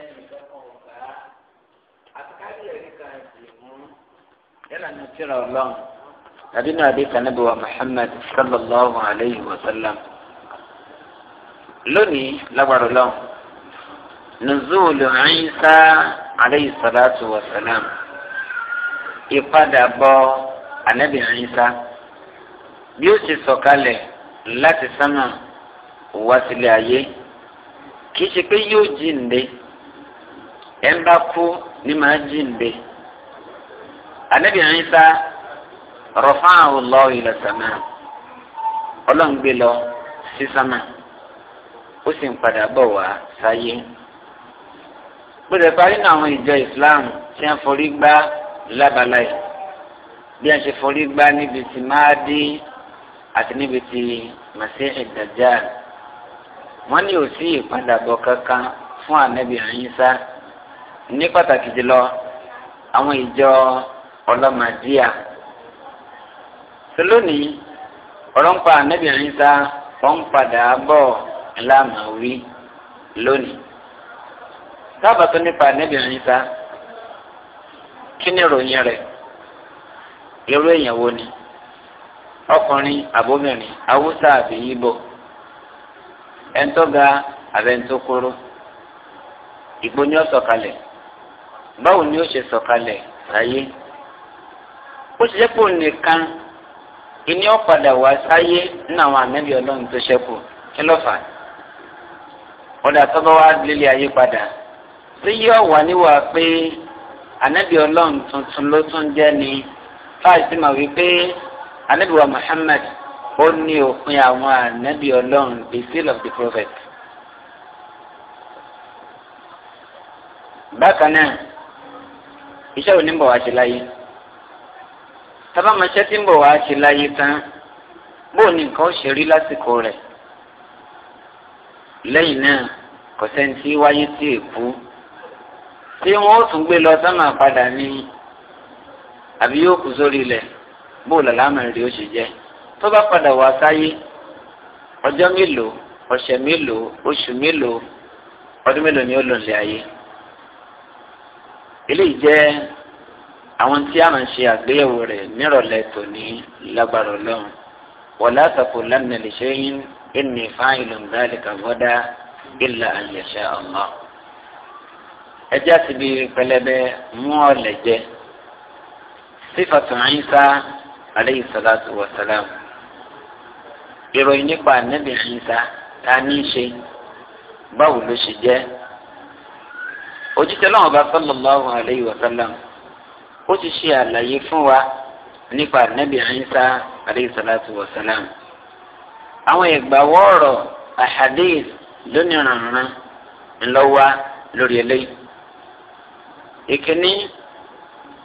ẹnìkan kan ọ̀gá àtikárí ẹ̀rí kan sì mú. yálà ní tíra ọlọ́run tàbí náà dé kanabi wa muhammad sallallahu alayhi wa sallam lónìí lágbára ọlọ́run nùzúlù Ìsá alayhi salatu wa salam ìpadàbọ̀ anabi Ìsá bí ó ti sọ̀kalẹ̀ láti sánmà wá sílé ayé kì í ẹ̀ ń bá kú ní màá jíǹde. anabi Isa rafa'ahu Allah ila sama ọlọ́run gbé lọ sí sama ó sì ń padà bọ̀ wá sáyé. gbọ́dọ̀ parí ní àwọn ìjọ Islam tí wọ́n forí gbá lábala yìí bí wọ́n ṣe forí gbá níbi tí Mahdi àti níbi tí Masih Dajjal wọ́n ní ò sí ìpadàbọ̀ kankan fún anabi Isa. ní pàtàkì jùlọ àwọn ìjọ ọlọ́màdíà tolónìí ọ̀rọ̀ ń pa ànábì Ìsá wọ́n padà bọ̀ láàmàwí lónìí sábà tó nípa ànábì Ìsá kí ni ìròyìn rẹ̀ irú èèyàn wo ni ọkùnrin àbóbìnrin àbí báwo ni ó ṣe sọ̀kalẹ̀ sáyé ó ṣe jẹ́pọ̀ nìkan ìní ọ̀padà wá sáyé nínú àwọn ànábì ọlọ́run tó ṣẹ́kù kí ló fà á ọ̀dà tọ́ba wá lílé ayé padà tí yóò wà níwà pé ànábì ọlọ́run tuntun ló tún jẹ́ ni fáàsì mà wípé ànábì wa Muhammad ó ní òpin àwọn ànábì ọlọ́run the seal of the prophet. bákan náà iṣẹ́ òní ń bọ̀ wá ṣe láyé tábàmọṣẹ́ tí ń bọ̀ wá ṣe láyé tán bóun ni nǹkan ó ṣe rí lásìkò rẹ̀ lẹ́yìn náà kò sẹ́ńtì wáyé tí èkú tí wọ́n ó tún gbé lọ sánmà padà ní àbí yóò kú sórí ilẹ̀ bóun lọ́la àmàlẹ́ ó ṣe jẹ́ tó bá padà wá sáyé ọjọ́ mélòó ọ̀sẹ̀ mélòó oṣù mélòó ọdún mélòó ni ó lò ní ayé eléyìí jẹ́ àwọn tí a máa ń ṣe àgbéyẹ̀wò rẹ̀ nírọ̀lẹ́ tòní lágbára ọlọ́run wala taqulanna li shay'in inni fa'ilun dhalika ghadan illa an yasha Allah. ẹjẹ́ àti bíi pẹlẹbẹ mú ọ̀lẹ̀ jẹ sífàtù Ìsá aleyhi salatu wa salam ìròyìn nípa ànábì Ìsá ta ní í ṣe báwo ló ṣe jẹ́ òjíṣẹ́ náà ọba sallallahu alayhi wa sallam ó ti ṣe àlàyé fún wa nípa ànábì Ìsá alayhi salatu wa salam àwọn ìgbàwọ́ ọ̀rọ̀ ahadith lónìí rànran ńlọ́wọ́ lórí eléyìí. ìkíní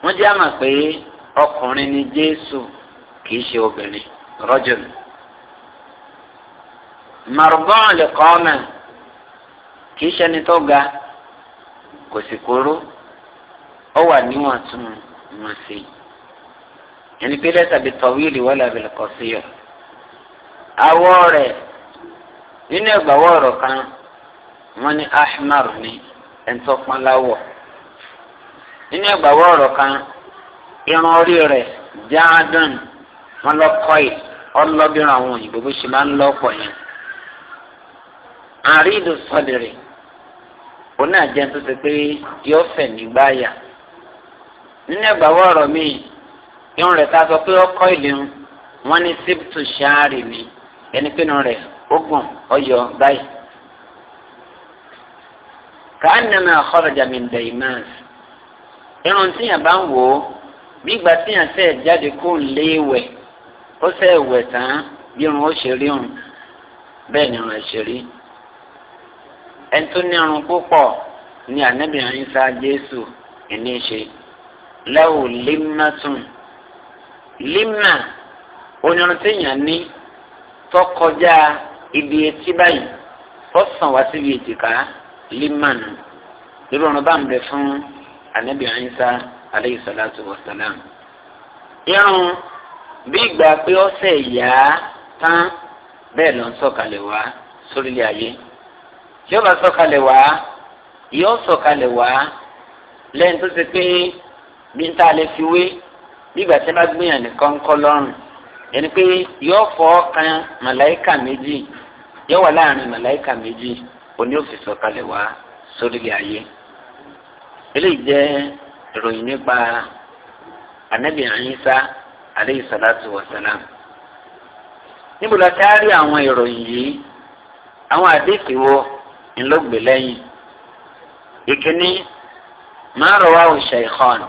wọ́n jẹ́ àmà pé ọkùnrin ni Jésù kìí ṣe obìnrin rọ́jò ni. lè kọ́ ọ́ kìí ṣe ẹni tó ga kò sì kóró ọ wà níwọ̀n tún wọn sí ẹni pé lẹ́tà bíi tọ́wíìlì wọ́n làbẹ̀ lọ́kọ̀ sí yọ. awọ rẹ̀ nínú ẹgbàwọ́ ọ̀rọ̀ kan wọ́n ní ahmar ní ẹ̀ńtọ́pọ́nláwọ̀ nínú ẹgbàwọ́ ọ̀rọ̀ kan irun orí rẹ̀ jáádùn wọn lọ kọ́ ẹ̀ ọlọ́bìnrin àwọn òyìnbó bó ṣe máa ń lọ́pọ̀ yẹn. àrídùn sọ̀dẹ̀rẹ̀ òun náà jẹ́ tó ṣe pé yọ fẹ̀ nígbà yà nínú ẹgbàá wọ̀rọ̀ mi irun rẹ̀ ta sọ pé ọkọ̀ ìlú wọn ní síbùtù ṣáàrì mi ẹni pínu rẹ̀ ogun ọyọ báyìí. káànàmì àkọ́rọ̀jà mi ń dẹ̀yìn máa bá ń wò ó bí ìgbà tíyàn fẹ́ jáde kó ń lé wẹ̀ ó fẹ́ wẹ̀ tán bí irun ó ṣe rí òun bẹ́ẹ̀ ni irun ẹ̀ ṣe rí ẹni tó ní irun púpọ̀ ní ànábì Ìsá Jésù ẹni ṣe lẹ́wù límnátùn límnà onírun téèyàn ní tó kọjá ibi etí báyìí tó sàn wá síbi èjìká límnà lórí ọ̀run bá ń bẹ fún ànábì Ìsá aleyhi salatu wa salam. irun bí ìgbà pé ọ̀sẹ̀ yá tán bẹ́ẹ̀ ló ń sọ̀kalẹ̀ wá sórílẹ̀ ayé yóò bá sọ̀kalẹ̀ wá yóò sọ̀kalẹ̀ wá lẹ́yìn tó ṣe pé bí n ta lè fi wé nígbà tí a bá gbìyàn nìkan kọ́ lọ́rùn ẹni pé yóò fọ́ kan màláìkà méjì yóò wà láàrin màláìkà méjì òní òfin sọ̀kalẹ̀ wá sórílẹ̀ ayé eléyìí jẹ́ ìròyìn nípa anabi Isa aleyhi salatu wa salam níbo la taari àwọn ìròyìn yìí àwọn àdéhùn wo ńlọgbẹ lẹ́yìn ìkíní máa rọ wá òṣè ìkọ́n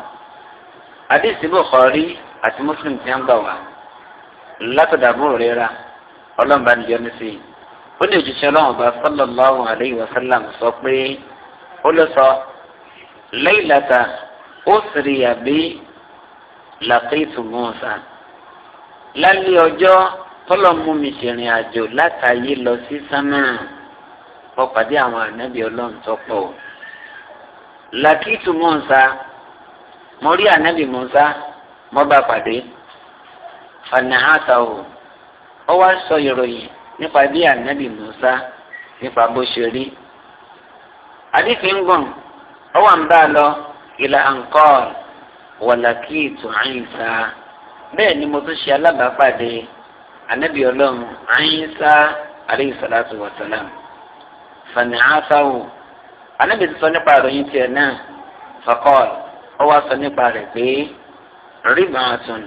àdìsí Bukhari àti Muslim ti ń gbà wá látọ̀dà búrò rírà ọlọ́mọba nìyọ ní sí i ó lè jíṣẹ́ ọlọ́run ọba sallallahu alayhi wa sallam sọ pé ó lọ sọ laylata usriya bi laqitu Musa lálẹ́ ọjọ́ tọ́lọ́mú mi ṣèrìn àjò látàyè lọ sí sánmà mo pàdé àwọn ànábì ọlọ́run tó pọ̀ o làkìtù mọ̀nsá mo rí ànábì mọ̀nsá mo bá pàdé fanahata o ó wá sọ ìròyìn nípa bí ànábì mọ̀nsá nípa bó ṣe rí àdìsí ń gùn ó wà ń bá a lọ ìlà ànkọ́ọ̀ wàlàkìtù àyìnsá bẹ́ẹ̀ ni mo tún ṣe alábàápàdé ànábì ọlọ́run àyìnsá aleyhi salatu wa salam fani asawu anabi sọ nípa ìròyìn tiẹ̀ náà fakọọl ó wá sọ nípa rẹ̀ pé rìbà àtún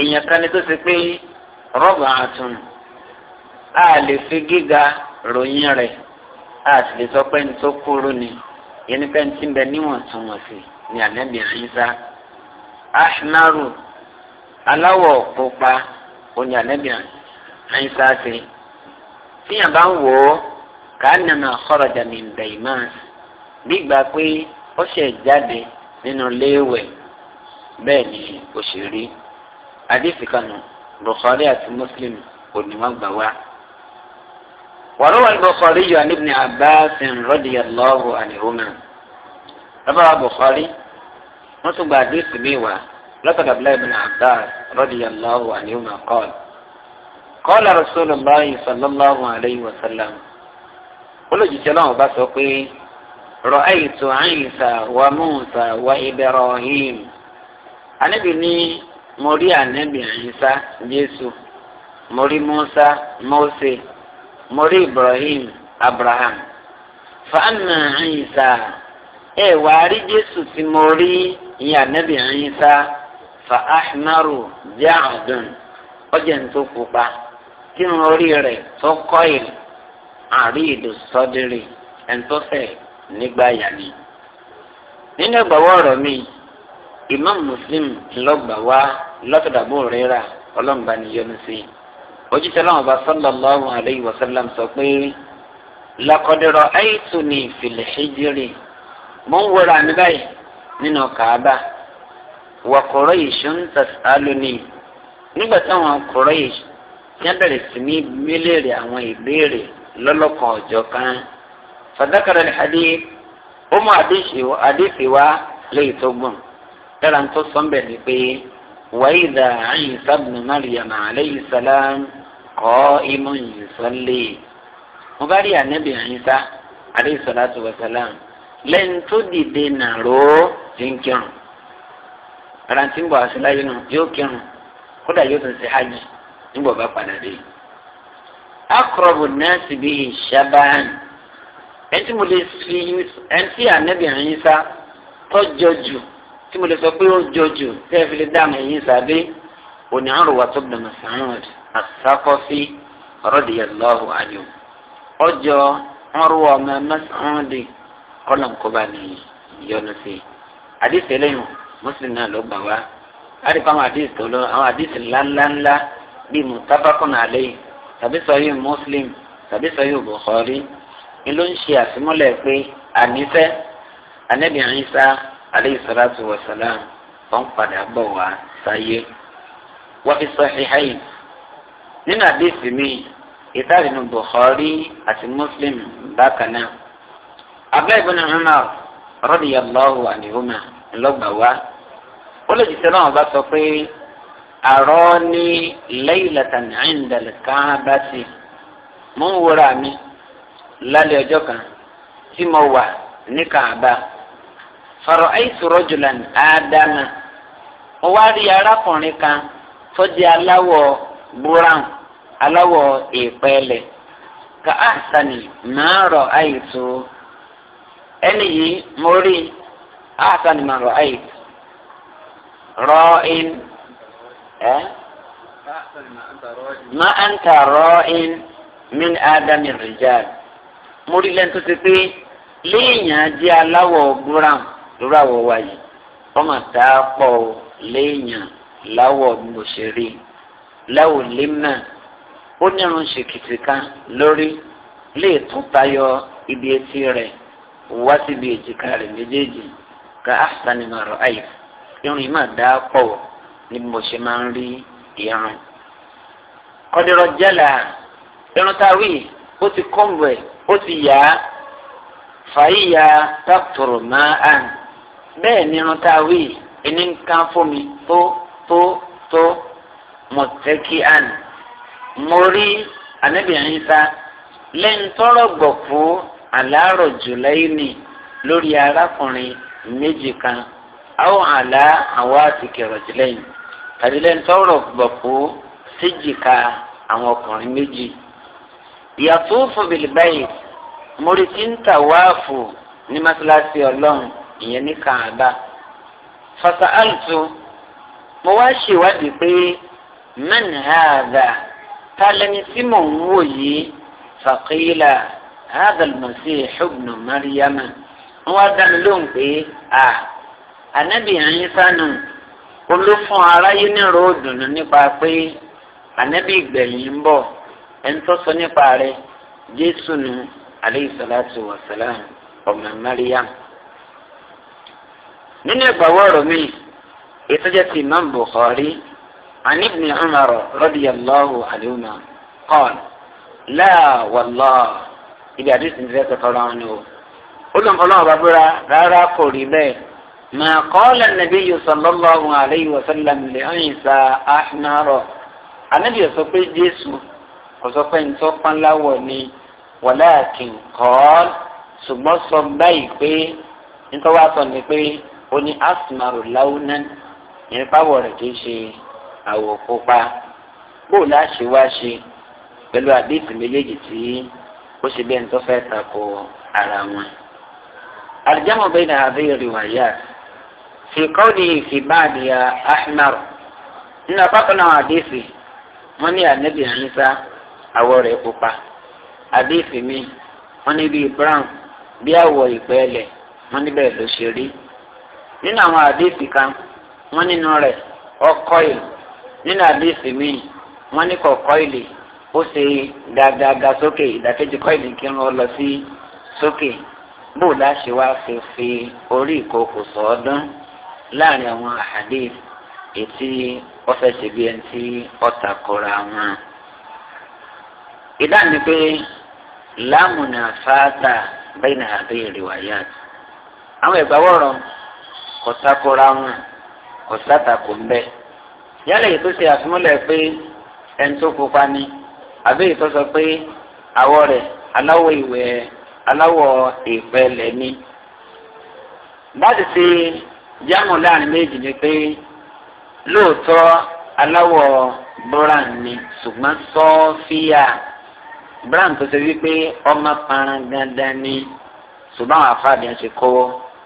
èèyàn kan ní tó ṣe pé rọba àtún a lè fi gíga ròyìn rẹ̀ a sì lè sọ pé ní tó kúrú ni yẹn ní pé ní tí ń bẹ níwọ̀ntúnwọ̀nsì ni anabi Ìsá ahnaru aláwọ̀ pupa oní anabi Ìsá ṣe tíyàn bá ń wò ó kàánàmà kharaja min daimas gbígbà pé ó ṣe jáde nínú léèwẹ̀ bẹ́ẹ̀ ni ó ṣe rí àdìsí kanu Bukhari àti Muslim kò ní wọ́n gbà wá. وروى البخاري عن ابن عباس رضي الله عنهما روى البخاري نصب حديث ميوى لقد أبلى ابن عباس رضي الله عنهما قال قال رسول الله صلى الله عليه وسلم olójijì ọlọ́run bá sọ pé ra'aytu Isa wa Musa wa Ibrahim anabi ní mo rí anabi Isa Jésù mo rí Musa mo Ibrahim Abraham fàánà na ẹ wàá rí Jésù tí mo rí ìyá anabi Isa fa ahmaru ja'dun ọjà tó pupa kí n rí tó kọ́ àrí ìlú sọdírì ẹnitọ́fẹ̀ nígbà yàní. nínú ìgbàwọ́ ọ̀rọ̀ mi imam muslim lọ́gbà wá lọ́tọ̀dàbò rírà ọlọ́mùbá ni yọ́nú sí i. ojúṣe láwọn ọba sallallahu alayhi wa sallam sọ pé lakọdẹrọ àìtù ní ìfìlẹ̀ hijiri mo ń wọra mi báyìí nínú kàába wà Quraysh ń nígbà táwọn Quraysh yẹn bẹ̀rẹ̀ sí ní mílíọ̀nù àwọn ìbéèrè lọ́lọ́kan ọ̀jọ̀ kan fàdákàrà ní hadith ó mú àdéhìí wá léyìí tó gbọ̀n dára tó sọ ń bẹ̀ ni pé wàyídà Ìsá ibn Maryam alayhi salam qa'imun yusalli mo bá rí ànábì Ìsá alayhi salatu wa salam lẹ́yìn tó dìde nàró ti ń kírun ara ti ń bọ̀ nù yóò kírun kódà yóò tún ṣe hajj nígbà bá padà dé yìí akọrọbù nẹẹsì bíi ṣaban ẹtí mo lè fi ẹtí ànábì ẹyin sá tọjọ jù tí mo lè sọ pé ó jọ jù tẹ́ ẹ fi lè dáàmú ẹyin sá dé òní àrùn wà tó bẹ̀rẹ̀ sàmúd àsákọ́sí radiyallahu anhu ọjọ́ ọrùn ọmọ mẹsàn-án-dì kọ́lọ̀nkọ́ba ní ìyọnu sí i àdìsí ẹlẹ́yìn mùsùlùmí náà ló gbà wá àdìpọ̀ àwọn àdìsí tó lọ àwọn àdìsí ńláńláńlá bíi mùtábákùn àlẹ́yìn tàbí sọyún muslim tàbí sọyún bukhari ni ló ń ṣe àfimúlẹ̀ pé ànífẹ́ anabi Isa aleyhi salatu wa salam wọn padà bọ̀ wá sáyé wọ́n fi sahihayn nínú àdéhùn mi ìtàrí nu bukhari àti muslim bákan náà abdullahi bin umar radiyallahu anhuma ńlọgbà ó lè jìṣẹ́ náà bá sọ pé arani laylatan indal kaabati mo ń wúra mi lálẹ́ ọjọ́ kan tí mo wà ní kaaba fọ̀rọ̀ àìsù rọ́jùlan ádámà mo wá rí arákùnrin kan tó di aláwọ̀ brown aláwọ̀ èèpẹ̀lẹ̀ ka àṣàní máa rọ̀ àìsù ẹni yìí mo rí àṣàní máa rọ̀ àìsù rọ̀ in ẹ. ma an ta rọ́ọ̀in min adami rijal mórí lẹ́nu tó ti pé léèyàn jẹ́ aláwọ̀ brown lórí àwọ̀ wa yìí ọmọ tá a pọ̀ léèyàn láwọ̀ mọ̀ṣẹ̀rí láwọ̀ lẹ́mà ó ní irun ṣèkìtì kan lórí lè tún tayọ ibi etí rẹ̀ wá síbi èjìká rẹ̀ méjèèjì ká àṣà ni màrọ̀ àyè irun yìí mà dá pọ̀ wọ̀ ni mo ṣe máa ń rí irun. ọ̀dẹ̀rọ̀ jálà irun táwí ó ti kọ́ǹbù ẹ̀ ó ti yá fàáyà táktòrò máa hàn bẹ́ẹ̀ ni irun táwí ẹni ń kán fún mi tó tó tó mọ̀tẹ́kì hàn mo rí anábìrin ta lẹ́yìn tọ́rọ̀ gbọ̀kú àlárọ̀ jùlẹ́yìnì lórí arákùnrin méjì kan àwọn àlá àwọn àti àdìlẹ́ntọ́rọ̀ gbọ̀kú síjìká àwọn ọkùnrin méjì ìyàtọ̀ fòbìlì báyìí mórìtì ń tà wáàfù ní mọ́sálásí ọlọ́run ìyẹn ní kàńdà fasa alùtù mo wá ṣèwádìí pé mẹ́nìhàdà tálẹ́ni tí mò ń wò yìí fàkìlà hàdàlùmọ̀sí ìṣùgbọ̀n mẹ́ríyàmà wọ́n á dá pé à ànábìyàn yín sánú olófún aráyé nírò òdùnnú nípa pé ànábì ìgbẹ̀yìn ń bọ̀ ẹni tó sọ nípa rẹ̀ jésù nù aleyhi salatu wa ọmọ mariam. nínú ìgbàwọ́ ọ̀rọ̀ mi ìtọ́jà ti imam bukhari عن ابن عمر رضي الله عنهما قال لا والله إذا حديث ذات قرآنه قلنا قلنا بابرا لا لا قولي بيه ما قال النبي صلى الله عليه وسلم لعيسى أحمر النبي صلى الله عليه وسلم وصفه انتوقا لوني ولكن قال ṣùgbọ́n sọ báyìí pé nítorí wàá sọ ni pé ó ní asmaru launa ìyẹn pàwọ̀ rẹ̀ kì í ṣe àwọ̀ pupa bó láṣẹ wá ṣe pẹ̀lú àdéhùn méjèèjì tí ó ṣe bẹ́ẹ̀ ní tó fẹ́ tako ara wọn. àlìjáàmù bẹ́ẹ̀ ni àbẹ́yẹ̀ rẹ̀ wáyà. fi kọ́ọ̀dì fi báàdì ya ahmar nínú apákan àwọn àdéhìí wọn ní ànábì ànísá àwọ̀ rẹ̀ pupa àdéhìí mi wọn ní bíi brown bí àwọ̀ ìpẹ́ẹ́lẹ̀ wọn wọn nínú rẹ̀ ọkọ̀ ó ṣe gàgàgà sókè ìdàkejì kọ́ kí wọ́n lọ sí sókè bó wá fi fi orí láàrin àwọn àhàdé ètí ọfẹsẹ bíi ẹni tí ọta kọra wọn. ìdáhùn ni pé láàmùnà fáátà bẹ́ẹ̀ àbẹ́ ìrìwáyà àwọn ìgbàwọ̀rọ̀ kọta kọra wọn kọsátà kò ń bẹ. tó ṣe pé ẹni tó pupa ni àbẹ́ èyí tó sọ pé àwọ̀ rẹ̀ aláwọ̀ ìwẹ̀ ni. láti ṣe. jámù láàrin méjì ni pé lóòótọ́ aláwọ̀ brown ni ṣùgbọ́n sọ́ọ́fíà brown tó ṣe wípé ọmọ parangandan ni ṣùgbọ́n àwọn afáàdì ń ṣe kó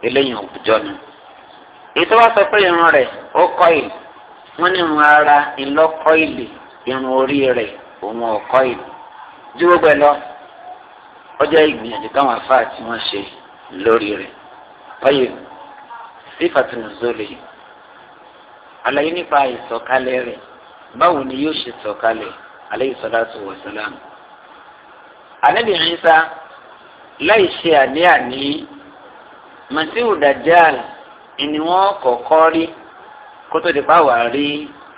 eléyìí òkùjọ ni. ètò wa sọ pé irun rẹ̀ ó kọ́ ìlú wọ́n ní irun ara ńlọ́kọ́ ìlú irun orí rẹ̀ òun ọ̀kọ́ ìlú. ju gbogbo ẹ lọ ọjọ́ ìgbìyànjú táwọn afáàtì wọ́n ṣe lórí rẹ̀. báyìí sífàtì nùzọ́lẹ̀ yìí àlàyé nípa ìsọ̀kalẹ̀ rẹ̀ báwo ni yóò ṣe sọ̀kalẹ̀ alayhi salatu wa salam. Ànábì Ìsá láì ṣe àní-àní Masihu Dajjal ni wọ́n kọ́kọ́ rí kó tó di báwa rí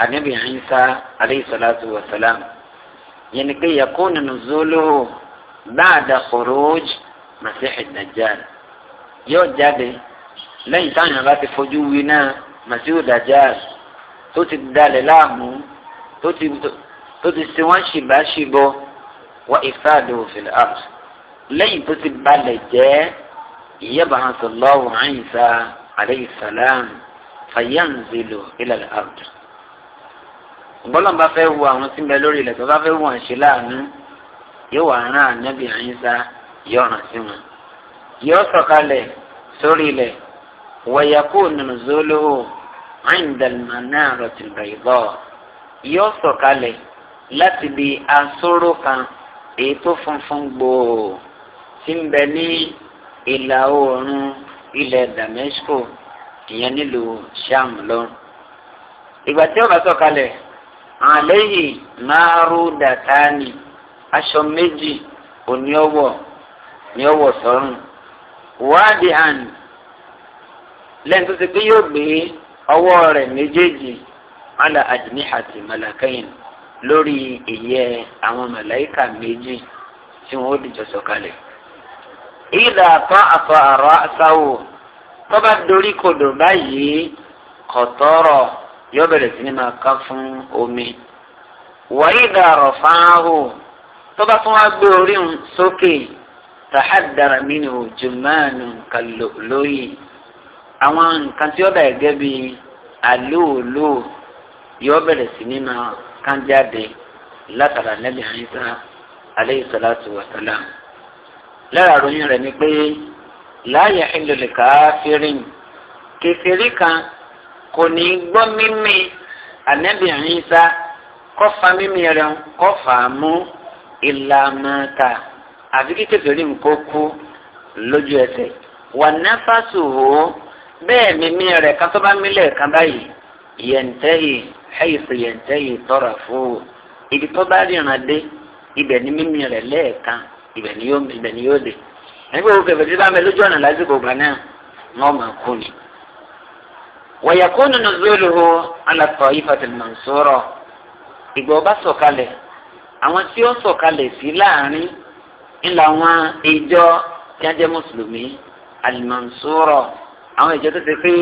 Ànábì Ìsá alayhi salatu wa salam. Yẹn ni pé yakunu nuzuluhu ba'da khuruj Masihu Dajjal yóò jáde lẹ́yìn táwọn yàrá ti fojú wi náà màsíù dàjáàs tó ti dalẹ̀ láàmú tó ti tó ti ṣe wọ́n ṣìbáṣìbọ wọ ìfáàdé òfin àt lẹ́yìn tó ti balẹ̀ jẹ́ ìyẹ́bà hàn sallallahu Isa alayhi salam fayanzilu ila al-ard bọ́lọ́mbà fẹ́ wo àwọn tí ń lórí ilẹ̀ bá fẹ́ wọ̀n ṣe láàánú yóò wà rán ànábì Ìsá yóò sí wọn yóò sọ̀kalẹ̀ sórí ilẹ̀ ويكون نزوله عند المنارة البيضاء yóò sọ̀kalẹ̀ láti bi asóró kan èyí tó funfun gbòò tí ń bẹ ní ìlà oòrùn ilẹ̀ Damasco ìyẹn nílùú sham lọ. ìgbà tí ó bá sọ̀kalẹ̀ àléyìí máàrú dàtáàní aṣọ méjì òní ọwọ́ ní ọwọ́ sọ́run wádìí lẹ́yìn tó ti pé yóò gbé ọwọ́ rẹ̀ méjèèjì ala ajnihati malakain lórí ìyẹ́ àwọn màláìka méjì tí wọ́n ó dìjọ sọ̀kalẹ̀. ìdá àtọ́ àtọ́ àrọ́ àsáwò tó bá dorí kodò báyìí kọ̀tọ́rọ̀ yóò bẹ̀rẹ̀ sí ni máa ká fún omi. wàyí ìdá àrọ̀ tó bá tún wá gbé orí sókè tàhádàrà mí ni òjò máa nù kàlòlóyè àwọn nǹkan tí ó dà gẹ́gẹ́ bí àlóòlò yóò bẹ̀rẹ̀ sí ní máa kán jáde látara nẹ́bí àyíká aleyhi salatu wa salam lára àròyìn rẹ̀ ni pé láàyè ìlòlè káfírin kékeré kan kò ní gbọ́ mímí ànẹ́bí àyíká kọ́fà mímí rẹ̀ kọ́fà mú ìlàmọ́ta àfi kíkẹ́ nǹkó kú lójú ẹsẹ̀ wà náfàsù hó bẹ́ẹ̀ mímí rẹ̀ kan tó bá mí lẹ́ẹ̀kan báyìí yẹ̀ǹtẹ́yì haythu yẹ̀ǹtẹ́yì tarafu ibi tó bá ríran dé ibẹ̀ ni mímí rẹ̀ lẹ́ẹ̀kan ibẹ̀ ni yóò ibẹ̀ ni yóò dé ẹgbẹ́ òkè fèsì bá mi lójú ọ̀nà lásìkò gbà náà wọ́n máa kú ni. wa yakunu nuzuluhu ala taifatil mansura ìgbà ọba sọ̀kalẹ̀ àwọn tí ó sọ̀kalẹ̀ sí láàrin ńlá wọn ìjọ tí mùsùlùmí al àwọn ìjọ tó ti pé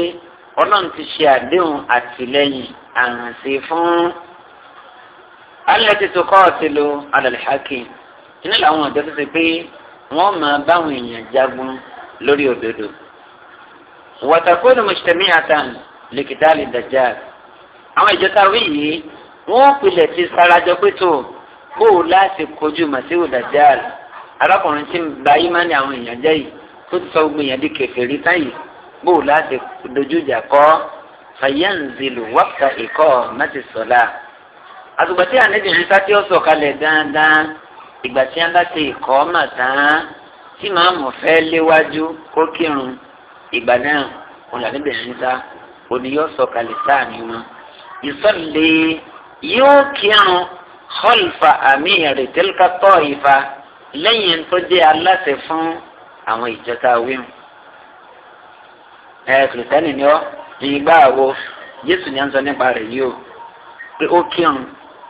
ọlọ́run ti ṣe àdéhùn àtìlẹ́yìn àrànṣe fún alẹ́ ti tó kọ́ ọ̀sẹ̀ lo alàlẹ́hàkì iná làwọn ìjọ tó ti pé wọ́n máa báwọn èèyàn jagun lórí òdodo. wàtàkùnù mùsùlùmí àtàn lèkìtàlì dàjà àwọn ìjọ tá a wí yìí wọ́n pilẹ̀ ti sarajọ pé tó bóò láti kojú màsíwò dàjà arákùnrin tí ń ba ìmánì àwọn èèyàn jẹ́ yìí tó ti sọ gbìyànjú kẹfẹ́ rí táyìí bó láti dojú ìjà kọ́ fayanzilu wákà ìkọ́ láti sọ̀la. àtùgbà tí àníbi ìrìnsá tí ó sọ̀kalẹ̀ dáadáa ìgbà tí a bá ti ìkọ́ mà tán tí màá mọ̀ fẹ́ léwájú kó kírun ìgbà náà òun àníbi ìrìnsá òní yóò sọ̀kalẹ̀ sáàrin wọn. ìsọ̀lẹ̀ yóò kírun khalfa amiri tilka ta'ifa lẹ́yìn tó jẹ́ aláṣẹ fún àwọn ìjọta wíwọ̀n ẹ kìrìsìtẹ́nì ni ọ́ ìgbà wo jésù ni à ń sọ nípa rẹ̀ yìí o pé ó kírun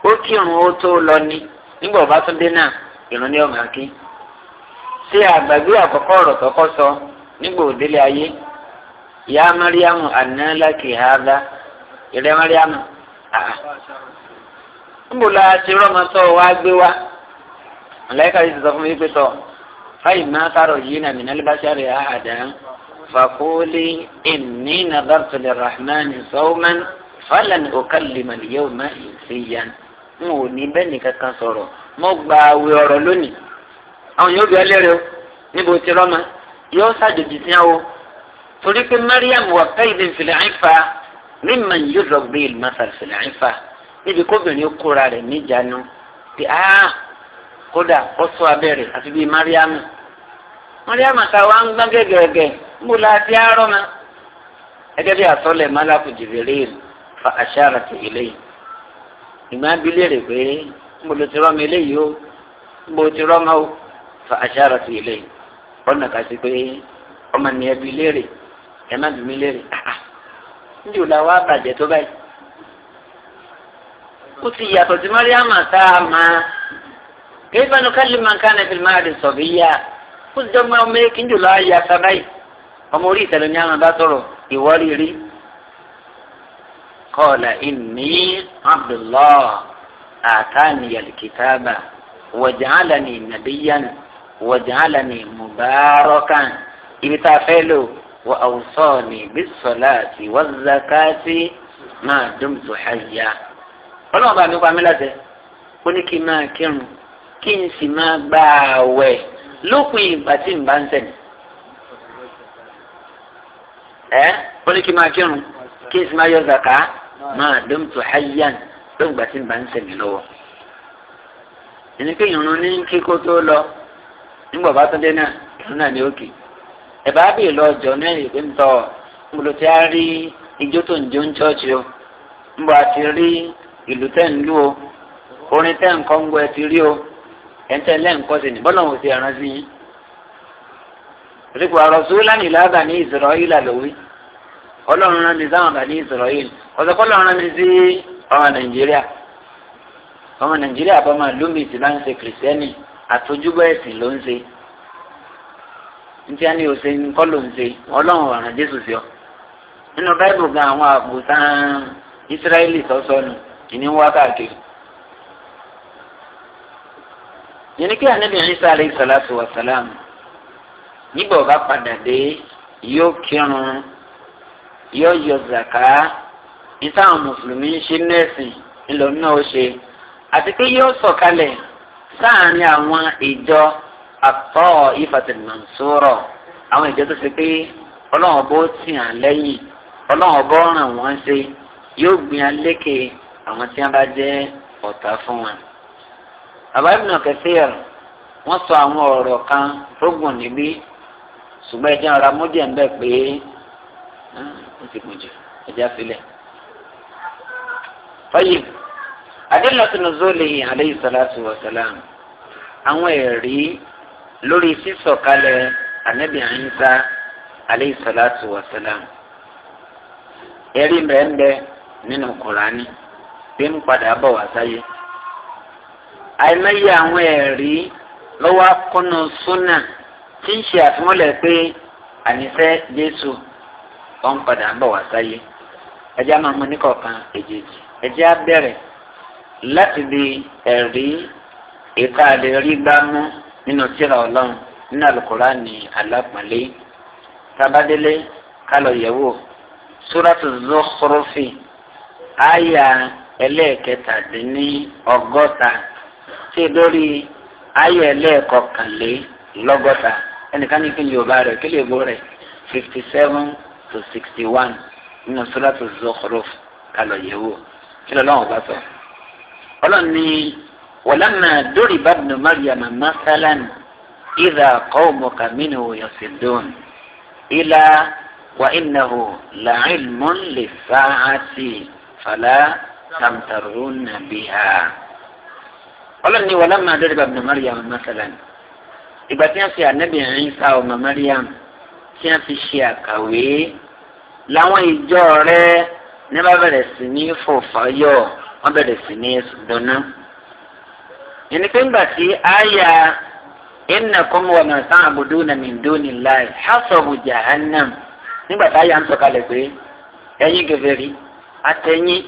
ó kírun ó tó lọ ní nígbà ọba tún dé náà ìrún ni ọmọ akí ṣé àgbàgbé àkọ́kọ́ ọ̀rọ̀ tọ́kọ́ sọ nígbà òdélé ayé ìyá mariamu análáàkì hàdá ìrẹ́ mariamu níbo la ti rọ́mọ tó wá gbé wá ọ̀lẹ́ka yìí ti sọ fún mi pé tọ́ fáyìí máa sáró yìí nàmínálẹ́bàṣẹ́ rẹ̀ àdán. فقولي إني نظرت للرحمن صوما فلن أكلم اليوم إنسيا mo ò ní bẹ́ẹ̀ nìkan kan sọ̀rọ̀ mo gba àwẹ̀ ọ̀rọ̀ lónìí àwọn yóò bí ọlẹ́rẹ̀ o níbo ti rọ́mọ yóò ṣàjòjì sí àwọn torí pé Mariam wà káyìdé ìfìlẹ̀ àìfà mímọ yóò lọ gbé ìlú mọ́tà ìfìlẹ̀ àìfà níbi kóbìnrin kóra rẹ̀ níjànú pé á ah, kódà ó sọ abẹ́rẹ́ àti bíi Mariam Mariam àtàwọn á ń gbọ́n gẹ́gẹ́gẹ́ mo la ti arọ ma ẹgẹ bí asọlẹ malaku Jibril fa aṣara ti eléyìí ìmọ̀ abilé rẹ̀ pé mo lè ti rọ́ mi eléyìí o mo ti rọ́ ma o fa aṣara ti eléyìí ọ̀nà kàti pé ọmọ mi ẹbí léèrè ẹ má bìí mi léèrè ah, ah. ndí ò la wá bàjẹ́ tó báyìí ó ti yàtọ̀ sí mọ́ríàmà tá a máa kéé kálí máa ń ká nàfẹ̀lì máa rè yá ó ti jọ́ mọ́ ọmọ ekin jùlọ ayé àtàbáyìí ọmọ orí ìtẹ̀lẹ̀ ní àwọn bá sọ̀rọ̀ ìwọ́rí rí kọ́ọ̀lá ìní abdullah àtàníyàl kìtàbà wàjàálàní nàbíyàn wàjàálàní mubarakan ibi tá a fẹ́ lò wà awsani bisolati wazakati máa dumtu hayya. ọlọ́run bá mi pa mí láti ó ní kí n máa kírun kí n sì máa gbààwẹ̀ lópin ìgbà tí n bá ń sẹ̀yìn. ẹ eh? wọ́n ní kí n máa kírun kí n sì máa yọ zaka máa dum tu hayyan tó gbà tí n ń sẹ̀mí lọ́wọ́. ẹni pé tó lọ nígbà bá tó dé náà náà ní òkè ẹ bá bèè lọ jọ pé ń tọ tí a rí ijó tó ń jó ń chọ́ọ̀chì o ngbọ rí ìlú tẹ́ o orin tẹ́ ń kọ́ o ẹ̀ ríkù àròsúlá ní ìlànà ní ìsirọ́ìlà lówí ọlọ́run rán mi sáwọn bàní ìsirọ́ìlì ọ̀sẹ̀ kọ́ lọ́run rán mi sí ọmọ nàìjíríà ọmọ nàìjíríà bá máa lómi ìsìn bá ń ṣe kìrìsìtẹ́nì àtọ́júbọ̀ ẹ̀sìn ló ń ṣe ntí a ní òsè ńkọ́ ló ń ṣe ọlọ́run ọ̀ràn jésù sí ọ nínú báìbù gan àwọn àbùsàn ìsírẹ́lì sọ́sọ́nù ìní wá káàkiri yìnyín kí ànábì Ìsá alayhi salatu nígbà ọba padà dé yóò kírun yóò yọ zàká nítawọn mùsùlùmí ń ṣe nẹ́ẹ̀sì ńlọ náà ṣe àti pé yóò sọ̀kalẹ̀ sáàárín àwọn ìjọ àtọ́ ìfàtẹ̀mọ̀sọ́rọ̀ àwọn ìjọ tó ṣe pé ọlọ́run bó tì hàn lẹ́yìn ọlọ́run bó ràn wọ́n ṣe yóò gbin alékè àwọn tí wọ́n bá jẹ́ ọ̀tá fún wọn. bàbá ìbùnà kẹfẹ́ rẹ̀ wọ́n sọ àwọn ọ̀rọ̀ kan tó gùn níbí ṣùgbọ́n ẹja ara mú díẹ̀ ńbẹ pé ó ti pọ̀ jù fọyín zoli aleyhi salatu wa àwọn ẹ̀rí lórí sísọ̀kalẹ̀ ẹ̀rí nínú kùránì bí ń padà bọ̀ wá sáyé àìmọye àwọn tí ń ṣe àfimúlẹ̀ pé ànífẹ́ Jésù wọn padà ń bọ̀ wá sáyé ẹjẹ́ á máa mú níkọ̀ọ̀kan èjèèjì ẹjẹ́ á bẹ̀rẹ̀ láti di ẹ̀rí ìka lè rí gbá mú nínú tírà ọlọ́run nínú Al-Kùránì alápọ̀nlé tabadélé kálọ̀ yẹ̀wò súrátù Zukhrufi àyà ẹlẹ́ẹ̀kẹtàdínní tí lórí àyà ẹlẹ́ẹ̀kọkànlélọ́gọ́ta ẹnìkan ní kí ni yorùbá rẹ̀ kí lè bó rẹ̀ fifty seven to sixty one nínú suratu Zukhruf kálọ̀ yẹ̀wò kí lọ́wọ́ bá sọ. ọlọ́run ní walamma duriba ibnu Maryama masalan idha qawmuka minhu yasiddun ila wa innahu la'ilmun lis-sa'ati fala tamtarunna biha. ọlọ́run ní walamma duriba ibnu Maryama masalan ìgbà tí wọ́n fi ànábì Ìsá ọmọ Mariam tí wọ́n fi ṣe àkàwé láwọn ìjọ rẹ ní wọ́n bẹ̀rẹ̀ sí ní fòfáyọ̀ wọ́n bẹ̀rẹ̀ sí ní dùnnú. ìní pé ńgbà tí àyà innakum wa ma ta'buduna min dunillahi hasabu jahannam nígbà tí àyà ń sọ̀kalẹ̀ pé ẹ̀yin gẹ̀gẹ̀rí àtẹ̀yìn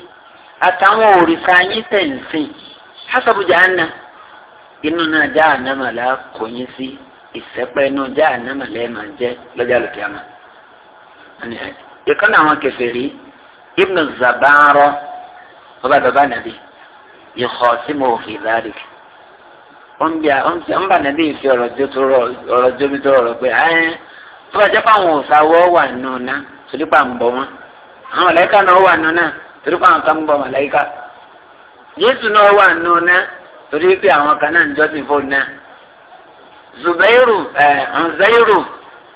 àtàwọn òrìṣà yín tẹ̀sìn hasabu jahannam. inú náà jahannama la kò sí ìsẹ́pẹ́ inú jahannama lẹ́ẹ̀ máa jẹ́ lọ́jà lòdì àmà. ìkànnì àwọn kèfèrí ibnu zabaro ọba bàbá nàbí ìkọ̀ sí mo fi láàrin ọ̀nbà nàbí ìfi ọ̀rọ̀ jó tó ọ̀rọ̀ jó mi tó pé ẹ́ tó bá jẹ́ pé àwọn wà nù náà torí pa ń bọ̀ wọn àwọn náà wà nù náà torí pa àwọn kan ń bọ̀ náà wà nù náà. torí pé àwọn kan náà ń jọ́sìn fóònù náà zubairu ẹ nzairu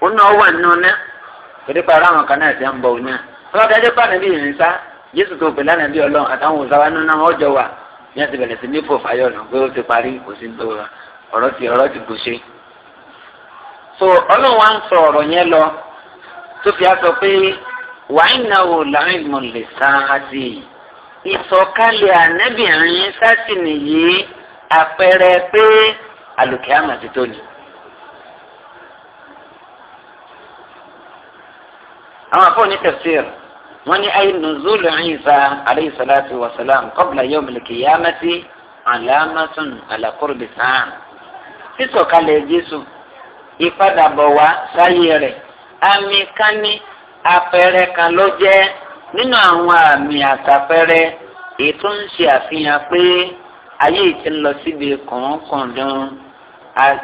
òun náà wà nínú náà torí pé àwọn kan náà ti ń bọ̀ náà wọ́n dájọ́ pé ànábì yìí ń sá jésù tó pè lánàá bí ọlọ́run àtàwọn òṣàwà nínú náà wọ́n jọ wà ní àti bẹ̀rẹ̀ sí ní fò fàyọ̀ nù pé ó ti parí kò sí tó ọ̀rọ̀ ti ọ̀rọ̀ ti gòṣe. so ọlọ́run wa ń sọ ọ̀rọ̀ yẹn lọ tó fi á sọ pé wàá ìnáwó làwọn ìmọ̀ lè sáá àpẹẹrẹ pé àlùkè àmà ti tó ni. àwọn afọ́ni tafsir wọ́n ní ayé nùzúlù Ìsá alayhi salatu wa salam qabla yawmil qiyamati alamatun ala qurbi sáà. sísọ̀kalẹ̀ Jésù ìpadàbọ̀ wá sáyé rẹ̀ àmì kan àpẹẹrẹ kan ló jẹ́ nínú àwọn àmì àtàpẹẹrẹ ètò ń ṣe àfihàn pé ayé ti lọ síbi kọ̀ọ̀kọ̀ọ̀dún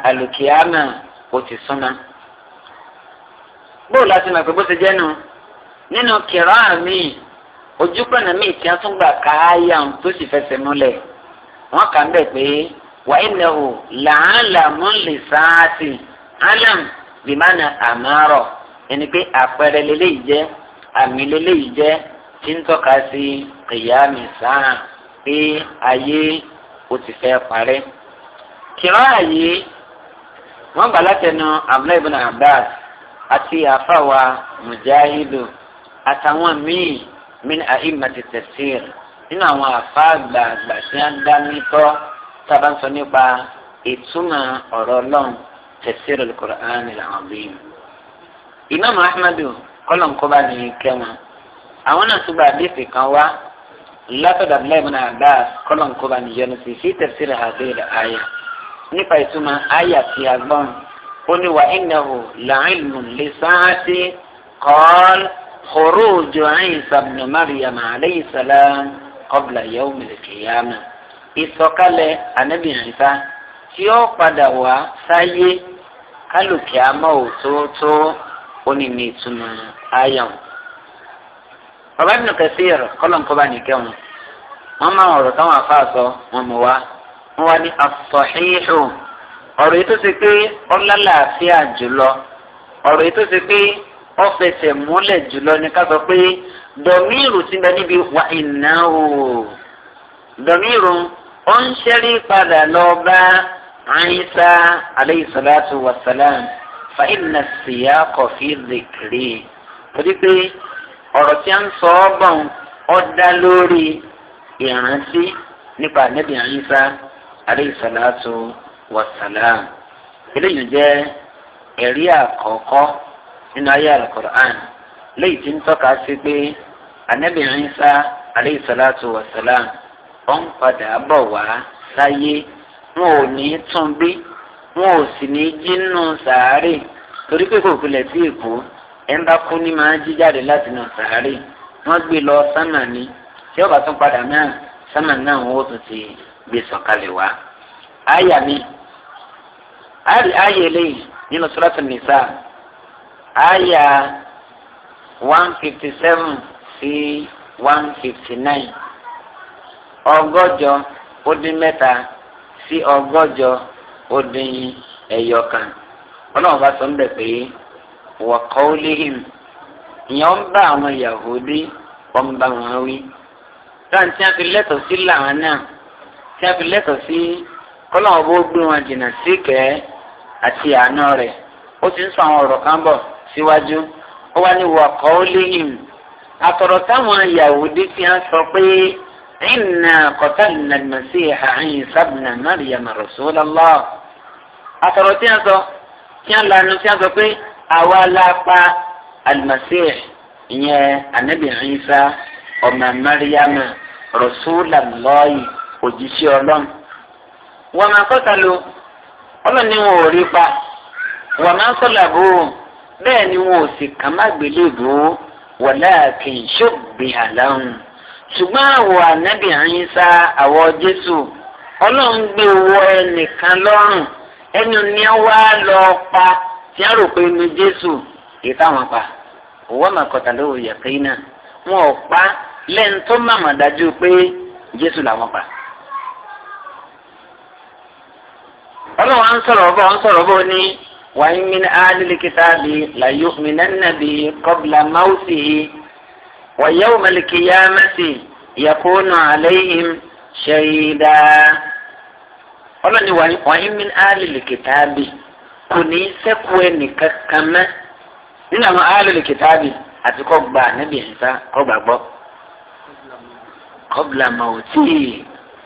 alùkìyàmà ó ti súnmọ́. bóòlù àti màpé bó ti jẹ́ nu nínú kìrọ́ mi ojúpọ̀nà míì tí a tún gbà káyà tó sì fẹsẹ̀ múlẹ̀ wọ́n kà ń bẹ̀ pé wàhíìnàwó làálàmú lè sáàtì alam bìmánà amaro, ẹni pé àpẹẹrẹ lélẹ́yìí jẹ́ àmì lélẹ́yìí jẹ́ tí ń tọ́ka sí kìyàmì sáà pé ayé ó ti fẹ́ parẹ́. kìrọ́ àyè wọ́n gbà látẹnu abdullahi ibn abbas àti àfàwà mujahidu àtàwọn míì min a'immati tafsir nínú àwọn àfáàgbà àgbà tí wọ́n dá nítọ́ tábà ń sọ nípa ìtumọ̀ ọ̀rọ̀ ọlọ́run tafsir al-Qur'an al-azim. ahmadu kọ́lọ̀ ń kọ́ bá ní kẹ́wọn àwọn náà tún gba àdéhùn kan wá látọ̀dọ̀ abdullahi bin abbas kọ́lọ̀ nǹkó bá nìyẹn ní fi tafsir hadhihi àyà nípa ìtumọ̀ àyà ti àgbọ̀n ó ní wa innahu la'ilmun li sa'ati qal khuruju Isa ibn Maryam alayhi salam qabla yawm al-qiyamah ìsọ̀kalẹ̀ anabi Isa tí ó padà wá sáyé kálukìá mọ́ bàbá Ibn Kathir kọ́lọ̀ nǹkan bá nìkẹ́ wọn wọ́n máa ọ̀rọ̀ táwọn afá sọ wọn mú wa wọ́n wá ní as-sahihu ọ̀rọ̀ yìí tó ṣe pé ọlálàáfíà jùlọ ọ̀rọ̀ yìí tó ṣe pé ọ̀fẹsẹ̀ múlẹ̀ jùlọ ni ká sọ pé dọ̀míìrù ti bẹ níbi wà ìnáwó dọ̀míìrù ó ń ṣẹ́rí padà lọ bá Isa salatu wa salam fa inna siyaqa fi dhikri torí pé ọ̀rọ̀ tí a ń sọ ọ́ bọ̀ ọ́ dá lórí ìrántí nípa ànábì Ìsá alayhi salatu wa salam eléyìí jẹ́ ẹ̀rí àkọ́kọ́ nínú ayé al-Qur'an léyìí tí ń tọ́ka sí pé ànábì Ìsá alayhi salatu wa salam ó ń padà bọ̀ wá sáyé wọn ò ní tún bí wọn ò sì ní jí nù sàárè torí pé kò kulẹ̀ sí èkó ẹnba kú ni máa jí jáde láti nà sàárè wọ́n gbé lọ sánmà ni tí ọba tún padà náà sánmà náà wọ́n tún ti gbé sọ̀kalẹ̀ wá. àyà mi àyà eléyìí nínú sọ́lọ́tù nìsá àyà one fifty seven sí one fifty nine ọgọ́jọ ó dín mẹ́ta sí ọgọ́jọ ó dín ẹyọ kan ọlọ́run bá sọ ń bẹ̀ pé wà kọ́ọ́lẹ́hìm ìyẹn ń bá àwọn yahudi wọ́n bá wọn wí. táwọn tí wọ́n fi lẹ́tọ̀ọ́ sí làwọn náà tí wọ́n fi lẹ́tọ̀ọ́ sí kọ́lọ́wọ́n bó gbé wọn jìnnà sí kẹ́ àti àánú rẹ̀ ó ti ń sọ àwọn ọ̀rọ̀ kan bọ̀ síwájú ó wá ní wà kọ́ọ́lẹ́hìm àtọ̀rọ̀ táwọn yahudi ti ń sọ pé ìnà kọ́tàlínà màsíhà àyìn sábìnà márìyàmà rasulallah àtọ̀rọ̀ tí wọ́n sọ tí wọ́n lanu tí wọ́n sọ pé awa lápá almasih ìyẹn anabi Isa ọmọ mariam rasulallahi òjíṣẹ́ ọlọm wọ́n máa lo ni wọn ò rí pa wọ́n máa sọ̀là ni wọn ò sì kà má gbélé bò ó walakin shubbiha lahum. ṣùgbọ́n àwọ̀ anabi Isa àwọ̀ jésù ọlọ́run gbé wọ ẹnìkan tí a rò pé inú jésù yìí táwọn pa òwò màkọta ló wò yàtọ̀ iná wọn ò pa lẹ́yìn tó màmá dájú pé jésù làwọn pa. ọlọ́wọ́ ń sọ̀rọ̀ bọ́ ń sọ̀rọ̀ bọ́ ní wàá min alil kitabi la yu'minanna bi qabla mawtihi wa yawma al-qiyamati yakunu alayhim shahida ọlọ́ni wàá min alil kitabi kò ní í sẹ́kù ẹnìkan kan mẹ́ nínú àwọn aálòlù kìtàbì àti kọ́ gba níbi ìsá kọ́ gbàgbọ́ kọ́bìlà màwùtí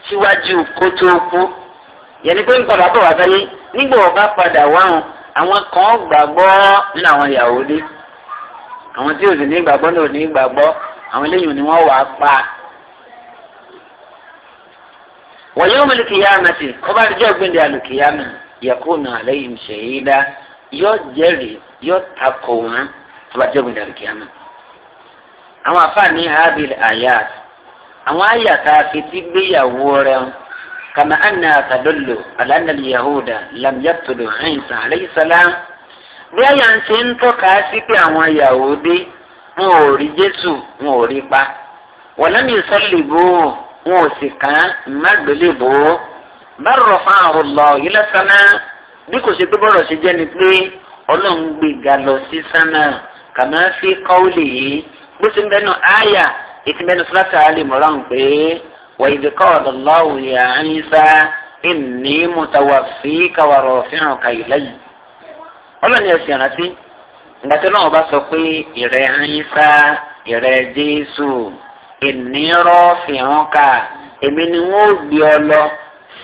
síwájú kó tó kú yẹnni pé nǹkan àbọ̀ wá sáyé nígbà ọba padà wáhùn àwọn kan gbàgbọ́ nínú àwọn Yàhúdí àwọn tí ò ní gbàgbọ́ náà ò ní gbàgbọ́ àwọn eléyìí ni wọ́n wà á pa wọ̀nyí ó mẹ́lì kìyàmẹ́tì kọ́bá àdìjọ́ gbẹ̀ndẹ̀ àlùkìyàmẹ́tì yakuna alayhim shahida yóò jẹ́rìí yóò takò wọn abajọ́ mi dàrí kíámà. àwọn afáàní habil ayat àwọn ayàtà fìtí gbéyàwó rẹ kama anna tadullu ala anna yahuda lam yaqtulu Isa alayhi salam bí àyà ń ṣe ń tọ́ka sí pé àwọn yahudi wọn ò rí jésù wọn ò rí pa wọn lẹ́nu ìsọ́lẹ̀ bò wọn ò sì kàn án má bò ó. bá rọ̀fà àrùlọ ilé sánà bí kò ṣe gbọ́dọ̀ ṣe jẹ́ ni pé ọlọ́run gbé ga lọ sí sánà kàmá fi kọ́ọ̀lì yìí bó ti ń bẹnu àyà ètí bẹnu sọ́láṣà àlè mọ́ràn pé wàyíbi kọ́ọ̀dọ̀ lọ́wọ́ yà á ìní wà rọ̀fìràn kàyílá ọlọ́ni ẹ̀sìn tí ọlọ́run bá sọ pé jésù ìní ká èmi ni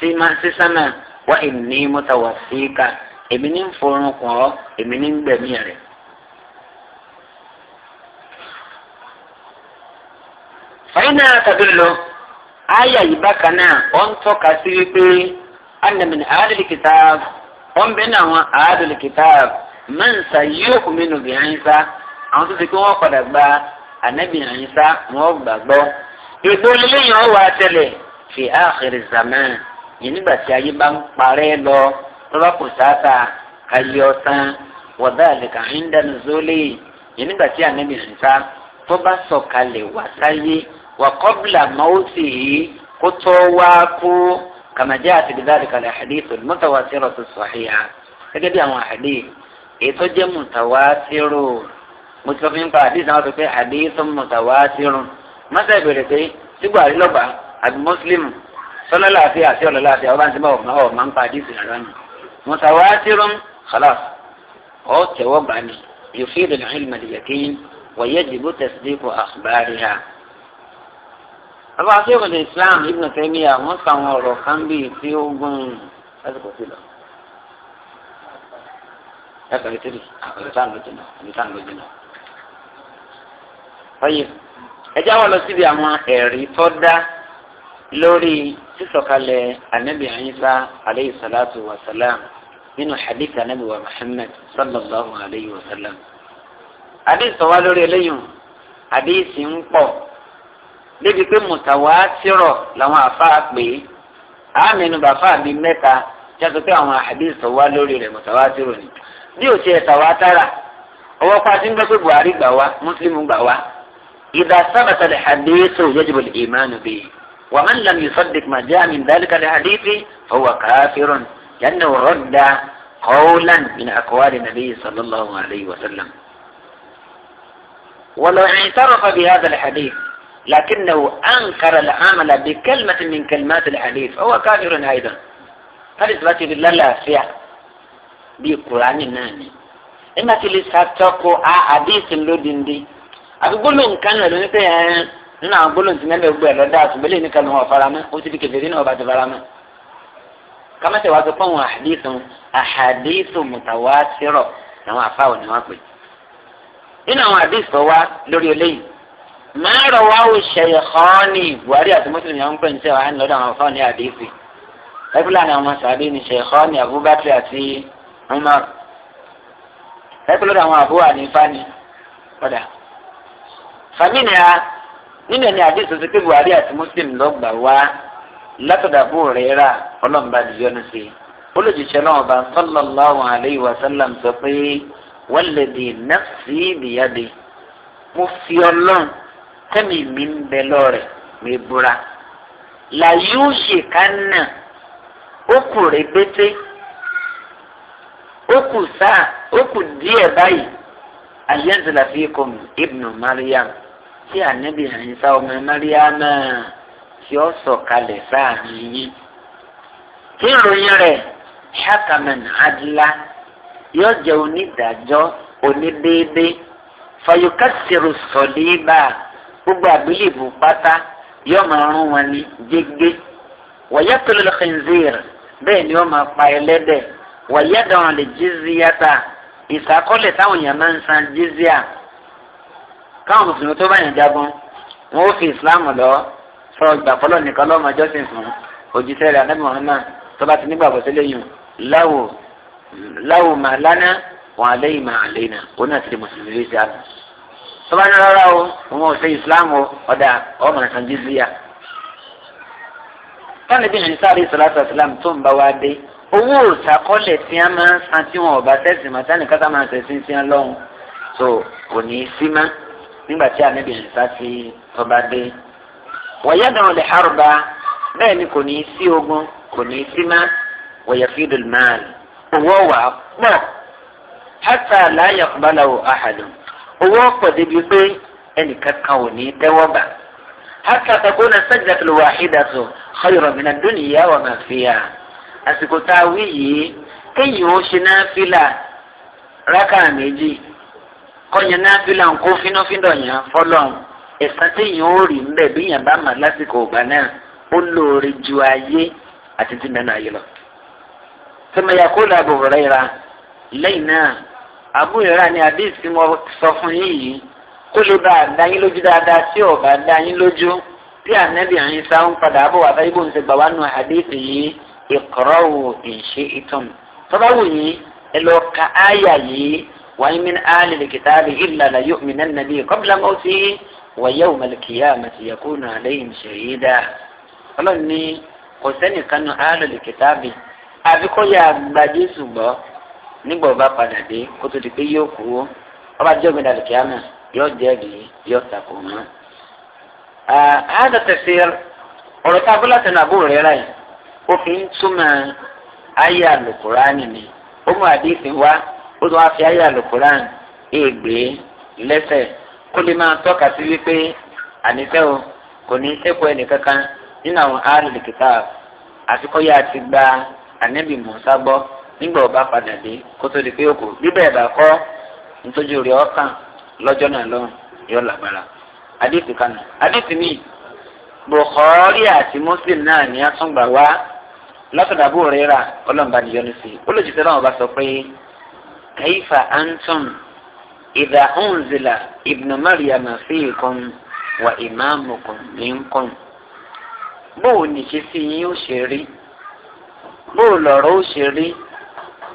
sí máa sí sánà wá ìní mọ́tàwá sí ká èmi ní ń forun kàn ọ́ èmi ní ń gbẹ̀mí rẹ̀. fàyínà tàbí lọ àyà yìí bákan náà ó ń tọ́ka sí wípé anamí àádọ́lì kìtàb ó ń bẹ́ẹ̀ náà wọn àádọ́lì kìtàb mẹ́ǹsà yóò kú mínú bí àyínsá àwọn tó ti pé wọ́n padà gba ànábì àyínsá wọ́n gbàgbọ́. ìgbó ọ̀wọ́ àtẹlẹ̀ fi áàkiri zaman yìí nígbà tí ayé bá ń parẹ́ lọ lọ́wọ́ kò sáàtà ayé ọ̀sán wọ̀dà àlèkà ń dànù sólè yìí nígbà tí ànábì Ìsá tó bá sọ̀kalẹ̀ wá sáyé wà kọ́bìlà mọ́wọ́sì yìí kó tó wá kú kàmájá àti bìdáàlì kalẹ̀ àdìsọ mọ́tàwásírò tó sọ̀hìyà gẹ́gẹ́ bí àwọn àdì ètò jẹ́ mọ́tàwásírò mo ti sọ fún pa àdìsọ àwọn tó pé àdìsọ mọ́tàwásírò mọ́tà ìbẹ̀rẹ̀ pé sígbà àrílọ́gbà àbí mọ́sílímù sọlá láàfin àti ọ̀lọ́ láàfin ọba ti bá ọ̀ma ọ̀ma ń pa àdìsí àlọ́ ni mutawatirun khalas ọ̀ tẹ̀wọ́ gbà ní yufidu al-ilma al-yaqin wa yajibu tasdiqu akhbariha. àbá sèkò ní islam ibn taymiya wọn kà wọn ọ̀rọ̀ kan bí tí ó gún lásìkò sí lọ. ẹ kàlẹ́ tẹ́lẹ̀ àkàlẹ́ tán ló jìnnà àkàlẹ́ ló jìnnà. ọyẹ ẹ jáwọ́ lọ síbi àwọn ẹ̀rí tó dá lórí sísọ̀kalẹ̀ anabi Isa aleyhi salatu wa salam nínú hadith anabi wa Muhammad sallallahu alayhi wa salam. hadith sọ̀wá lórí eléyìí hadith ń pọ̀ débi pé mùtàwáátìrọ̀ làwọn àfáà pè é àmínú bàfáà bíi mẹ́ta jẹ́sọ̀ pé àwọn hadith sọ̀wá lórí rẹ̀ mùtàwáátìrọ̀ ni bí o ti ẹ̀ tàwátàrà ọwọ́ pàṣẹ ń gbé pé Buhari gbà wá Muslim gbà wá ìdá sábàtà lè hadith yajibu al-imanu bihi. ومن لم يصدق ما جاء من ذلك الحديث فهو كافر لأنه رد قولا من أقوال النبي صلى الله عليه وسلم ولو اعترف بهذا الحديث لكنه أنكر العمل بكلمة من كلمات الحديث فهو كافر أيضا فالإثبات بالله لا فيها بالقرآن الناني إما تلسها أحاديث حديث لدندي أقول لهم كان لدندي nínú àwọn gbólóhùn tí mẹ́lẹ̀ gbọ́ ẹ̀ lọ́dá àtúgbò lè ní kẹlẹ́ wọn fara mọ́ ó ti di kẹfẹ́ nínú ọba ti fara mọ́. kámẹ́tẹ̀ wá sọ pé àwọn àhàdíìsù àhàdíìsù mùtàwátìrọ̀ làwọn àfáwọ̀ ni wọ́n pè. nínú àwọn àdíìsù tó wá lórí eléyìí máa rọ̀ wá ò ṣẹ̀yẹ̀ xọ́ ni Buhari àti Muslim yẹn ń pè ní sẹ́wà á ń lọ́dọ̀ àwọn àfáwọ̀ ní àdíìsù. ẹ̀fúlà ni ni ṣẹ̀yẹ̀ nínú ẹni àdéhùn sọ pé buhari àti muslim lọ gbà wá látọ̀dàbò rẹ̀ rà ọlọ́mba nìyọnu sí i olùjíṣẹ́ náà bá sallallahu alayhi wa sallam sọ pé walladhi nafsi biyadi mo fi ọlọ́run tẹ́mi mi ń bẹ lọ́rẹ̀ mi búra la yóò ṣe ká nà ó kù rẹpẹtẹ sáà ó kù báyìí an yanzila fikum ibnu Maryam tí ànábì àyínsá ọmọ mẹ́ríámà tí ó sọ̀kalẹ̀ sáàrin yín. tí ìròyìn rẹ̀ hakaman adla yóò jẹ́ onídàájọ́ onídéédé fayokasiru sọ̀líbà gbogbo àgbélébù pátá yóò máa rún wọn ní jégé. wàyàtò lọ́kìnzìr bẹ́ẹ̀ ni wọ́n máa pa ẹlẹ́dẹ̀ wàyàdàn lè jízíyàtà ìsàkọ́lẹ̀ táwọn èèyàn máa ń san jízíà káwọn mùsùlùmí tó bá yàn jagun wọn ó fi ìsìláàmù lọ sọ ìgbà fọlọ nìkan lọmọ jọ́sìn fún òjíṣẹ́ rẹ̀ anábì Muhammad tó bá ti nígbàgbọ́ sílẹ̀ yìí láwò láwò mà lánà wọn àlẹ́ yìí mà àlẹ́ yìí nà òun náà ti di mùsùlùmí lè ṣe àná. tó bá ní rárá o wọn ò ṣe ìsìláàmù ọ̀dà ọmọ nìkan jíṣìyà. táwọn ibi ìrìn sáré sọláṣọ ìsìláàmù tó ń bá wa dé owó òṣàkọlẹ̀ tí a máa ń san tí wọn ò bá tẹ̀sìn mọ́ tánìkátà máa tẹ̀sìn sí ẹ lọ́hùn so kò ní í sí nígbà tí ànábì ìsá ti ọba dé wọ̀yẹ́ náà lè hárùbá bẹ́ẹ̀ ni kò ní í sí ogun kò ní í sí má wọ̀yẹ́ fídùl máàl owó wà pọ̀ hátà láyà kúbálàwò àhàdùn owó pọ̀ débi pé ẹnìkan kan ò ní í tẹ́wọ́ bá hátà takuna sajdatul wahidatu khayran min ad-dunya wa ma fiha àsìkò tá a wí yìí kéyìn ó ṣe náà fílà rákà méjì kọ́nyẹ náà fi làn kó fínnáfínnà yẹn fọlọ́n ẹ̀sán tí yẹn ó rí mbẹ́ bí yẹn bá mà lásìkò ògbà náà ó lóore ju ayé àti ti nana ayé lọ. sọmọya la Abu Huraira lẹ́yìn náà Abu Huraira ni àdéhìsí wọn sọ fún yín yìí kó ló bá dáyín lójú dáadáa tí ò bá dáyín lójú tí ànábì àyín sáwọn padà bọ̀ wá báyìí bó ń ṣe wá nu àdéhìsí yìí ìkọ̀rọ̀ wò ìṣe ìtàn tọ́ba wò yín ẹ lọ ka áyà yìí. وإن من آل الكتاب إلا ليؤمنن به قبل موته ويوم القيامة يكون عليهم شهيدا ọlọ́run ní kò sẹ́nìkan nu àlọ́ lè kìtàbì àbí kó yà gba jésù gbọ́ nígbà ọba padà dé kó tó di pé yóò kú ọba jẹ́ òmìnira lè kíámà yóò jẹ́rìí yóò takò mọ́. àádọ́ ọ̀rọ̀ tá a bọ́ láti ẹnu àbúrò rẹ̀ ráì ó fi ń túmọ̀ ayé àlùkùránì ni ó mú àdéhìí wá kó tó wá fi ayé alukuran ègbé lẹ́sẹ̀ kó lè máa tọ́ka sí wípé ànífẹ́ o kò ní sẹ́kọ̀ ẹnìkankan nínú àwọn ahlul kitab àti kọ́ yá àti gba ànábì Mùsá gbọ́ nígbà ọba padà dé kó tó di pé òkú bíbẹ̀ ẹ̀dá kọ́ nítorí rẹ̀ ọ̀kan lọ́jọ́ náà lọ́hùn yọ làgbára àdìsí kanu àdìsí mi Bukhari àti Muslim náà ní atúngbà wá lọ́sọ̀dàbò rẹ̀ rà ọlọ́mbà níyọ́nù sí i ó lè sọ pé. كيف أنتم إذا أنزل ابن مريم fiikum وإمامكم imamukum minkum bóò nìṣe sí yín ó ṣe rí bóò lọ̀rọ̀ ó ṣe rí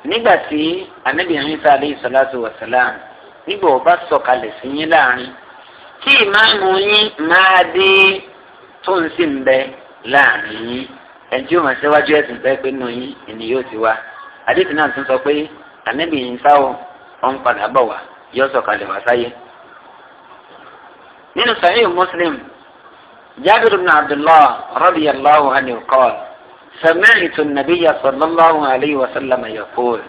nígbà tí anabi Isa alayhi salatu wa salam nígbà ó bá sọ̀kalẹ̀ sí yín láàrin tí ìmáàmù yín máa dé tó ń sì bẹ láàrin yín ẹni tí ó máa ṣíwájú ẹ̀sìn pẹ́ pé nù yín ni yóò ti wá àdéhùn náà tún sọ pé ànábì yìí ń sá o wọn padà bọ̀ wá yọ sọ̀kalẹ̀ wá sáyé. nínú sahih muslim jabir bin abdullah radiyallahu anhu qala sami'tu an-nabiyya sallallahu alayhi wa sallam yaqul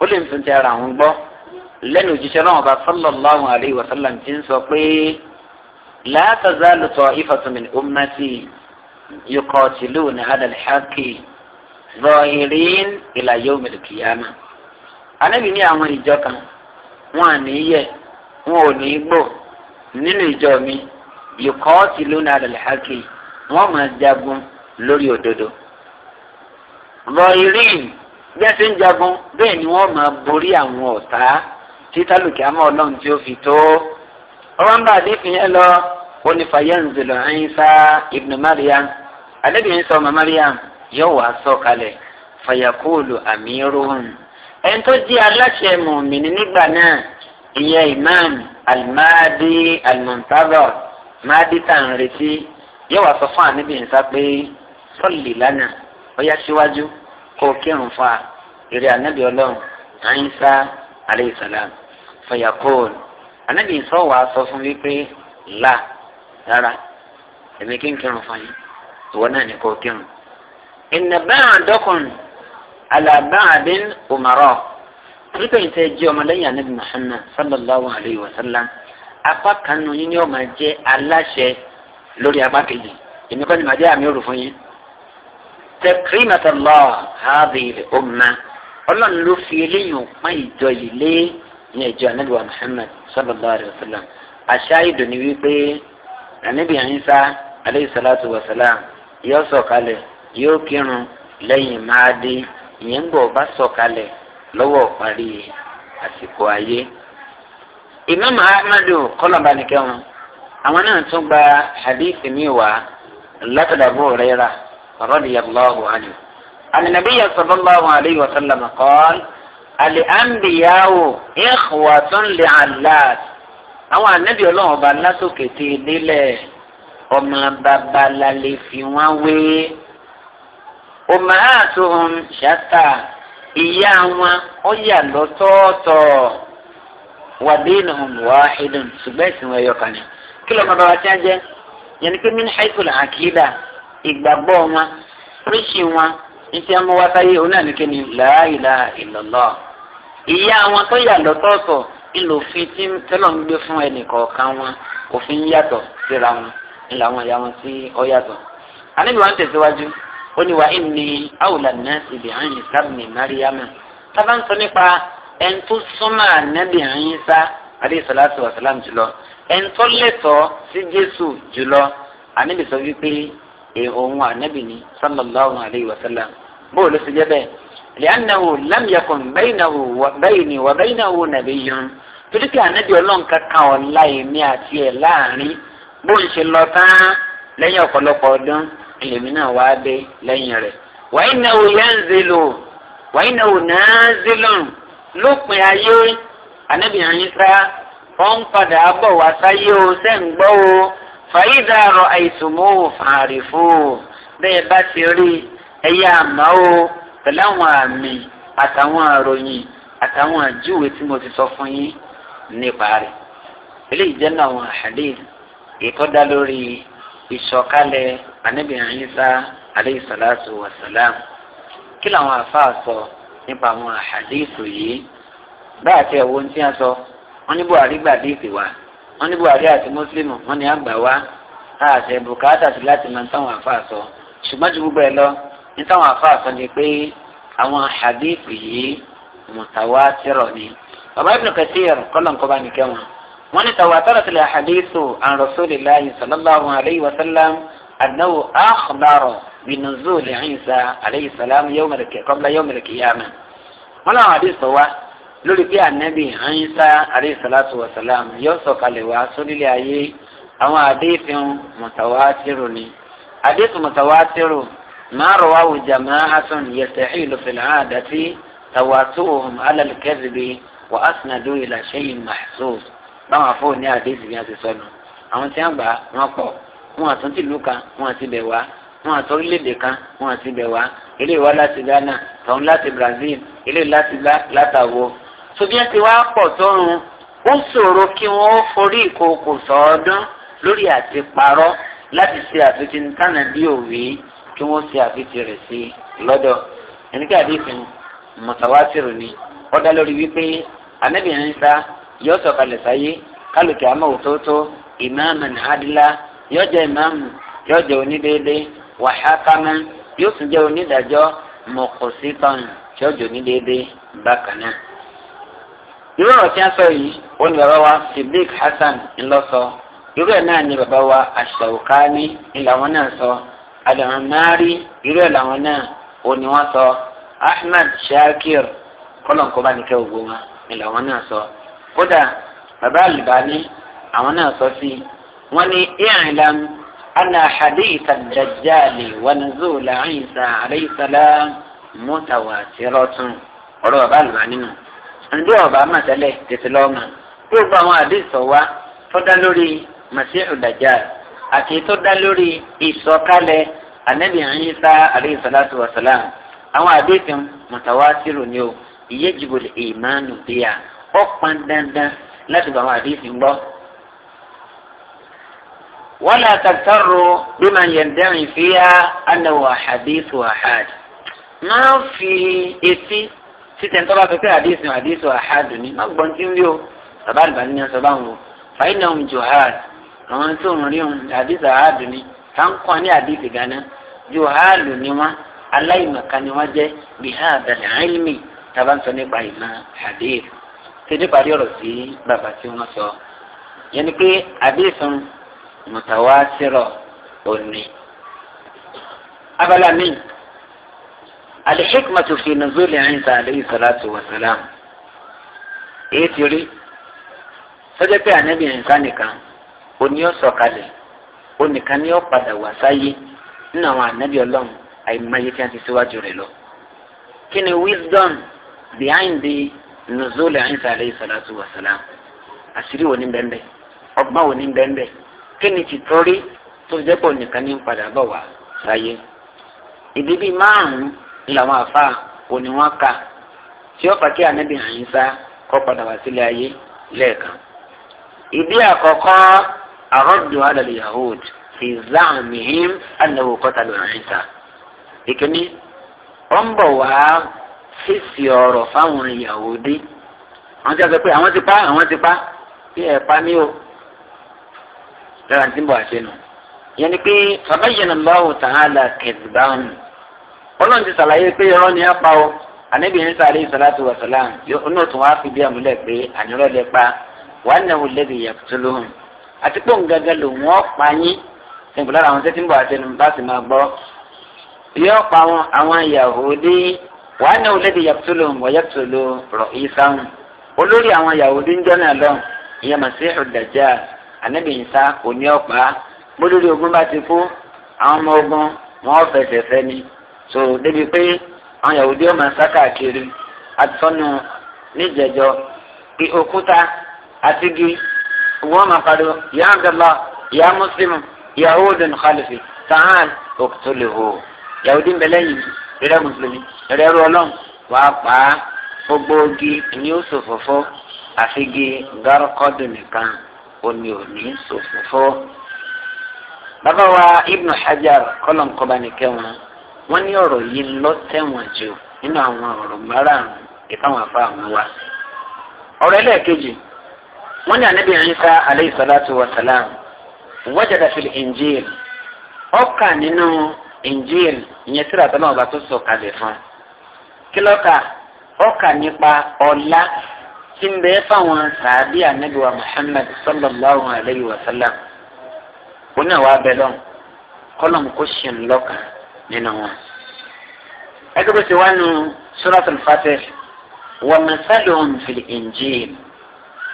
ó lè tún tẹ ara àwọn gbọ́ lẹ́nu òjíṣẹ́ náà ọba sallallahu alayhi wa sallam ti ń sọ pé la tazalu ta'ifatun min ummati yuqatiluna ala al-haqqi zahirin ila yawm al-qiyamah anábì ní àwọn ìjọ kan wọn à ní yẹ wọn ò ní gbò nínú ìjọ mi yòkọ́ọ̀tì lónà àdàlẹ̀ hákì wọn máa jagun lórí òdodo. lọ́ọ̀rìn bí a ṣe ń jagun bẹ́ẹ̀ ni wọ́n máa borí àwọn ọ̀tá títà lùkì àmọ́ ọlọ́run tí ó fi tó. ọwọ́n bá àdé yẹn lọ wọn ni fayanzilo ayinsa ibnu mariam adébíyẹn sọ ọmọ mariam yóò wá sọ kalẹ̀ fayakulu amiruhun ẹni tó jẹ́ aláṣẹ mọ̀mìnì nígbà náà ìyẹn imam alimadi alimantabor madi tá à ń retí yóò wá sọ fún àníbì ń sá pé sọ́ọ̀lì lánàá ó yá síwájú kó o kírun fún a eré ànábì ọlọ́run àyínsá aleyhi salam fayakóòlù ànábì sọ fún mi pé là rárá èmi kí n kírun fún yín ìwọ náà ni kò kírun. ìnàbẹ́ àdọ́kùnrin alabaadin umaro tuntun yìí tẹ́ jẹ́ ọmọlẹ́yìn anabi muhammad sallallahu alayhi wa sallam apá kan nù yín ni ó máa jẹ́ aláṣẹ lórí apá kejì èmi kọ́ni màá jẹ́ àmì òrò fún yín tẹkirimatalọ haadiri umma ọlọ́run ló fi eléyìí pọ́n ìjọ yìí lé ní ìjọ anabi wa muhammad sallallahu alayhi wa sallam àṣà ìdùnnú wípé anabi anisa alayhi salatu wa salam yóò sọ̀kalẹ̀ yóò kírun lẹ́yìn máa dé ìyẹn ń bọ̀ bá sọ̀kalẹ̀ lọ́wọ́ parí àsìkò ayé. Imam Ahmadu kọ́lọ̀bánikẹ́ wọn àwọn náà tún gba hadith mi wá látọ̀dọ̀ Abu Hurairah radiyallahu anhu. An-nabiyya sallallahu alayhi wa sallam qala al-anbiya'u ikhwatun li'allat. àwọn ànábì ọlọ́run ọba lásòkè tí délẹ̀ ọmọ babalá fi wọ́n wé ummahatuhum shatta ìyá wọn ó yà lọ́tọ̀ọ̀tọ̀ wa dinuhum wahidun ṣùgbọ́n ẹ̀sìn wọn ẹ̀yọ kan ni kí ló ma bá wa tí a jẹ́ yẹn ni pé min haythul aqida ìgbàgbọ́ wọn oríṣi wọn ìṣe amúwátáyé onáníkẹ́ni la ilaha illallah ìyá wọn tó yà lọ́tọ̀ọ̀tọ̀ ìlò òfin tí tẹ́lọ̀ ń gbé fún ẹnì kọ̀ọ̀kan wọn òfin yàtọ̀ síra wọn ìlànà ìyá wọn tí ó yàtọ̀ àníbi wọn tẹ̀síwájú ó ní wa inni awla nasi bi Isa ibn Maryama tábà ń sọ nípa ẹn tó súnmọ́ ànábì Isa alayhi salatu wa salam jùlọ ẹn tó lẹ́tọ̀ọ́ sí Jésù jùlọ ànábì sọ wípé ẹ òun ànábì ni sallallahu alayhi wa sallam bó ló ti jẹ́ bẹ́ẹ̀ li'annahu lam yakun baynahu wa bayni wa torí pé ànábì ọlọ́run kankan ọ̀la èmi àti ẹ̀ láàrin bó ń ṣe lọ tán lẹ́yìn ọ̀pọ̀lọpọ̀ ọdún ẹlẹ́mi náà wá dé lẹ́yìn rẹ̀ wàyí náà wò yẹn ń zèlò wàyí náà wò náà zèlò lópin ayé anabi anyisa wọn padà bọ̀ wá sáyé o sẹ́ǹgbọ́ o fàyídà rọ àìsùnmọ́ fàárìfò bẹ́ẹ̀ bá ti rí ẹ̀yà àmọ́ o pẹ̀lú àmì àtàwọn àròyìn àtàwọn àjúwe tí mo ti sọ fún yín nípa rẹ̀ eléyìí jẹ́ náà àwọn àhàdé ètò lórí ìṣọ̀kalẹ̀ anabi Isa aleyhi salatu wa salam kí làwọn àfáà sọ nípa àwọn àhàdíìsì yìí bá àti ẹ̀wọ́ ní tí a sọ wọ́n ní buhari gbàdíìsì wa wọ́n ní buhari àti mùsùlùmù wọ́n ní àgbà wa àti bùkátà sí láti máa táwọn àfáà sọ ṣùgbọ́n ju gbogbo ẹ lọ ní táwọn àfáà ni pé àwọn àhàdíìsì yìí mùtàwátìrọ̀ ni bàbá ibn Kathir kọ́lọ̀ nǹkan bá nìkẹ́ wọn wọ́n ní tàwátìrọ̀ tilẹ̀ àhàdíìsì an rasulillahi sallallahu alayhi wa sallam أنه أخبر بنزول عيسى عليه السلام يوم قبل يوم القيامة ولا حديث هو lórí pé ànábì Ìsá aleyhisalatu wasalam yóò sọ̀kalẹ̀ wá sórílẹ̀ ayé àwọn àdéhùn mùtàwátìrù ni àdéhùn mùtàwátìrù máa rọ̀ wáwù jama'atun yastahilu fil 'adati tawatu'uhum 'ala al-kadhibi wa asnadu ila shay'in mahsus báwọn afọ́ ní àdéhùn yẹn ti sọnù àwọn tí wọ́n gbà wọ́n pọ̀ wọn àtúntì ìlú kan wọn àti ibẹ̀ wá wọn àti orílẹ̀-èdè kan wọn àti ibẹ̀ wá eléyìí wá láti Ghana tọ̀hún láti Brazil eléyìí láti látàwọ. soviet wa pọ̀ tọ́run ó ṣòro kí wọ́n forí ìkòkò sọ́ọ́dún lórí àti parọ́ láti ṣe àfitì tánà bí òwe kí wọ́n ṣe àfitì rẹ̀ sí lọ́dọ̀. ẹnikẹ́ àdéhùn mọ̀tàwásírù ni ó dá lórí wípé anábìyẹn ń sá yọ sáyé kálukì àmọ́ òtótó ìmáàmù nàádìlá yóò jẹ́ ìmáàmù yóò jẹ́ onídéédé wàhákámẹ́ yóò sì jẹ́ onídàájọ́ mọ̀kòsítọ́n tí ó jẹ́ onídéédé bákan náà. irú ọ̀rọ̀ tí a sọ yìí ó ní bàbá wa Siddiq Hasan ńlọ́sọ irú ẹ̀ náà ní bàbá wa Ash-Shawkani náà sọ Al-Ammari irú ẹ̀ làwọn náà ó ní wọ́n sọ Ahmad Shakir kọ́lọ̀nkọ́ bá ní kẹ́ ògbó wọn ìlàwọn náà sọ kódà bàbá Albani àwọn náà sọ sí i wọ́n ní ìrìnlám ana hadith dajjali wa nuzul Isa alayhi salam mutawatiratun ọ̀rọ̀ ọba àlùmá nínú ndí ọba àmàtẹ́lẹ̀ tètè lọ́mọ gbogbo àwọn àdéhùn wa tó dá lórí masihu dajjal àti tó dá lórí ìsọ̀kalẹ̀ anabi Isa alayhi salatu wa salam àwọn àdéhùn ni o ìyẹ́jìbò ìmánu bíyà ó pọn dandan láti gba àwọn àdéhùn gbọ́. ولا تغتروا بمن يندعي فيها أنه حديث أحد ما في إتي ستين طبعا فكرة حديث حديث أحد ما بنتين ليو طبعا بنتين سبعون فإنهم جهاد àwọn tó ń rí òun àdìsá àádùn ni táǹkọ́ ní àdìsí gánà juhaalu ni wọn aláìmọ̀ká ni wọn jẹ́ bihá àdàlẹ̀ àìlmì tábà ń sọ nípa ìmọ̀ àdìsí tí nípa rí ọ̀rọ̀ sí bàbá tí wọ́n sọ yẹn ni pé mùtàwásírọ̀ òní. abala mi alihikmatu fi nuzuli Isa aleyhi salatu wa salam èyí ti rí sọjọ́ pé ànábì Isa nìkan òní ó sọ̀kalẹ̀ onìkan ni ó padà wá sáyé nínú àwọn ànábì ọlọ́run àìmọye tí a ti síwájú rẹ̀ lọ. kí ni wisdom behind the nuzuli Isa aleyhi salatu wa salam àṣírí wo ni bẹ́ẹ̀ bẹ́ẹ̀ ọgbọ́n wo ni bẹ́ẹ̀ bẹ́ẹ̀ kí ni tìtorí tó jẹ́ pọ̀ nìkan ní padà bọ̀ wá sáyé ìdí bíi márùn-ún làwọn àfa òní wọn ka tí ó pàkí ànábì àyínsá kọ́ padà wá sílé ayé lẹ́ẹ̀kan ìdí àkọ́kọ́ àrọ́dù àdàlù yahood fi záàmìhìm ànáwó kọ́tàlù àyínsá ìkíní ó ń bọ̀ wá fífi ọ̀rọ̀ fáwọn yahudi wọ́n ti sọ pé àwọn ti pa àwọn ti pa bí ẹ̀ pa ní o lára tí ń bọ̀ àṣẹ nù. ìyẹn ni pé fàbáyẹnà báwo tààlà kẹsìbáwọn ọlọ́run ti sàlàyé pé irọ́ ni apá o ànábìyẹn sáré ìsàlátù wàsálàm yóò tún wáá fi bí àmúlẹ̀ pé àníró lẹ pa wàá náwó lẹ́bi yàtúlóhùn àti pé òun gángan lò wọ́n pa yín nígbà lára àwọn tẹ́tí ń bọ̀ àṣẹ nù bá sì máa gbọ́ yóò pa àwọn Yahudi wàá náwó lẹ́bi yàtúlóhùn wà yàtúló rọ̀ ìsáhùn olórí àwọn Yahudi ń jọ́nà lọ ìyẹn Masihu Dajjal anabi nsa òní ọ̀pá bólúrí ogun bá ti kú àwọn ọmọ ogun wọn fẹsẹ̀ fẹ́ ni so débi pé àwọn yahudi ọmọ nsá káàkiri àtọ́nu níjẹjọ pé òkúta àti igi wọn máa pariwo ya Abdallah ya Muslim yahudun khalifi ta'al uqtuluhu yahudi mbẹlẹ yìí rẹ mùsùlùmí rẹ rọlọ́n wàá pa gbogbo igi ni ó sòfòfò àfi igi gárọ́kọ́dù nìkan. òní òní sòfófó. bàbá wa Ibnu Hajar kọ́lọ̀ nkọ́ba nìkẹ́ wọn wọ́n ní ọ̀rọ̀ yìí lọ tẹ̀wọ̀n jù nínú àwọn ọ̀rọ̀ mara ìfáwọn afá àwọn wa. wọ́n ní alayhi salatu wa salam wajada fil injil ọkà nínú injil ìyẹn ọba tó sọ kalẹ̀ fún ọkà nípa ọlá tí ń bẹ fáwọn sàbí anabiwa muhammed sallallahu alayhi wa sallam wọn náà wàá bẹ lọ́n kọ́lọ́n kó ṣìn lọ́kàn nínú wọn. ẹgbẹ́ bó ti wá nu suratul fatih wa masaluhum fil injil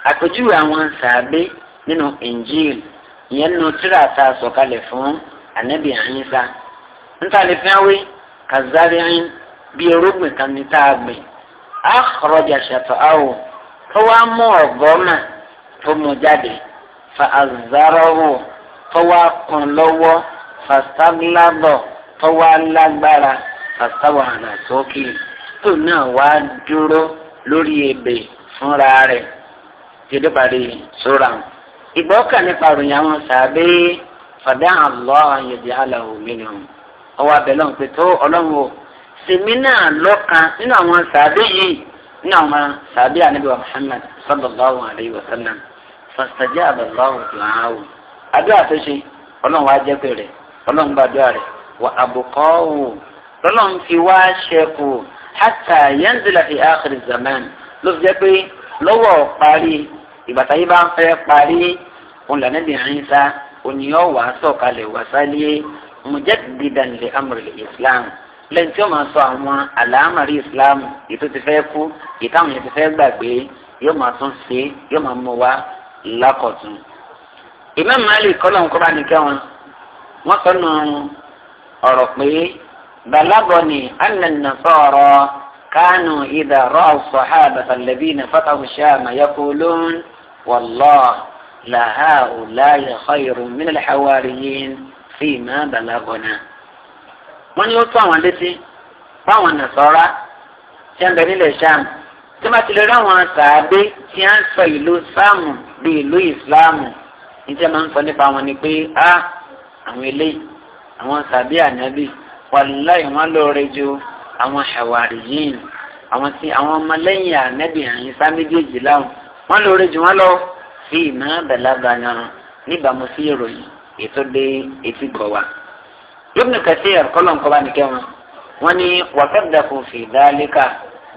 àpèjúwe àwọn sàbí nínú injil ìyẹn nínú tírà tá a sọ̀kalẹ̀ fún anabi Isa níta lè fi hàn wí kazari'in bí irúgbìn kan ní tá a gbìn akhraja shata'ahu. kọ́wá mú ọ̀gọ́ mà tó mú jáde fa azarọ́wò kọ́wá kún lọ́wọ́ fastaglabọ̀ kọ́wá lágbára fastawana tó náà wá dúró lórí ebè fúnra rẹ̀ jẹ́dẹ́ parí sóra. ìgbọ́kàn nípa ròyìn àwọn sàbẹ́ fàdá àlọ́ ọwọ́ abẹ́lẹ́ àwọn sàbẹ́ nínú àwọn sàbí ànábìwá Muhammad sallallahu alayhi wa sallam fastajaba Allahu du'aahu àdúrà tó ṣe ọlọ́run wá jẹ́ pé rẹ̀ ọlọ́run bá dúrà rẹ̀ wà àbùkọ́wò lọ́lọ́run fi wá ṣẹ́kù hàtà yanzila fi akhir zaman ló fi jẹ́ pé lọ́wọ́ parí ìbàtà yìí bá ń fẹ́ parí òun lànà bí Ìsá ònìyàn wà sọ̀kalẹ̀ wà sálẹ̀ mujaddidan li amri islam lẹ́yìn tí ó máa sọ àwọn àlámàrí islam ètò ti fẹ́ kú ìtàwọn yẹn ti fẹ́ gbàgbé yóò máa tún ṣe yóò máa mú wa lákọ̀tún. Imam Malik kọ́lọ̀ ń kọ́ bá nìkẹ́ wọn wọ́n sọ nù ọ̀rọ̀ pé balagoni ananasọ̀rọ̀ kánú idà rọ́ọ̀ sọ̀hábà tàlẹ́bìnà fatahu shama yakulun wàllọ́ làhà ọ̀láyà khayru min wọ́n ní ó tó àwọn létí fáwọn nàṣọ́ra tí wọ́n bẹ nílẹ̀ sáàmù tí wọ́n ti lè rí àwọn sàábé tí wọ́n sọ ìlú sáàmù bí ìlú ìsìláàmù níjẹ́ máa ń sọ nípa wọn ni pé a àwọn eléyìí àwọn sàábé ànábì wàlúùláì wọn lóore ju àwọn hàwàríyìn àwọn tí àwọn ọmọlẹ́yìn ànábì àyìn sá méjèèjì láwọn wọn lóore ju wọn lọ fi ìmọ̀ bẹ̀lágbà náà níbàámu sí ìròyìn ètò dé etí kọ̀ wa. Ibn Kathir kọ́lọ̀ nǹkan bá nìkẹ́ wọn wọ́n ní wàkàdàkù fi dhalika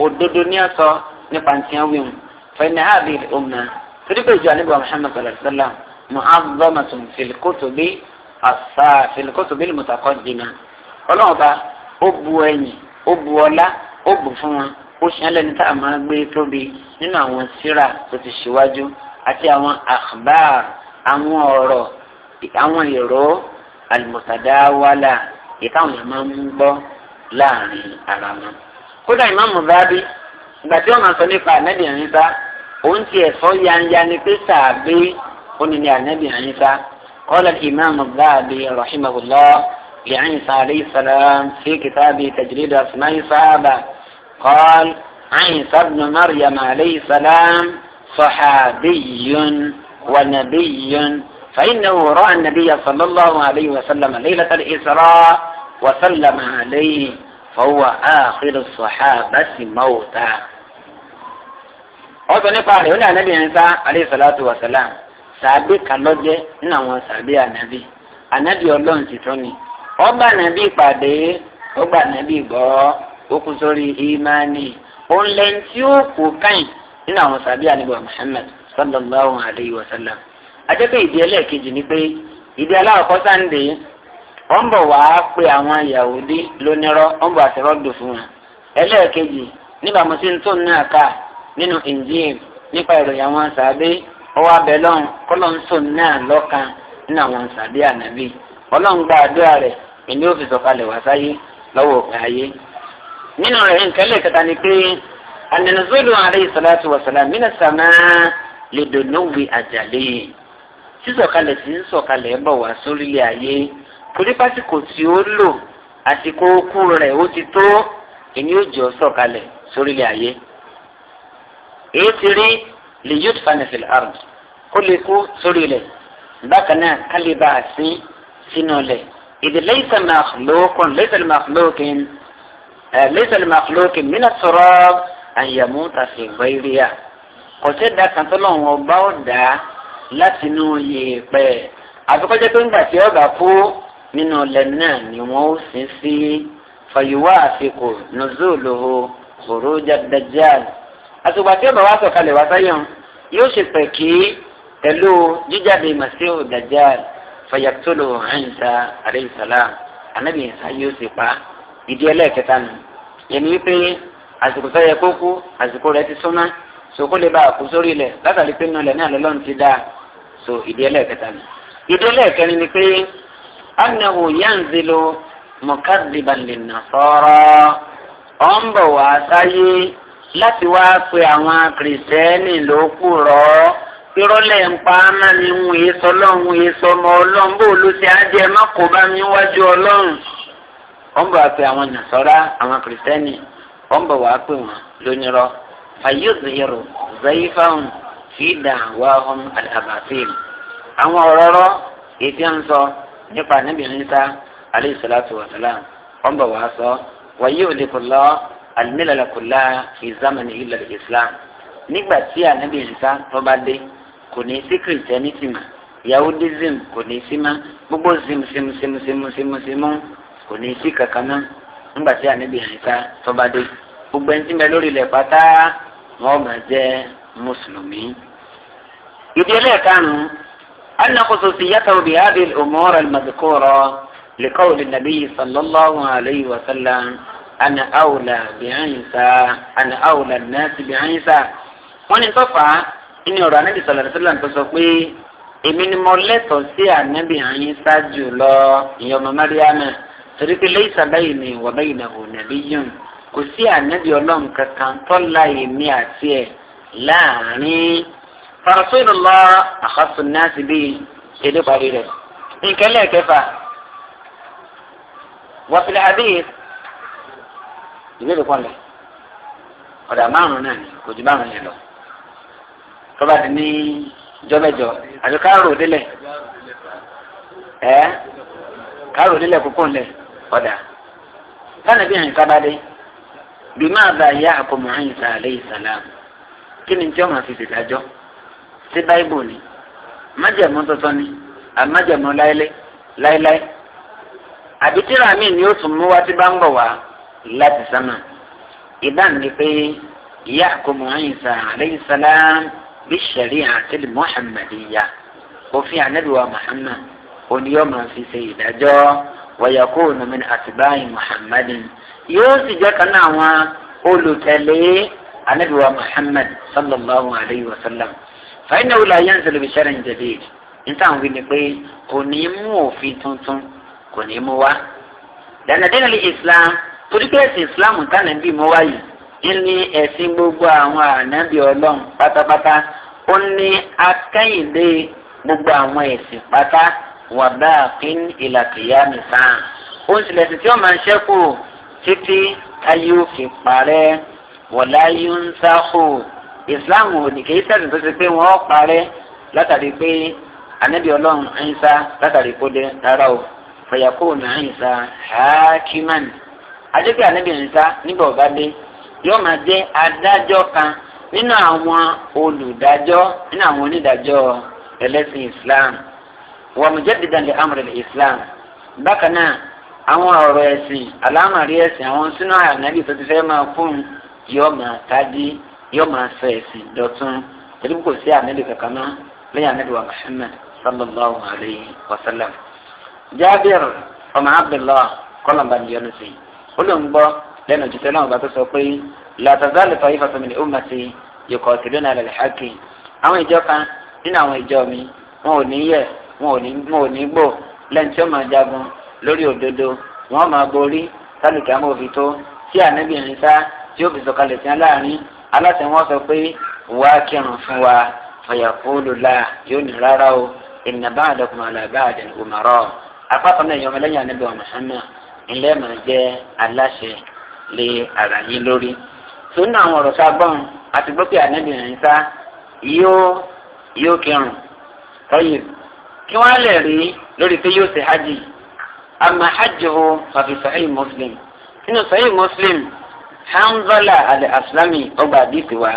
òdodo ní ẹ̀sọ́ nípa ntìyàn wíwù fẹ́ni àbí ọmọ tìrìkì ìjọ àníbà Muhammad sallallahu alayhi wa sallam mu'azzamatun fil kutubi àṣà fil kutubi al-mutaqaddima ọlọ́wọ́n bá ó bu ẹ̀yìn ó bu ọlá ó bù fún wọn ó ṣe ẹlẹ́ni tá a máa gbé tóbi nínú àwọn síra tó ti ṣíwájú àti àwọn akhbar àwọn ọ̀rọ̀ àwọn ìró alimusadawala ìtàwọn yẹn máa ń gbọ́ láàrin ara wọn. kódà ìmáàmù Zahabi ìgbà tí wọn máa sọ nípa ànábì àyínṣá òun ti ẹ̀fọ́ yanya ni pé sàbí onílé ànábì àyínṣá qala ìmáàmù Zahabi rahimahullah لعيسى عليه السلام في كتاب تجريد أسماء الصحابة قال عيسى ابن مريم عليه السلام صحابي ونبي فإنه رأى النبي صلى الله عليه وسلم ليلة الإسراء وسلم عليه فهو آخر الصحابة موتا ó sọ nípa rẹ̀ ó ní ànábì Ìsá alayhi salatu wa salam sàbí kàlọ́jẹ́ nínú àwọn sàbí ànábì ànábì ọlọ́run ti tọ́ ni ọba ànábì pàdé ọba ànábì gbọ́ okú sórí ìmánì òun lẹ́yìn tí ó kú káyìn nínú àwọn sàbí ànábì Muhammad sallallahu alayhi wa sallam. ajẹ́pẹ́ ìdí ẹlẹ́ẹ̀kejì ni pé ìdí aláwọ̀kọ́ sànńdé wọ́n bọ̀ wá pé àwọn Yahudi lónírọ́ wọ́n bọ̀ àtẹ̀rọ́dò fún wọn ẹlẹ́ẹ̀kejì nígbà mo ti ń aka náà kà nínú Injil nípa ìròyìn àwọn sàbẹ ọwọ́ abẹ lọ́run kọ́lọ́n tún náà lọ́kàn nínú àwọn sàbẹ ànábì ọlọ́run gba àdúrà rẹ̀ ìní ó fi sọ̀kalẹ̀ wá sáyé lọ́wọ́ òkè ayé nínú rẹ̀ ni pé sísọ̀kalẹ̀ sí sísọ̀kalẹ̀ ń bọ̀ wá sórílẹ̀ ayé torí pásíkò tí ó lò àsìkò okú rẹ̀ ó ti tó èmi ò jọ sọ̀kalẹ̀ sórílẹ̀ ayé. èyí ti rí lè yóò fanifil arm kó lè kú sórí ilẹ̀ bákan náà ká lè bá a sí sínú ilẹ̀ ìdí lẹ́sẹ̀ màkìlókun lẹ́sẹ̀ màkìlókun lẹ́sẹ̀ mí náà sọ̀rọ̀ àyàmú tàfi gbẹ́rìà kò sí dákan lọ́wọ́ bá ó láti inú yèèpẹ̀ àfikọ́jẹ́ pé ńgbà tí ọba kú nínú ilẹ̀ náà ni wọ́n ó sin sí fàyíwá àfikò nùzúlùú òrójà dajjal àtùgbà tí ọba wa sọ̀kalẹ̀ wá sáyẹn yóò ṣe pẹ̀ kí pẹ̀lú jíjáde màsíù dajjal fàyàtúlù ẹ̀ǹsà àlẹ́yìnsàlá ànábì ẹ̀ǹsà yóò sì pa ìdí ẹlẹ́ẹ̀kẹta nù yẹn ni pé àsìkò tó kó kú àsìkò rẹ̀ ti súnmọ́ sòkó bá àkú sórí ilẹ̀ látàrí pé nínú ilẹ̀ náà lọ́lọ́run ti dáa so ìdí ẹlẹ́ẹ̀kẹta ni ìdí ẹlẹ́ẹ̀kẹrin ni pé anahu yanzilu mukadiban linnasara ọ̀ ń bọ̀ wá sáyé láti wá pe àwọn kìrìsìtẹ́nì ló kù rọ́ irọ́lẹ̀ ń pa ámà ni ń wòye sọlọ́run wòye sọmọ ọlọ́run bó ló ti ajẹ́ má kó bá mi wájú ọlọ́run ọ̀ ń wá pe àwọn nàṣọ́ra àwọn kìrìsìtẹ́nì ọ̀ ń wá pe wọn lónírọ́ fayó zèyẹrò zèyí fáwọn fi da'wahum al-abatil àwọn ọ̀rọ̀rọ̀ ètí ń sọ nípa níbi níta alayhi salatu wa salam wọ́n bọ̀ wá sọ wàyí ò lè kò lọ al-milal kullaha fi zamani illa al-islam nígbà tí ànábì níta tó bá dé kò ní sí kìrìtẹ́nìtì mà yahudism kò ní sí mà gbogbo zimzimzimzimzimzimu kò ní sí kankan mọ́ nígbà tí ànábì níta tó bá dé gbogbo ẹni tí ń lórí ilẹ̀ pátá wọ́n máa jẹ́ mùsùlùmí. ìdí ẹlẹ́ẹ̀kanu أن خصوصيته بهذه الأمور المذكورة لقول النبي صلى الله عليه وسلم alayhi wa sallam ana awla الناس Isa ana awla nasi bi Isa. wọ́n ní tọ́fà ní ọ̀rọ̀ anabi sallallahu alayhi wa sallam tó sọ pé èmi ni mo lẹ́tọ̀ọ́ sí anabi Isa jù lọ ìyẹn ọmọ mariana torí pé laysa bayni wa baynahu nabiyyun kò sí anabi ọlọ́run kankan tó èmi àti ẹ̀ láàrin farafinullah àkàtún náà ti bí èdè parí rẹ̀ nǹkan lẹ́ẹ̀kẹfà wọ́pẹ̀lẹ̀ àdéhìí ìbéèrè kan lẹ̀ ọ̀dà márùn náà ni kò ju márùn yẹn lọ tọ́ba ti ní jọ́mẹ́jọ àti káàrò délẹ̀ ẹ́ káàrò délẹ̀ kókó ńlẹ̀ ọ̀dà lánàá bí kábàdé bí máa bá yá àkọ́mọ̀ àyìnsá àlẹ́ ìsàlámù kí ni jọ́mọ̀ fi ṣèdájọ́ sí báíbù ni májẹ̀mú tuntun ni àmájẹ̀mú láéláé àbí tíra mi ni ó tún mú wá tí bá ń bọ̀ wá láti sánà ìdáhùn ni pé ìyá àkómọ àyìnsá alayhi salam bí sẹ̀ríà àtẹ̀lẹ̀ Muhammadiyya òfin ànábìwá Muhammad oníyọ́ máa fi ṣe ìdájọ́ wọ̀yàkóònù min àtibáyì Muhammadin yóò sì jẹ́ kan àwọn olùtẹ̀lé anabi wa muhammad sallallahu alayhi wa sallam fàyínà wùlọ ayé ń sọlọ bí sẹ́rìn jẹ̀dẹ̀ níta àwọn wíni pé kò ní mú òfin tuntun kò ní mú wá dànàdínà lè islam torí pé ẹ̀sìn islam tánà bí mo wáyé ní ẹ̀sìn gbogbo àwọn ànábì ọlọ́run pátápátá ó ní akẹ́yìndé gbogbo àwọn ẹ̀sìn pátá wà bá a pín ìlàkìyà mi sáà ó ń tilẹ̀ sí tí ó máa ń ṣẹ́kù títí ayé wọ̀lá yunsahu islam ò ní kì í sẹ́sìn tó ti pé wọ́n parẹ́ látàrí pé anabi ọlọ́run ẹ̀ńsá látàrí kó dé rárá o fẹ̀yàkó ní ẹ̀ńsá hakiman adébíyà anabi ẹ̀ńsá nígbà ọ̀gá dé yóò máa jẹ́ adájọ́ kan nínú àwọn olùdájọ́ nínú àwọn onídàájọ́ ẹlẹ́sìn islam wa mujaddidan li amri islam bákan náà àwọn ọ̀rọ̀ ẹ̀sìn alámọ̀rí ẹ̀sìn àwọn sínú àyànnábì tó ti fẹ́ máa fún un yóò máa kájí yóò máa sọ ẹ̀sìn dọ̀tún torí kò sí ànábì kankan náà lẹ́yìn ànábì wa Muhammad sallallahu alayhi wa sallam. Jábìr ọmọ Abdullah kọ́lọ̀mbà ni yọnu sí olóńgbọ́ lẹ́nu òjútẹ́ náà bá tó sọ pé làtàzálì fàyè fàtàmìlì ó màtí yòkọ̀ tìlú náà lẹ́lẹ̀ hákì àwọn ìjọ kan nínú àwọn ìjọ mi wọn ò ní yẹ wọn ò ní wọn ò gbò lẹ́yìn tí ó máa jagun lórí òdodo wọn máa borí sálùkì àmọ́ òfin tó tí ànábìrin sá tí ó fi sọ̀kalẹ̀ sí aláàárín aláṣẹ wọn sọ pé wà á kírun fún wa fàyàkóòlù la yóò ní rárá o ìnàbá àdàkùnmọ̀ àlàbá àdàkùnmọ̀rọ̀ apákan náà ìyọ̀mọ̀ lẹ́yìn anábì wa Muhammad ilé máa jẹ́ aláṣẹ lé ara yín lórí tó ní àwọn ọ̀rọ̀ sábọ̀n àti gbọ́pẹ́ anábì rẹ̀ sá yóò yóò kírun tọ́yì kí wọ́n á lè rí lórí pé yóò ṣe hajj àmà hajj o fàfihàn Muslim nínú sahih Muslim hanzala alẹ asilami ọgbà àdìsí wa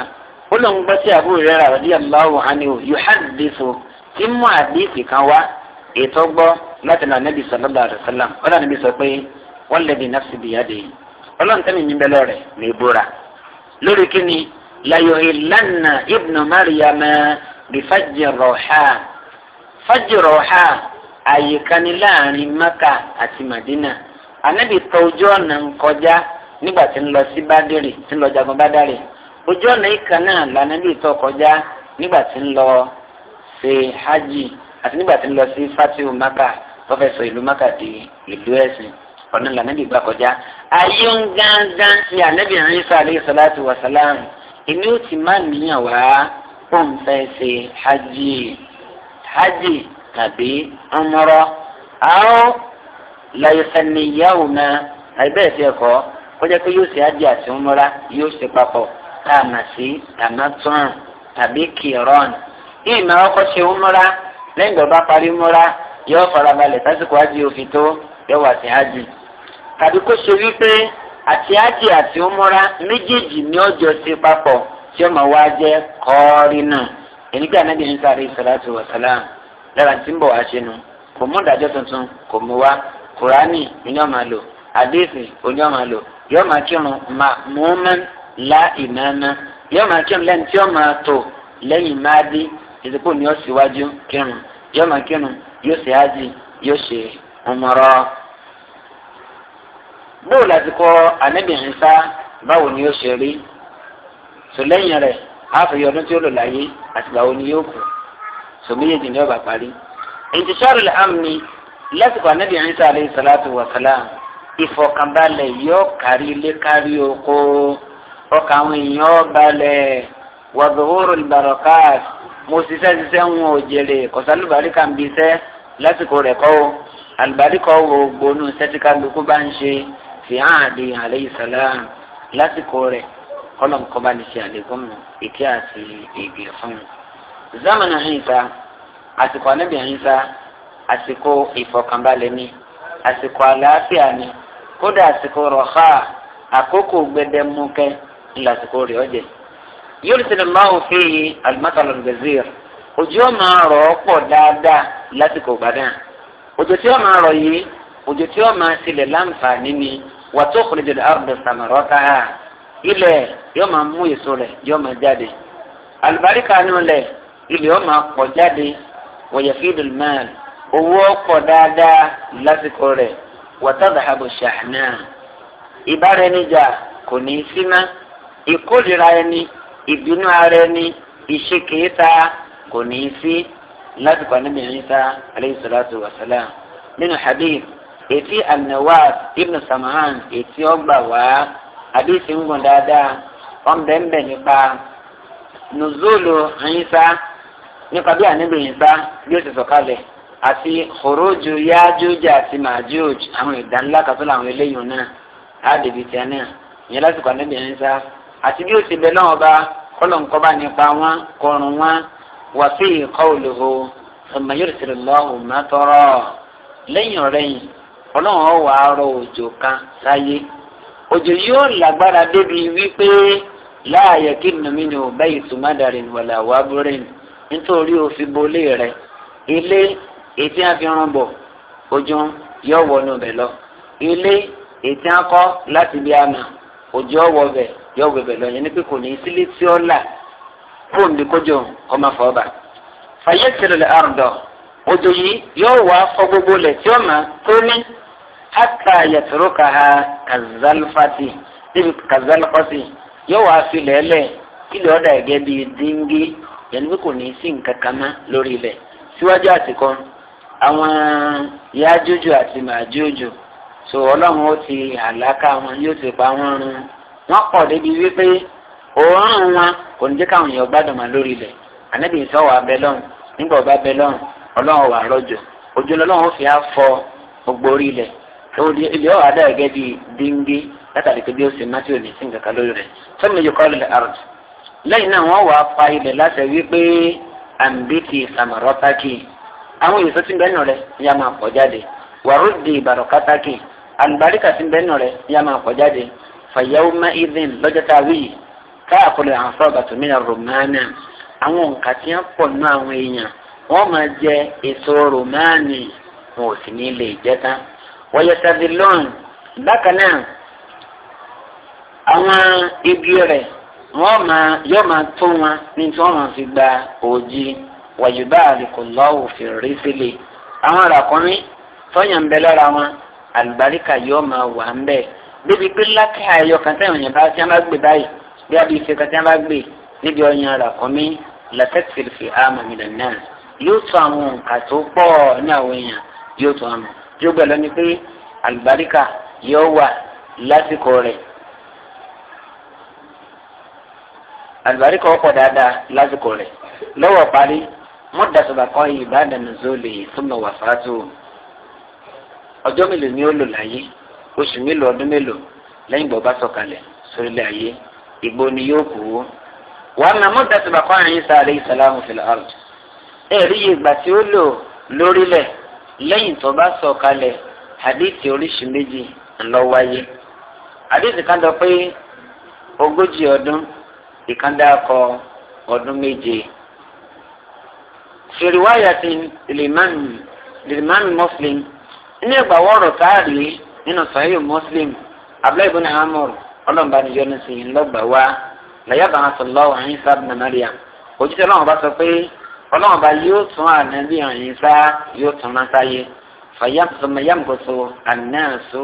ó lóun gbọ́ sí àbúrò rẹ̀ rà radiyallahu anhu yuhaddisu tí mú àdìsí kan wá ètò gbọ́ láti nà nàbì sallallahu alaihi wasallam ọ̀dà nàbì sọ pé walladhi nafsi biyadihi ọlọ́run tẹ́mi mi bẹ́ lọ́rẹ̀ lè bóra lórí kíni layohilanna ibnu mariama bifajì rọ̀ha fajì rọ̀ha àyíkani láàrin maka àti madina anabi tọ́jú ọ̀nà nkọjá nígbà tí ń lọ sí bádìrì tí ń lọ jagun bádàrì ojú ọ̀nà ìkan náà lànà bí ìtọ́ kọjá nígbà tí ń lọ ṣe hajj àti nígbà tí ń lọ sí fatiu maka tọ́fẹ̀sọ ìlú maka di ìlú ẹ̀sìn ọ̀nà lànà bí ìgbà kọjá ayé ń gángan ní ànábì Ìsá alayhi salatu wa salam èmi ó ti máa níyàn wá kó n fẹ́ ṣe hajj hajj tàbí umrah àwọn làyẹ̀sẹ̀ nìyàwó náà àìbẹ́ẹ̀ tiẹ̀ kọ́ kọjá pé yóò ṣe ájì àti múra yóò ṣe papọ̀ tá a mà sí tamatron tàbí kiron yìí máa ọkọ ṣe múra lẹ́yìn ìgbà bá parí múra yóò farabalẹ̀ tásìkò ájì òfin tó yóò wà sí ájì tàbí kó ṣe wípé àti ájì àti múra méjèèjì ní ọjọ́ ṣe papọ̀ tí ó máa wá jẹ́ kọ́ọ́rí náà ènìgbà náà bí nípa rí sàlátù lára tí ń bọ̀ wá ṣe nu kò mú ìdájọ́ tuntun kò mú wá kùránì oní ọ̀mà lò àdéhìsì oní ọ̀mà lò yóò máa kírun ma'muman la imama yóò máa kírun lẹ́yìn tí yóò máa tò lẹ́yìn máàdì ìdìbò ni yóò síwájú kírun yóò máa kírun yóò ṣe ájì yóò ṣe ọmọrọ. bóòlù àtikọ́ anábìrin sá báwo ni yóò ṣe rí sọlẹ́yìn rẹ̀ àfẹ́yẹ ọdún tí ó lò láyé àtìgbà wo salatu wa salam ìfọ̀kànbalẹ̀ yóò kárí ilé kárí oko ọkàn àwọn èèyàn balẹ̀ wàdúró ìbàrọ̀kàt mo ṣiṣẹ́ ṣiṣẹ́ ń wọn òjèrè kọ̀sálùbáríkà ń bíṣẹ́ lásìkò rẹ̀ kọ́ o àlùbáríkà wo gbónú sẹ́tíkà lóko bá ń ṣe fi hàn àdé alayhi salam lásìkò rẹ̀ kọ́lọ̀ kọ́ bá lè ṣe àlékún ìké àti ègbè fún un. zamana hinsa àsìkò anábìyàn hinsa àsìkò ìfọ̀kànbalẹ̀ ni àsìkò àlàáfíà ni kódà àsìkò rọ̀ha àkókò gbẹdẹmukẹ ńlá àsìkò rẹ̀ ọ̀jẹ̀. yóò sì lè máa fi alimọ́tàlá gẹ̀zìr òjò máa rọ̀ ọ́ pọ̀ dáadáa lásìkò ìbàdàn òjò tí ó máa rọ̀ yìí òjò tí ó máa tilẹ̀ láǹfààní ni wàtó kùnìjọ àrùn sàmọ̀rọ̀ káà ilẹ̀ yóò máa mú èso rẹ̀ yóò máa jáde alùbáríkà nù lẹ̀ ilẹ̀ yóò máa pọ̀ jáde wọ̀yẹ̀fídùl owó ọ̀pọ̀ dáadáa lásìkò rẹ̀ wọ́tàdàhàbò ṣàánà ìbáraẹnijà kò ní í síná ìkórìíra ẹni ìbínú ara ẹni ìṣekèéta kò ní í sí láti pa níbi ìrìnsá aleyhi salatu wa salam nínú hadith ètí an-Nawas ibn Sam'an ètí ọgbà wá hadith ń gùn dáadáa wọn bẹ̀ ń bẹ̀ nípa nùzúlù ìrìnsá nípa bí àníbi ìrìnsá bí ó ti sọ̀kalẹ̀ àti kòrójú yájújà àti màjúj àwọn ìdánilá kan tó làwọn eléyìí náà àdèbí tí a náà ìyẹn lásìkò àdébìnrin sá àti bí ó ti bẹ náà bá kọlọǹkọ bá nípa wọn kọrùn wọn wà sí ìkọ olùhó ọmọ yóò ti rìn lọ òmà tọrọ lẹ́yìn ọrẹyìn Ọlọ́run ọwọ àárọ̀ òjò kan sáyé òjò yóò lágbára débi wípé láàyè kí nùmínú bẹ́ẹ̀ ìtumádàrin wàlà wàbúrin nítorí òfin bolé rẹ ilé ètí àfihàn bọ̀ ojú yọ wọnú bẹ̀ lọ ilé ètí akọ láti bí àmà ojú ọwọ bẹ̀ yọ wọ bẹ̀ lọ yẹn ní pé kò ní sílé tí ó là fóun bí kójú ọmọ fọba fàyẹ tìrìlẹ àrùndọ ojú yìí yóò wá fọ gbogbo lẹ tí ó mà tó ní hàtà yàtúrò kà á kàzálfàtì níbi kàzálfàtì yóò wá filẹ̀ lẹ̀ kílẹ̀ ọ̀dà ẹ̀gẹ́ bíi díngí yẹn ní pé kò ní sí nǹkan kan mọ́ lórí ilẹ̀ síwájú àsìkò àwọn yájújù àti màjújù so ọlọ́run ó ti àlákà wọn yóò ti pa wọ́n run wọ́n pọ̀ débi wípé òórùn wọn kò ní jẹ́ káwọn èèyàn gbádùn mọ́ lórí ilẹ̀ ànábì ìsọ̀wọ́ abẹ́lọ́run nígbà ọba abẹ́lọ́run ọlọ́run wà fi fọ gbogbo orí ilẹ̀ ilé ọ̀hún adá gẹ́gẹ́ bíi díngí látàrí pé bí ó sì má tí ò ní sí nǹkan lórí rẹ̀ fẹ́mi yóò kọ́ àrùn àwọn èso tí ń ya máa pọ̀ jáde di ìbàrọ̀kátàkì àlùbáríkà tí ń bẹ ya máa pọ̀ jáde fàyàwó má ìdín lọ́jọ́ tá a wí yìí káàkiri àǹfọ̀ bàtúmínà romana àwọn nǹka tí wọ́n pọ̀ nù àwọn èèyàn wọ́n máa jẹ èso romani wọn ò sì ní lè jẹ tán wọ́n yẹ sábẹ́ lọ́n bákan náà àwọn rẹ̀ wọ́n wọn fi gba wàyùbá àlùkùnlọ́wù fèrè sílẹ̀ àwọn ràkúnmí tọ́yàn ń bẹ lára wọn àlùbáríkà yóò máa wà ń bẹ̀ débi pé lákà ayọ̀ kan tẹ̀wọ̀n yẹn bá tí wọ́n bá gbé báyìí bí abí ife kan tí wọ́n bá gbé níbi ọyàn ràkúnmí làtẹ́tìfì àmàmìlẹ̀ náà yóò tún àwọn nǹkan tó pọ̀ ní àwọn èèyàn yóò tún àmọ̀ yóò gbẹ lọ ni pé àlùbáríkà yóò wà lásìkò rẹ̀ àlùbáríkà ọ̀pọ̀ dáadáa lásìkò rẹ̀ lọ́wọ́ parí mọ́dà sọ̀bàkọ́ ìbáàdàn nìzọ́lì fúnmọ̀ wàfáàtò ọjọ́ mélòó ni ó lò láyé oṣù mélòó ọdún mélòó lẹ́yìn bọ̀ bá sọ̀kalẹ̀ sórílẹ̀ ayé ìgbó ni yóò kú ó. wàá nà mọ́dà sọ̀bàkọ́ àyìn sáré ìsàlámù fìlà ọ̀rọ̀ ẹ̀rí ìgbà tí ó lò lórílẹ̀ lẹ́yìn tó bá sọ̀kalẹ̀ hadithi oríṣi méjì ńlọ wáyé hadithi kan dọ pé ogójì ọdún ìkandá ọdún méje fi riwayatin limami limami muslim inú ẹgbà wọ́ọ̀rọ̀ káàrí nínú sahih muslim abdullahi ibn amr ọlọ́mọba ni yọnu sí yín lọ́gbà wá làyàbà hàn sọ̀lọ́ àyín sáà bìnnà mariam òjijì ọlọ́mọba sọ pé ọlọ́mọba yóò tún ànábì àyín sáà yóò tún náà sáyé fàyàmùsọ̀mọ̀yàmùkọ̀sọ ànáàsó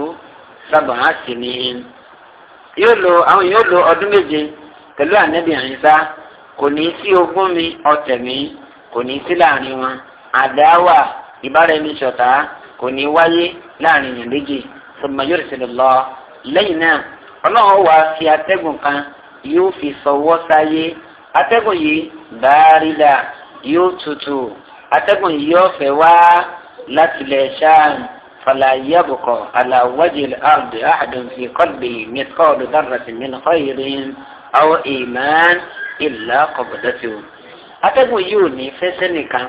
sábà á sì ní in yóò lo àwọn yóò lo ọdún méje pẹ̀lú ànábì àyín kò ní sí ogún mi ọ̀tẹ̀ mi kò ní sí láàrin wọn àdáwà ìbáraẹnisọ̀tá kò ní wáyé láàrin yẹn méjì sọmọ yóò sì lọ lẹ́yìn náà ọlọ́run wà fi atẹ́gùn kan yóò fi sọwọ́ sáyé atẹ́gùn yìí báárìdà yóò tutù atẹ́gùn yìí yóò fẹ́ wá láti lẹ̀ ṣáàn fàlàyé àbùkọ̀ aláwọ́jì àrùbí àdùn fi kọ́lbì mẹ́tọ́ọ̀lù dárasì mìíràn kọ́ ìrìn àwọn èèmán ìlà kọ̀bọ̀dọ́tì wọn atẹ́gùn yìí ò ní fẹsẹ̀ nìkan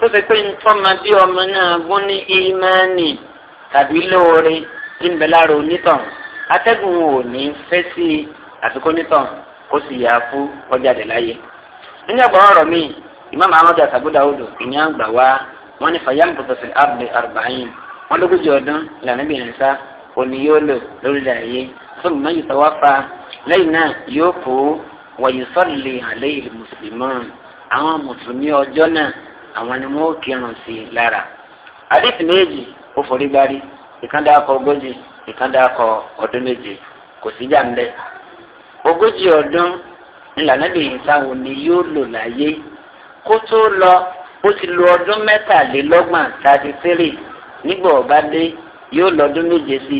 tó fi pé ntọ́mọ bí ọmọ náà gún ní ìmánì tàbí lóore tí ń bẹ lára onítàn atẹ́gùn ò ní fẹ́ sí àfikún onítàn kó sì yà fún ọjà dẹ̀ láyé. nínú ẹgbẹ́ ọ̀rọ̀ mi ìmáàmù amadu àtàgbọ́dà odò ìyẹn àgbà wá wọn ní fayam pọtọsí abdi arba'in wọn lógójì ọdún ìlànà ìbìrin sá òní yóò lò lórílẹ̀ ayé fún mi náà yóò kó wàyí àwọn mùsùlùmí ọjọ́ náà àwọn ni wọ́n kírun sí i lára àdéhùn méjì ó forí gbárí ìkàndá akọ ogójì ìkàndá akọ ọdún méje kò síjà ńlẹ ogójì ọdún ńlànà lè sáwọn ni yóò lò láyé kó tó lọ ó ti lo ọdún mẹ́tàlélọ́gbọ̀n thirty three nígbà ọba dé yóò lọ ọdún méje sí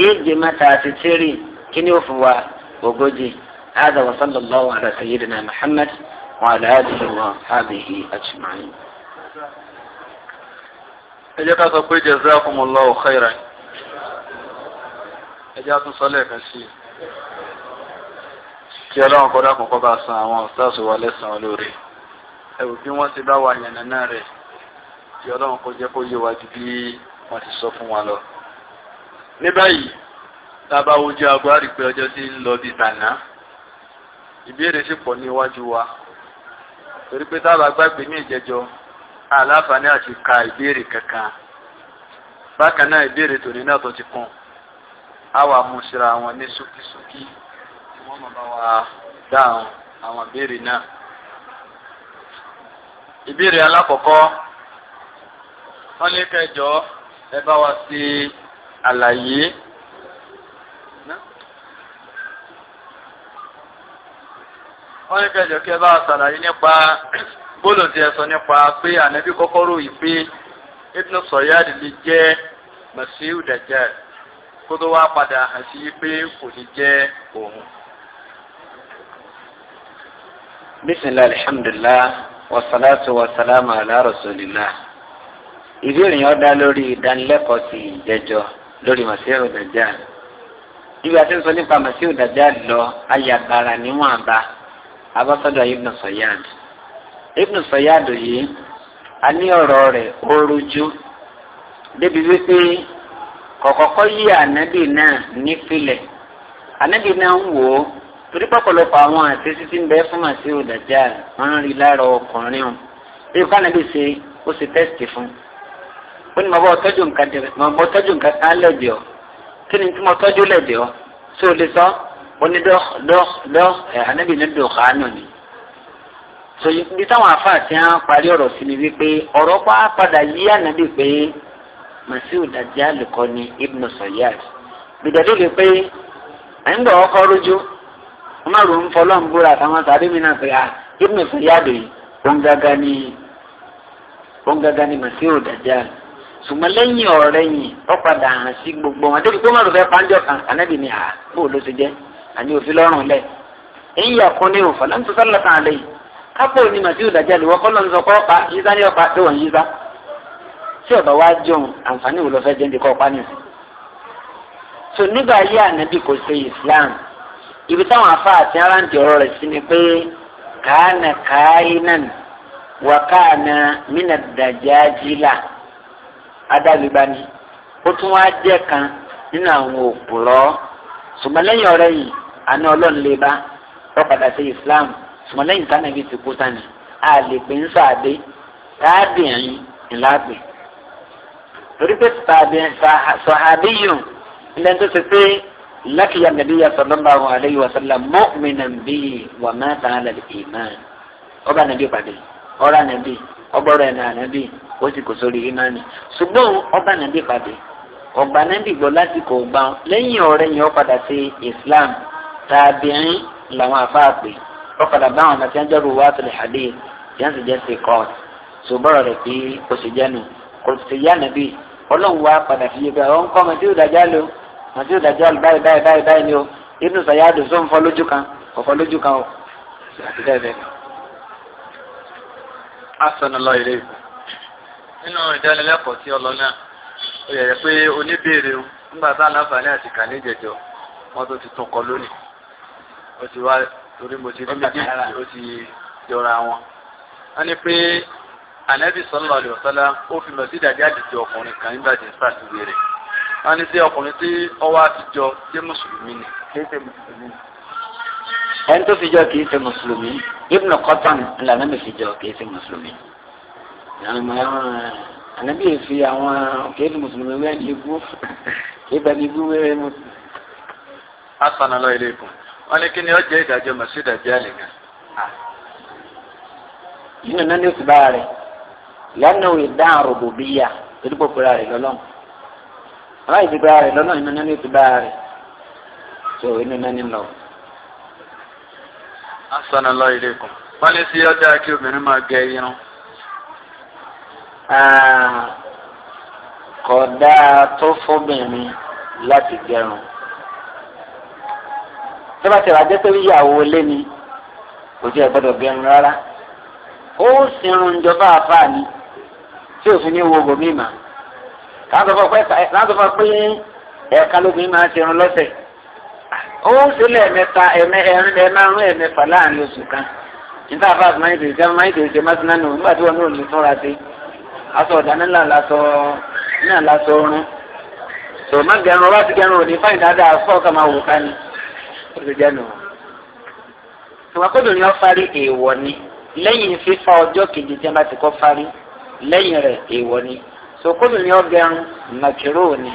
i èèjì má thirty three kí ni ó fún wa ogójì. هذا وصلى الله على سيدنا محمد وعلى آله وأصحابه أجمعين أجاك أقول جزاكم الله خيرا أجاك صليك الشيء kí ọlọ́run kọ́ dákun kọ́ bá san àwọn ọ̀sáàsù wa lẹ́sàn-án olóore ẹ̀wù bí wọ́n ti bá wa yànnà náà rẹ̀ kí ọlọ́run kó jẹ́ kó yé wa ju bí wọ́n ti sọ fún wa lọ. ní báyìí tá a agbárí pé ọjọ́ ti ń lọ bí tànà ìbéèrè sì pọ̀ ní wa torí pé táwọn agbágbé ní ìjẹjọ aláǹfààní àti ka ìbéèrè kankan bákan náà ìbéèrè tòní náà tó ti kún àwọn amúṣira wọn ní súkísúkí tí wọn máa bá wa dáhùn àwọn ìbéèrè náà. ìbéèrè alákọ̀ọ́kọ́ wọ́n lé kẹjọ ẹ bá wa ṣe àlàyé. wọ́n ní kẹjọ kí ẹ bá ṣàlàyé nípa gbọ́dọ̀ tí ẹ sọ nípa pé ànábì kọ́kọ́ ròyìn pé Ibn Sayyad lè jẹ́ Masihu Dajjal kó tó wá padà hàn sí pé kò ní jẹ́ òun. bisimilah alhamdulilah wasalaatu wasalaamu ala rasulillah ìbéèrè yẹn dá lórí ìdánilẹ́kọ̀ọ́ sí ìjẹjọ lórí Masihu Dajjal nígbà tí ń sọ nípa Masihu Dajjal lọ ayàgbára níwọ̀n abọ́sọ́dọ̀ ibnu sọ̀yáàd ibnu sọ̀yáàd yìí a ní ọ̀rọ̀ rẹ̀ ó rújú débi wípé kọ̀kọ́kọ́ yí ànábì náà nípìlẹ̀ ànábì náà ń wò ó torí pọ̀pọ̀lọpọ̀ àwọn àṣẹ́sí tí ń bẹ fún màsí òdàjà wọ́n ń rí lára ọkùnrin o bí ká ànábì ṣe ó ṣe tẹ́sítì fún ó ní mọ̀bọ́ tọ́jú tọ́jú nǹkan lẹ́dìọ́ kí ni tí mo tọ́jú lẹ́dìọ́ ṣé o lè sọ ó ní dọ́ dọ́ dọ́ ẹ̀ anábì ní dùkánù ni. so ibi táwọn afáàtì á parí ọ̀rọ̀ sí ni wípé ọ̀rọ̀ pa padà yí ànábì pé masiu dajjal kọ́ ni ibn sayyad gbìdọ̀dọ̀ lè pé ẹ̀ ń gbọ́ ọkọ rújú ọmọrù ń fọlọ́ ń búra àtàwọn tàbí mi náà pé à ibn òun gàgà ni òun gàgà ni masiu dajjal ṣùgbọ́n lẹ́yìn ọ̀rẹ́ yìí ó padà hàn sí gbogbo wọn débi àbí òfin lọ́rùn lẹ̀ èyí àkún ní òfò lẹ́nu tó sọ́lá kan àlẹ́ yìí kápò ní màtí ò dájà lùwọ́ kọ́ lọ́nà sọ́kọ́ ọ̀pá yíṣá ní ọ̀pá tó wọ̀n yíṣá tí ọ̀bà wá jọun àǹfààní wò lọ fẹ́ jẹ́ndé kọ́ ọ̀pá nìyí. tó nígbà ayé ànábì kò ṣe Islam ibi táwọn afa àti aráǹdì ọ̀rọ̀ rẹ̀ sí ni pé kàánà kàáínàn wà kàánà mínà dàjájìlá adágbébani ó tún wá jẹ́ kan nínú àwọn òpùrọ́ ṣùgbọ́n lẹ́yìn ọ̀rẹ́ yìí àní ọlọ́run lè bá ọ̀padà sí islam ṣùgbọ́n lẹ́yìn táwọn ibi ti kú tani a lè pè ń sàdé tábìrin ìlàgbé torí pé sàhábí yìí ilẹ̀ tó ti pé lákìyà nàbíyà sallallahu alayhi wa sallam mu'minan bihi wa mata ala al-iman ọba nàbí pàdé ọ̀rá nàbí ọgbọ́rọ̀ ẹ̀ náà nàbí ó sì kò sórí ìmánì ṣùgbọ́n ọba nàbí pàdé ọba nàbí gbọ́ lásìkò gbà lẹ́yìn ọ̀rẹ́ yẹn ó padà sí islam tàbíyìn làwọn afáàpè ọ̀padà báwọn ọ̀nà tí wọ́n jẹ́ ruwa tó lè hàdí yẹn sì jẹ́ sí kọ́ọ̀tù ṣùgbọ́n rẹ̀ pé kò sì jẹ́nu kò sì yá nàbí ọlọ́run wá padà fi yé bẹ́ẹ̀ ọ̀nkọ́ mọ̀tí ìdájá lo mọ̀tí ìdájá lo báyìí báyìí báyìí báyìí ni o inú sàyáàdù sọ ń fọ lójú kan kò fọ lójú kan o àti bẹ́ẹ̀ bẹ́ẹ̀. asọ̀nàlọ nínú ìdánilẹ́kọ̀ọ́ tí ọlọ́nà ó yẹ pé oníbèrè nígbà tá a láǹfààní àti kàní ìjẹjọ wọn tó kọ lónìí ó ti wá torí mo ti rí méjèèjì ó ti jọra wọn. wọ́n ní pé ànábì sọ́nà àlè ọ̀sálá ó fi mọ̀ sí ìdàgbé àdìjọ ọkùnrin kan nígbà tí nípa ti wéré. wọ́n ní sí ọkùnrin tí ọwọ́ àtijọ́ jẹ́ mùsùlùmí ni. kì í ṣe mùsùlùmí. ẹni tó fi jọ kì í ṣe mùsùlùmí ibùdó kọ́tàn lànà mi fi jọ kì í ṣe mùsùlùmí ànábì èfi àwọn kéèdè mùsùlùmí wíwá ní ibú kéèdè ní ibú ní ibú. asana lọ ilé ikùn wọ́n ní kí ni ó jẹ́ ìdájọ́ mọ̀sí ìdájọ́ àlè gan. inú náà ní oṣù bá rẹ̀ lẹ́nu ìdá àròbò bíyà torí pò pera rẹ̀ lọ́lọ́run aláì ti pera rẹ̀ lọ́lọ́run inú náà ní oṣù bá rẹ̀ tó inú náà ní lọ. Assalamu alaikum wọ́n ní sí ọjà kí obìnrin máa gẹ irun. Ah, kódà tó fóbìnrin láti gẹrun. tó bá ti rà jẹ́ pé ìyàwó lé ni kò ẹ̀gbọ́dọ̀ gbọ́dọ̀ bẹ̀rù rárá ó sinrun ìjọba àfààní tí òfin ní wo bòmí mà látọ̀fọ̀ pé ẹ̀ka lóbìnrin máa ti rún lọ́sẹ̀ ó sílẹ̀ láàrin oṣù kan níta máa ti náà nù nígbà tí wọn lè tọ́ra sí aṣọ olùjẹ́ nù. ìwàkóbìnrin ọ̀fárí èèwọ̀ ni lẹ́yìn fífa ọjọ́ kejì tí a bá ti kọ́ fárí lẹ́yìn rẹ̀ èèwọ̀ ni sokóbìnrin ọ̀gẹ̀rún nàkírò ni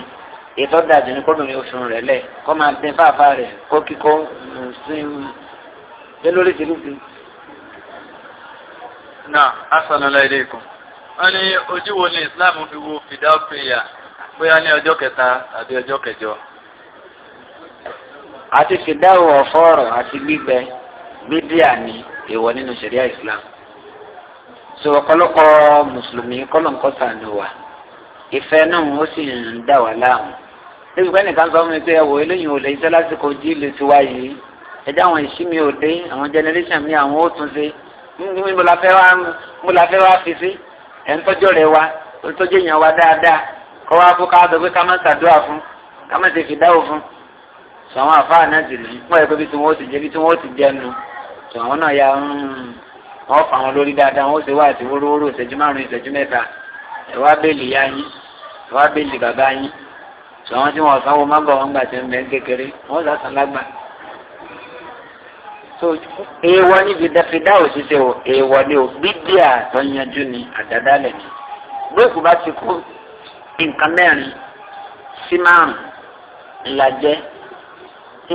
ètò dàjú ni kóbìnrin òfin rẹ̀ lẹ̀ kọ́ máa dín fáfá rẹ̀ kó kíkọ́ mm, sí i mm. lórí tìlúfin. náà asalaamualeykum wọ́n ní ojú wo ni Islam fi wo fìdáfìyà bóyá ní ọjọ́ kẹta àbí ọjọ́ kẹjọ àti fìdáwò ọ̀fọ́ọ̀rọ̀ àti gbígbẹ bídíà ni èèwọ̀ nínú ṣẹ̀ríà Islam so ọ̀pọ̀lọpọ̀ mùsùlùmí kọ́lọ̀ǹkọ́sà ni wà ìfẹ́ náà ó sì ń dà wá láàmú níbi pé nìkan sọ fún mi pé ẹwọ eléyìí ò lè iṣẹ́ lásìkò jíìlì tiwa yìí ẹjẹ́ àwọn ìṣí mi ò dé àwọn generation mi àwọn ó tún ṣe mo la fẹ́ wá mo la fẹ́ wá fi sí ẹ̀ ń tọ́jú rẹ̀ wa ó tọ́jú èèyàn wa dáadáa kọ́ wa fún ká dọ̀ pé ká má ṣàdúrà fún ká má ṣe fìdáwò fún sọ àwọn àfáà náà sì rí wọn yẹ pé bí tí wọn ó ti jẹ bí tí wọn ó ti jẹnu sọ àwọn náà ya wọn fà wọn lórí dáadáa wọn ó ṣe wá àti wórówóró ìṣẹ́jú márùn-ún ìṣẹ́jú mẹ́ta ẹ wá bẹ́ẹ̀lì yá yín ẹ wá bẹ́ẹ̀lì bàbá yín sọ àwọn tí wọn sanwó má bọ̀ wọn gbà tẹ̀ ń bẹ́ kékeré wọn sà sàn lágbà. èèwọ̀ níbi dáfídá òṣìṣẹ́ o èèwọ̀ ni o gbígbé àtọ́yanjú ni àdádálẹ̀ ni gbẹ́kù bá ti kú nǹkan mẹ́rin sí márùn-ún ńlá jẹ́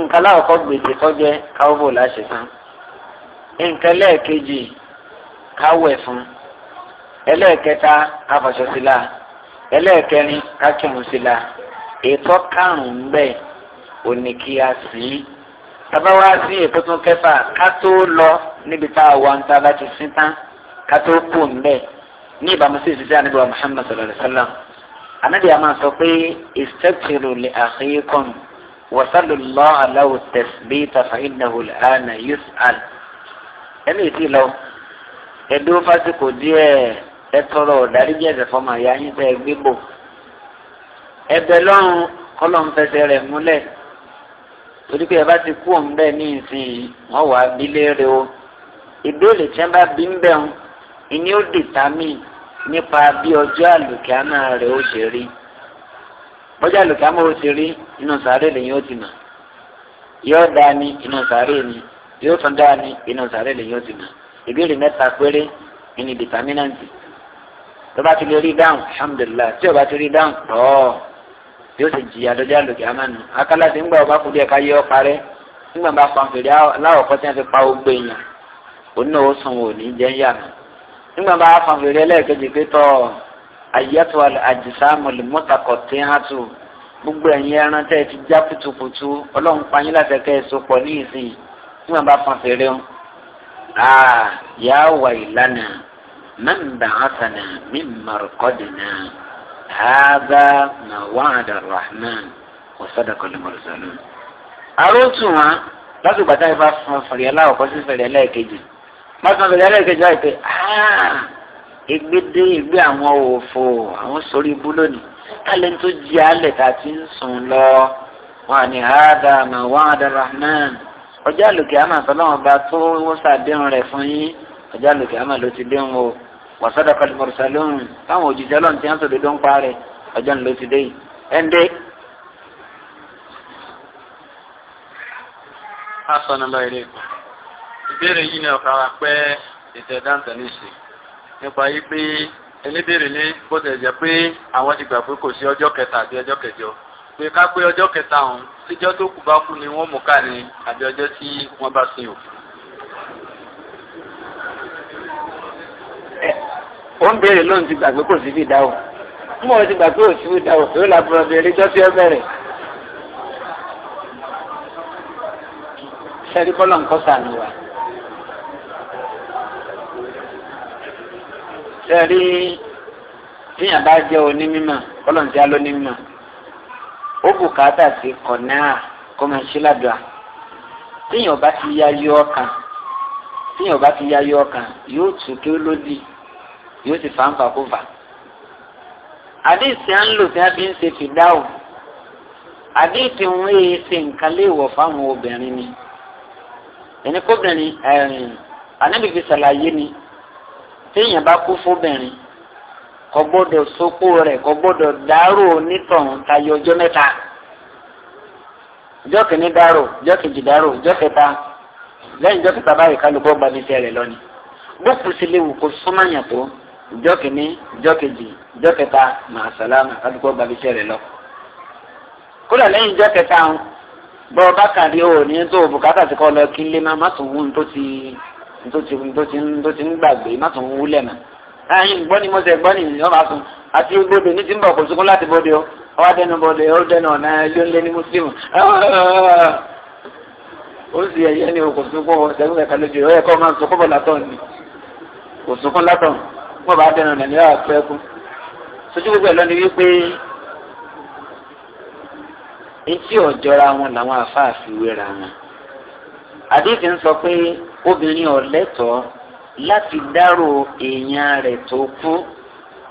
nǹkan láwùkọ́ gbèsè kọjẹ káwọ́ bò láṣẹ fún nǹkan lẹ́ẹ̀kejì káwẹ̀ fún ẹlẹ́ẹ̀kẹta káfọṣọ sí la ẹlẹ́ẹ̀kẹrin kákìrún sí la ètò karùn-ún bẹ́ẹ̀ òní kí a sí i tábà wá sí ètò tó kẹfà ká tó lọ níbi tá a wà ń ta bá sín tán ká tó kù ń bẹ́ẹ̀ ní ìbámu sí ìṣiṣẹ́ àníbọ̀ Muhammad sallallahu alayhi wa sallam anabi a máa sọ pé istaghfiru li akhikum. وصلوا الله له التثبيت فإنه الآن يسأل ẹni ìtì lọ ẹdún fásitì díẹ̀ ẹ tọrọ ọdaríjì ẹsẹ fọmọ àyà yín tẹ gbé bò ẹ̀bẹ̀ lọ́rùn kọlọm fẹsẹ̀ rẹ̀ múlẹ̀ torí pé ẹ bá ti kú òun bẹ́ẹ̀ ní ìsìn wọn wàá bí léèrè o ìbéèrè tí wọn bá bí ń bẹ ń ìní ó dìtámì nípa bí ọjọ́ àlùkìá náà rẹ̀ ó ṣe rí bọ́jà lùkámọ́ ó ti rí inú sàárè lèyìn ó ti mọ̀ yóò dá ní inú sàárè ni yóò tún dá ní inú sàárè lèyìn ó ti mọ̀ ìbéèrè mẹ́ta péré ní dìtàmínàntì tó bá ti lè rí dáhùn alhamdulilah tí o bá ti rí dáhùn tọ́ yóò sì jìyà lọ́jà lòkè amánu akálà tí ń ọba kú díẹ̀ ká parẹ́ nígbà bá pa nfèrè aláwọ̀ tí wọ́n fi pa ogbó èèyàn òun náà ó sùn òní ayẹ́tò àjùsámù mọ́tàkọ̀tìhátù gbogbo ẹ̀yin ẹran tẹ́ ẹ ti já putuputu ọlọ́run pa yín láti ẹ̀kẹ́ èso pọ̀ ní ìsìn tí wọ́n bá fọn fèrè ń. yà á wà ìlànà mẹ́mbà hasanà mí mọ̀rọ̀kọ́dìnà hàdà nà wàhádà rahman wàsádà kọlùmọ̀rọ̀sálù. àròtù wọn láti gbàtà ìfà fọn fèrè aláwọ̀ kọ́sí fèrè ẹlẹ́ẹ̀kejì. má fọn fèrè ẹlẹ́ẹ̀kejì láì pé aaa. Ah, egbede egbe àwọn òfò àwọn sórí ibú lónìí kálẹ̀ tó jí alẹ̀ ká ti ń sùn lọ wọn ni hada ma wada rahman ọjọ́ àlòkè àmà tọ́lọ́wọ́n bá tó wọ́n sàdéhùn rẹ̀ fún yín ọjọ́ àlòkè àmà ló ti déhùn o wàsádà kalimọ̀rọ̀sálóhùn táwọn òjijì ọlọ́run ti ń sọ̀dọ̀ ló ń parẹ́ ọjọ́ ni ló ti dé yìí ẹ̀ndé. a sọ ní lọ ilé ìbéèrè yìí ni ọ̀kadà pé ètò ẹ̀dá ń tẹ̀lé sí nípa yí pé elébèrè ní bó ti jẹ́ pé àwọn ti gbà pé kò sí ọjọ́ kẹta àti ọjọ́ kẹjọ pé ká pé ọjọ́ kẹta ọ̀hún tíjọ́ tó kù bá kú ni wọ́n mú ká ní àbí ọjọ́ tí wọ́n bá sin òkú. ó ń béèrè lóun ti gbàgbé kò sí fìdáwò mọ̀ ti gbàgbé kò sí fìdáwò tó làbúrò béèrè jọ́sí ẹ bẹ̀rẹ̀. sẹ́rí bọ́lá kọ́ sànù wa. sẹ́rí tíyàn bá jẹ́ onímọ̀ kọ́lọ̀njá lónímọ̀ ó bùkátà sí kọ̀náà kó máa ṣe ládùá tíyàn bá ti ya yọ ọkàn tíyàn bá ti ya yọ ọkàn yóò tù kí ó lódì yóò sì fàǹfà kó fà. àdéhìsì à ń lò tí wọ́n fi ń ṣe fìdáwò àdéhìsì ń wé ṣe nǹkan léèwọ̀ fáwọn obìnrin ni ẹni kóbìnrin ẹ̀rìn ànábìbí ṣàlàyé ni téèyàn bá kú fóbìnrin kò gbọ́dọ̀ sopó rẹ̀ kò gbọ́dọ̀ dárò onítọ̀hún tayọ ọjọ́ mẹ́ta ọjọ́ kìíní dárò ọjọ́ kejì dárò ọjọ́ kẹta lẹ́yìn ọjọ́ kẹta báyìí kálukọ́ gba ní tẹ́lẹ̀ lọ́ni bókù sí léwu kó súnmọ́yàn tó ọjọ́ kìíní ọjọ́ kejì ọjọ́ kẹta màá sàlámà kálukọ́ gba ní tẹ́lẹ̀ lọ. kódà lẹ́yìn ọjọ́ kẹta bọ́ bákàrí ní tó bùkátà ti kọ́ lọ kí lé má tó wù tó ti ntòtí ntòtí ntòtí ńgbàgbé má tún wúlẹ̀ mọ́. ẹyin gbọ́ ni mo sẹ gbọ́ ni ìyọ́ máa tún àti gbọ́dọ̀ ní ti ń bọ̀ kò sunkún láti bọ́dọ̀ o ọwọ́ dẹnu bọ́dọ̀ ó dẹnu ọ̀nà ẹjọ́ ńlẹ̀ ní mùsùlùmù. ó sì ẹ̀yẹ́ ni o kò sunkún o sẹ́gun kẹ̀kẹ́ lójú ó yẹ kó máa sunkún bọ̀ látọ̀ ni kò sunkún látọ̀ mo bá dẹnu ọ̀nà ní ọ̀ pẹ́ẹ́kú. sojú gbogbo ẹ̀ lọ́ni wípé etí ọ̀jọ́ra wọn làwọn àfáàfin wéra wọn. àdéhìí ń sọ pé obìnrin ọ̀lẹ́tọ̀ọ́ láti dárò èèyàn rẹ̀ tó kú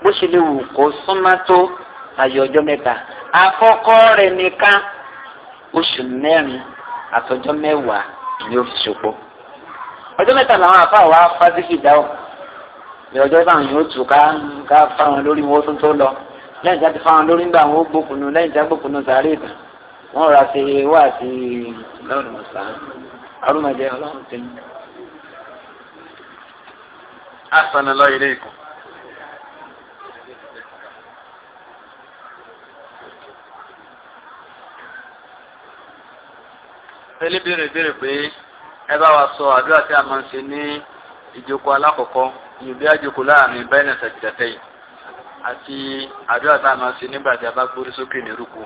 bó ṣe lè wù kó súnmọ́ tó ayọ̀ ọjọ́ mẹ́ta àkọ́kọ́ rẹ̀ nìkan oṣù mẹ́rin àtọjọ́ mẹ́wàá ni ó fi ṣòpó ọjọ́ mẹ́ta làwọn àfa wa fásitì dáwọ̀ ní ọjọ́ táwọn yóò tù ká ká fáwọn lórí wọn tó tó lọ lẹ́yìn tí a ti fáwọn lórí ńgbà wọn ó gbókùnú lẹ́yìn tí a gbókùnú sàárè ìtàn wọn rà sí wá sí lọ́rùn ọ̀sán arúmọdé ọlọ́run tẹ́lẹ̀. أحسن الله إليكم tẹ́lẹ̀ béèrè béèrè pé ẹ bá wa sọ àdúrà tí a máa ń ṣe ní ìjókòó alákọ̀ọ́kọ́ ìyòbí àjókòó láàrin bẹ́ẹ̀nì ṣàjìdàtẹ́ yìí àti àdúrà tá a máa ń ṣe nígbà tí a bá gbórí sókè ní rúkú.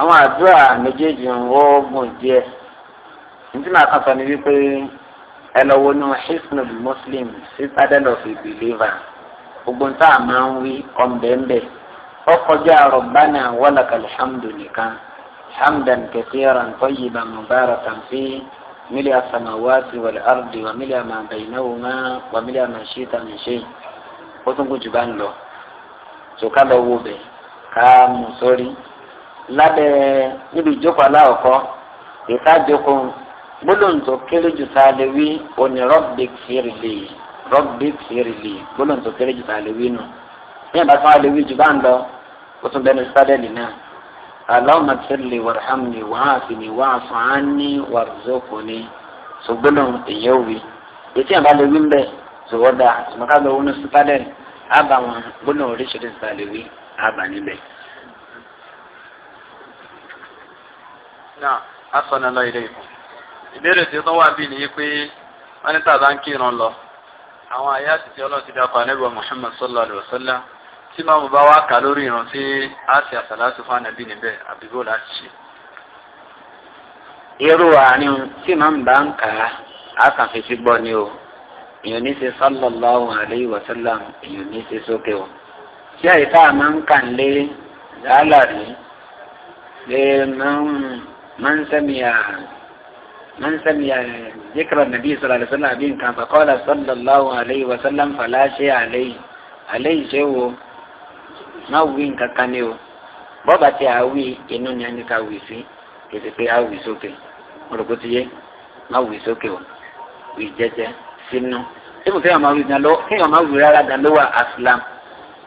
àwọn àdúrà méjèèjì ń wọ́gbọ̀n díẹ̀ nítorí àkàtà ni wípé ẹ lọ wo nu hisnu muslim citadel of a believer gbogbo nta a máa ń wí ọ̀nbẹ̀ǹbẹ̀ ó kọjá rabbana walakal hamdu nìkan hamdan kathiran tayyiban mubarakan fi mílíà samawati wal ardi wa mílíà ma baynahuma wa mílíà ma shita min shay ó tún kú jù bá ń lọ tòká lọ wo bẹ̀ ká mú sórí lábẹ́ níbi ìjókòó aláwọ̀kọ́ ìta jókòó gbólóhùn tó kéré jù tá a lè wí òní rọ́bìk fìrìlì rọ́bìk fìrìlì gbólóhùn tó kéré jù tá a lè wí nù ní ìbá tó a lè wí jù bá ń lọ ó tún bẹnu sádẹ́lì náà aláwọ̀mọ̀ tẹ́lẹ̀ wàhámni wàhásìní wàháfàání wàrzókòní tó gbólóhùn èyí ó wí ètí àbá lè wí ń bẹ̀ tó wọ́n dà tùmọ̀ká lọ wọnú sádẹ́lì àbá wọn gbólóhùn oríṣiríṣi tá a lè wí àbá níbẹ̀. náà ìbéèrè tí tó wà bí nìyí pé wọ́n ní tàbá ń kírun lọ àwọn àyà àtìtì ọlọ́run ti dákọ̀ anábìwọ̀ Muhammad sallallahu alayhi wa sallam tí máa mú bá wá kà lórí ìran tí a ṣe àṣàlásù fún ànábì níbẹ̀ àbíbò láti ṣe. irú àárín tí màá bá ń kà á á kàn fi sí gbọ́ ni o èèyàn ní ṣe sallallahu alayhi wa sallam èèyàn ní ṣe sókè o. tí àyíká máa ń kà ń lé làálàá rí lè máa ń sẹ́mi àrùn. من سمي ذكر النبي صلى الله عليه وسلم بإمكان فقال صلى الله عليه وسلم فلا شيء عليه عليه شيء má wí nǹkan kan ní o bọ́ọ̀bà tí a wí inú ni a ní ká wí sí kìsì pé a wí sókè mo rò pé ti yé má wí sókè o wí jẹ́jẹ́ sínú tí mo kéèyàn máa wí gan ló kéèyàn máa wí rárá gan ló wà asilam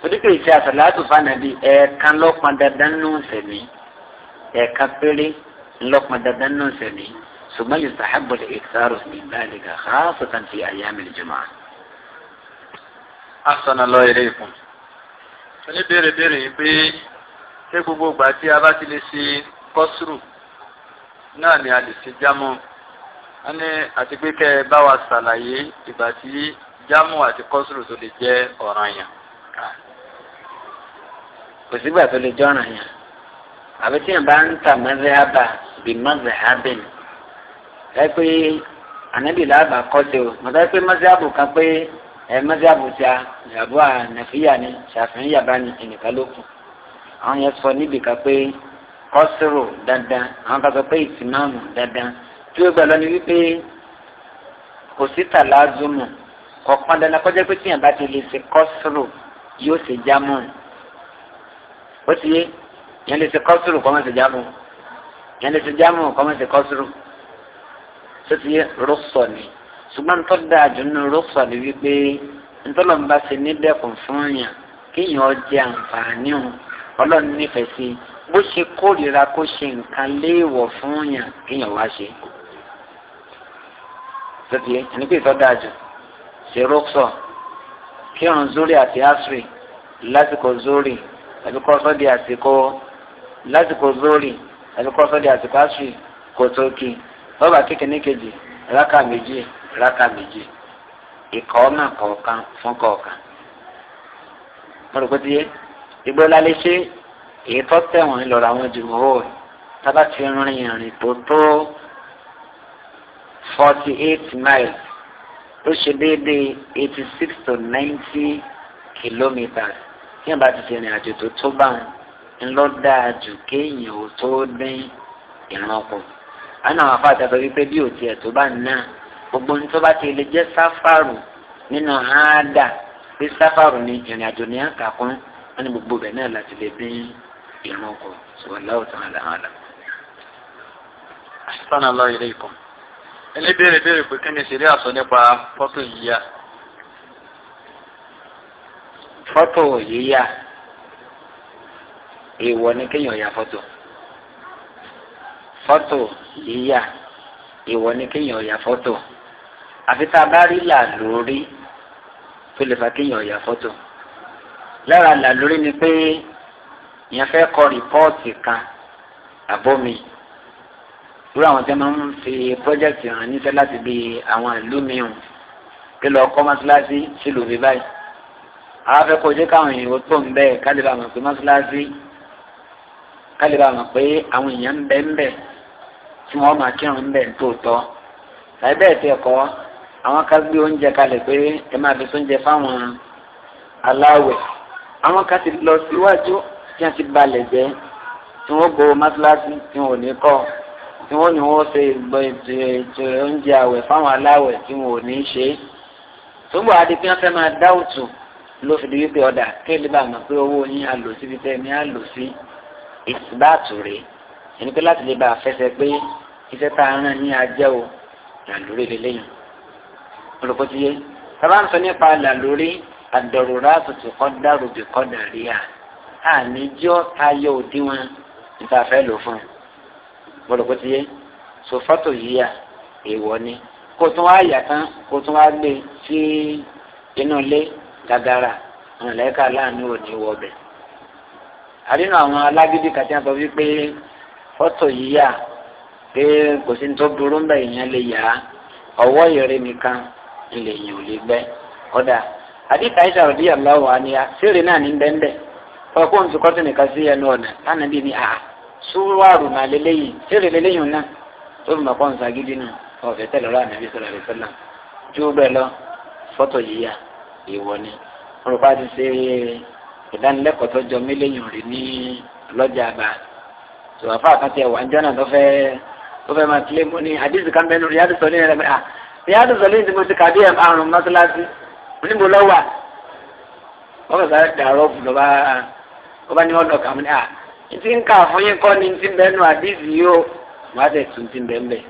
oníkè ìṣe àsàlátù fànàbí ẹ̀ẹ̀kan lọ́pọn dandan nù sẹ̀mí ẹ̀ẹ̀kan péré ńlọ́pọn dandan nù sẹ̀mí. ثم يستحب الإكثار من ذلك خاصة في أيام الجمعة أحسن الله إليكم ní béèrè béèrè yìí pé ṣé gbogbo ìgbà tí a bá ti lè ṣe kọ́sùrù náà ni a lè ṣe jámù a ní àti pé kẹ́ ẹ bá wa ṣàlàyé ìgbà tí jámù àti kọ́sùrù tó lè jẹ́ ọ̀ranyàn. kò sígbà tó lè jẹ́ ọ̀ranyàn àbí tí yẹn bá ń ta mọ́sẹ̀ ábà bíi mọ́sẹ̀ ábẹ́ni ẹ pé ànábì làbà kọ́sí o mọ̀tá ẹ pé mọ́síábù kan pé ẹ mọ́síábù ti a ìyàbọ̀ ànàfíyà ni ṣàfihàn yàbá ni ẹnìkan ló kù àwọn yẹn sọ níbi kan pé kọ́sírò dandan àwọn kan sọ pé ìtìmáàmù dandan tí ó gbà lọ ni wípé kò sí tàlázùmù kọ̀ọ̀kan dandan kọjá pé tíyàn bá ti lè ṣe kọ́sírò yóò ṣe jámù ó ti yé yẹn lè ṣe kọ́sírò kọ́ jámù yẹn lè ṣe jámù kọ́ mọ́ tó ti yẹ rọ́sọ̀ ni ṣùgbọ́n tó dáa jù nínú rọ́sọ̀ ni wípé ntọ́lọ́mùbá ṣe nídẹ̀kùn fún yàn kéèyàn jẹ àǹfààní òun ọlọ́run nífẹ̀ẹ́ sí bó ṣe kórìíra kó ṣe nǹkan léèwọ̀ fún yàn kéèyàn wá ṣe. tó ẹni pé ìtọ́ dáa jù ṣe rọ́sọ̀ kí ọ̀run zórí àti asiri lásìkò zórí àti kọ́sọ́ di àsìkò lásìkò zórí àti kọ́sọ́ àsìkò asiri kò tó kí i rọ́bà kékeré kejì rákà méjì rákà méjì ìkọ́ ọ̀nà kọ̀ọ̀kan fún kọ̀ọ̀kan. mo rò pé ti yé igbó lálé ṣe èyí tó tẹ̀wọ̀n lọ́rọ̀ àwọn jùmọ̀ ó tábà ti rìn ìrìn tó tó forty eight miles ó ṣe déédéé eighty six to ninety kilometres tí yẹn bá ti ṣe ìrìn àjò tó tó bá ń lọ dáa jù kéèyàn ò tó dín ìrànkùn àná àwọn afáàtà sọ wípé bí òtí ẹ̀ tó bá nà gbogbo ní tó bá ti lè jẹ́ sáfàrù nínú àádà pé sáfàrù ni ìrìn àjò ní àkàkún wọn ni gbogbo bẹ̀ náà láti lè bí ìrún kọ sọláwọ tán àlàhàn àlà. sọ́nà lọ ilé ikọ̀ ẹni béèrè béèrè pé kí ni ṣeré àsọ nípa fọ́tò yíyá. fọ́tò yíyá èèwọ̀ ni kéèyàn ya fọ́tò fọ́tò yíyà ìwọ ni kéèyàn ọ̀yà fọ́tò àfi tá a bá rí là lórí tó lè fa kéèyàn ọ̀yà fọ́tò lára là lórí ni pé èèyàn fẹ́ kọ rìpọ́ọ̀tì kan àbómi irú àwọn tí wọ́n ń fi pọ́jẹ́kì hàn níṣẹ́ láti bí àwọn ìlú mìíràn kí lọ kọ́ mọ́ṣáláṣí sílùú mi báyìí àwọn afẹ́kọ̀ọ́ jẹ́ káwọn èèyàn tó ń bẹ́ẹ̀ kálíbà mọ̀ pé mọ́ṣáláṣí kálíbà mọ̀ pé àwọn èèyàn ń bẹ́ẹ̀ ń bẹ́ẹ̀ tí wọ́n máa kírun bẹ́ẹ̀ tó tọ́ láì bẹ́ẹ̀ tí ẹ̀kọ́ àwọn ká gbé oúnjẹ kalẹ̀ pé ẹ máa fi sóúnjẹ fáwọn aláwẹ̀ àwọn ká ti lọ síwájú tí wọ́n ti balẹ̀ jẹ́ tí wọ́n bo mọ́tíláṣí tí wọ́n ò ní kọ́ tí wọ́n ní wọ́n ṣe ìgbọ́ ètò ètò oúnjẹ àwẹ̀ fáwọn aláwẹ̀ tí wọ́n ò ní ṣe é adigun fẹ́ máa dá òtù ló fi di wípé ọ̀dà kéèlì bá mọ̀ pé owó yín á lò síbi tẹ́ ẹ̀ ní á lò sí ìsìbáàtù rèé ẹni pé láti lè bá a fẹsẹ̀ pé iṣẹ́ tá a rán ní ajẹ́ o làlórí lélẹ́yìn olùkọ́tíyé bàbá ń sọ nípa làlórí àdọ̀rọ̀rá tòtò kọ́dà rògbè kọ́dà rí à àní jọ́ tayọ òdiwọ̀n níta fẹ́ lò fún un olùkọ́tíyé so fọ́tò yìí à èèwọ̀ ni kó tún wá yà tán kó tún wá gbé sí inú ilé gàgàrà ọ̀nàlẹ́ka láàánú òní wọ̀bẹ̀ àdínú àwọn alágídí kàtí àtọ́ wípé fọ́tò yìí à pé kò sí tó burú ń bẹ èèyàn lè yà á ọwọ́ ìrẹ́ nìkan lè yàn ò lè gbẹ kọ́dà àdìsá Àìṣà òdì àláwọ̀ àníyá sèrè náà ní bẹ́ńbẹ́ ọkọ̀ ń tukọ́ tó nìkan sí ẹnu ọ̀nà lánàá bí ní àá súwárù náà lélẹ́yìn sèrè lélẹ́yìn náà tó fi mọ̀kọ́ ń sagídí nù ọ̀fẹ́ tẹ̀lé ọ̀rọ̀ àná bísí ọ̀rẹ́ sọ́lá ju bẹ́ẹ̀ lọ fọ́tò yíyà ìwọ ni olùkọ́ àti ṣe ìdánilẹ́kọ̀ọ́ tó jọ mílíọ̀nù rí ní lọ́jà àbá tòwáfà àkàtì ẹ̀wà ń jọ́nà tó fẹ́ẹ́ tó fẹ́ máa tilé mú ní àdìsí kan bẹ́ẹ̀ lórí yàtọ̀ sọ ah, ní ẹ̀rẹ́ mi à yàtọ̀ sọ lẹ́yìn tí mo ti kà bí àrùn mọ́sálásí níbo lọ wà wọ́n kọ̀ sáré dàrọ́ bù lọ́ba ọba ní ọ̀dọ̀ kàmú ní à ah, ti ń kà fún yín kọ́ ni ti ń bẹ́ẹ̀ nù àdìsí yóò wọ́n á tẹ̀ tún ti ń bẹ́ẹ̀ bẹ́ẹ̀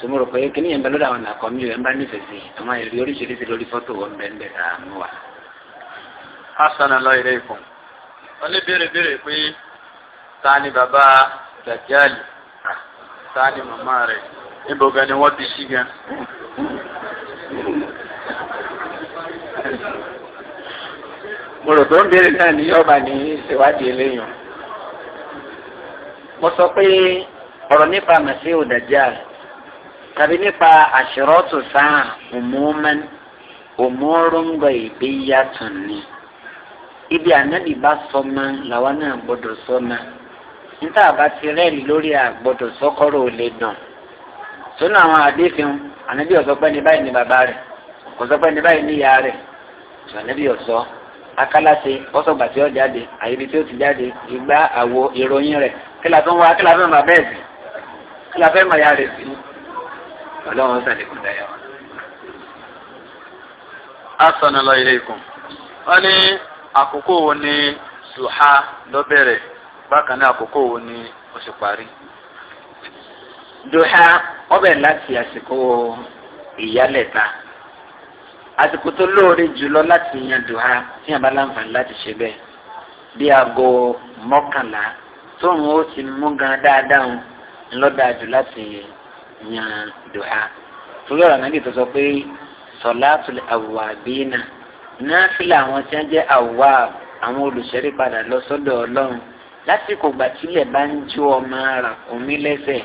sọmọ rò pé kíní yẹn bẹ lọ́dọ̀ àwọn àkọ́ mi yẹn bá nífẹ̀ẹ́ sí àwọn èrè oríṣiríṣi lórí fọ́tò wọn bẹ́ẹ̀ bẹ́ẹ̀ rà ta ni bàbá Dajjal ta ni màmá rẹ̀ níbo gan ni wọ́n ti ṣí gan. mo rò tó ń béèrè náà ní ọba ní ìṣèwádìí eléyàn. mo sọ pé ọ̀rọ̀ nípa màsíù dàjáàl tàbí nípa àṣírọ́tù sáà òmùmán òmùrùngbà ìgbéyàtọ̀ ni ibi ànábì bá sọ ma làwọn náà gbọdọ̀ sọ ma. So níta àbá ti rẹ́ẹ̀lì lórí àgbọ̀dọ̀ sọ́kọ́rọ̀ ò lè dàn sónà àwọn àdéfin ànábì ọ̀sọ́ pé ní báyìí ní bàbá rẹ̀ kò sọ pé ní báyìí ní ìyá rẹ̀ sọ ànábì ọ̀sọ́ akálàṣe ọ̀sọ̀gbà tí ó jáde àyèbí tí ó ti jáde ìgbà àwo ìròyìn rẹ̀ kí la tó ń wá kí la fẹ́ mọ̀ bẹ́ẹ̀ sí kí la fẹ́ mọ̀ ya rẹ̀ sí ọlọ́run sàlékún dáyà wọn. asọ̀nà lọ ilé ikùn wọ́n ní àkókò wo ni sùhá lọ bẹ̀rẹ̀ bákan náà àkókò wo ni ó sì parí. duha ọbẹ̀ láti àsìkò ìyálẹ̀ta àsìkò tó lóore jùlọ láti yan duha tí yàn bá láǹfààní láti ṣe bẹ́ẹ̀ bí aago mọ́kànlá tóun ó ti mú gan dáadáa ńlọ́dà jù láti yan duha torí ọ̀rọ̀ náà tó sọ pé sọ̀láàtúlẹ̀ àwàbínà náà fìlà àwọn tí wọ́n jẹ́ àwà àwọn olùṣẹ́rí padà lọ sọ́dọ̀ ọlọ́run lásìkò gbà tílẹ̀ bá ń jó ọmọ ara omi lẹ́sẹ̀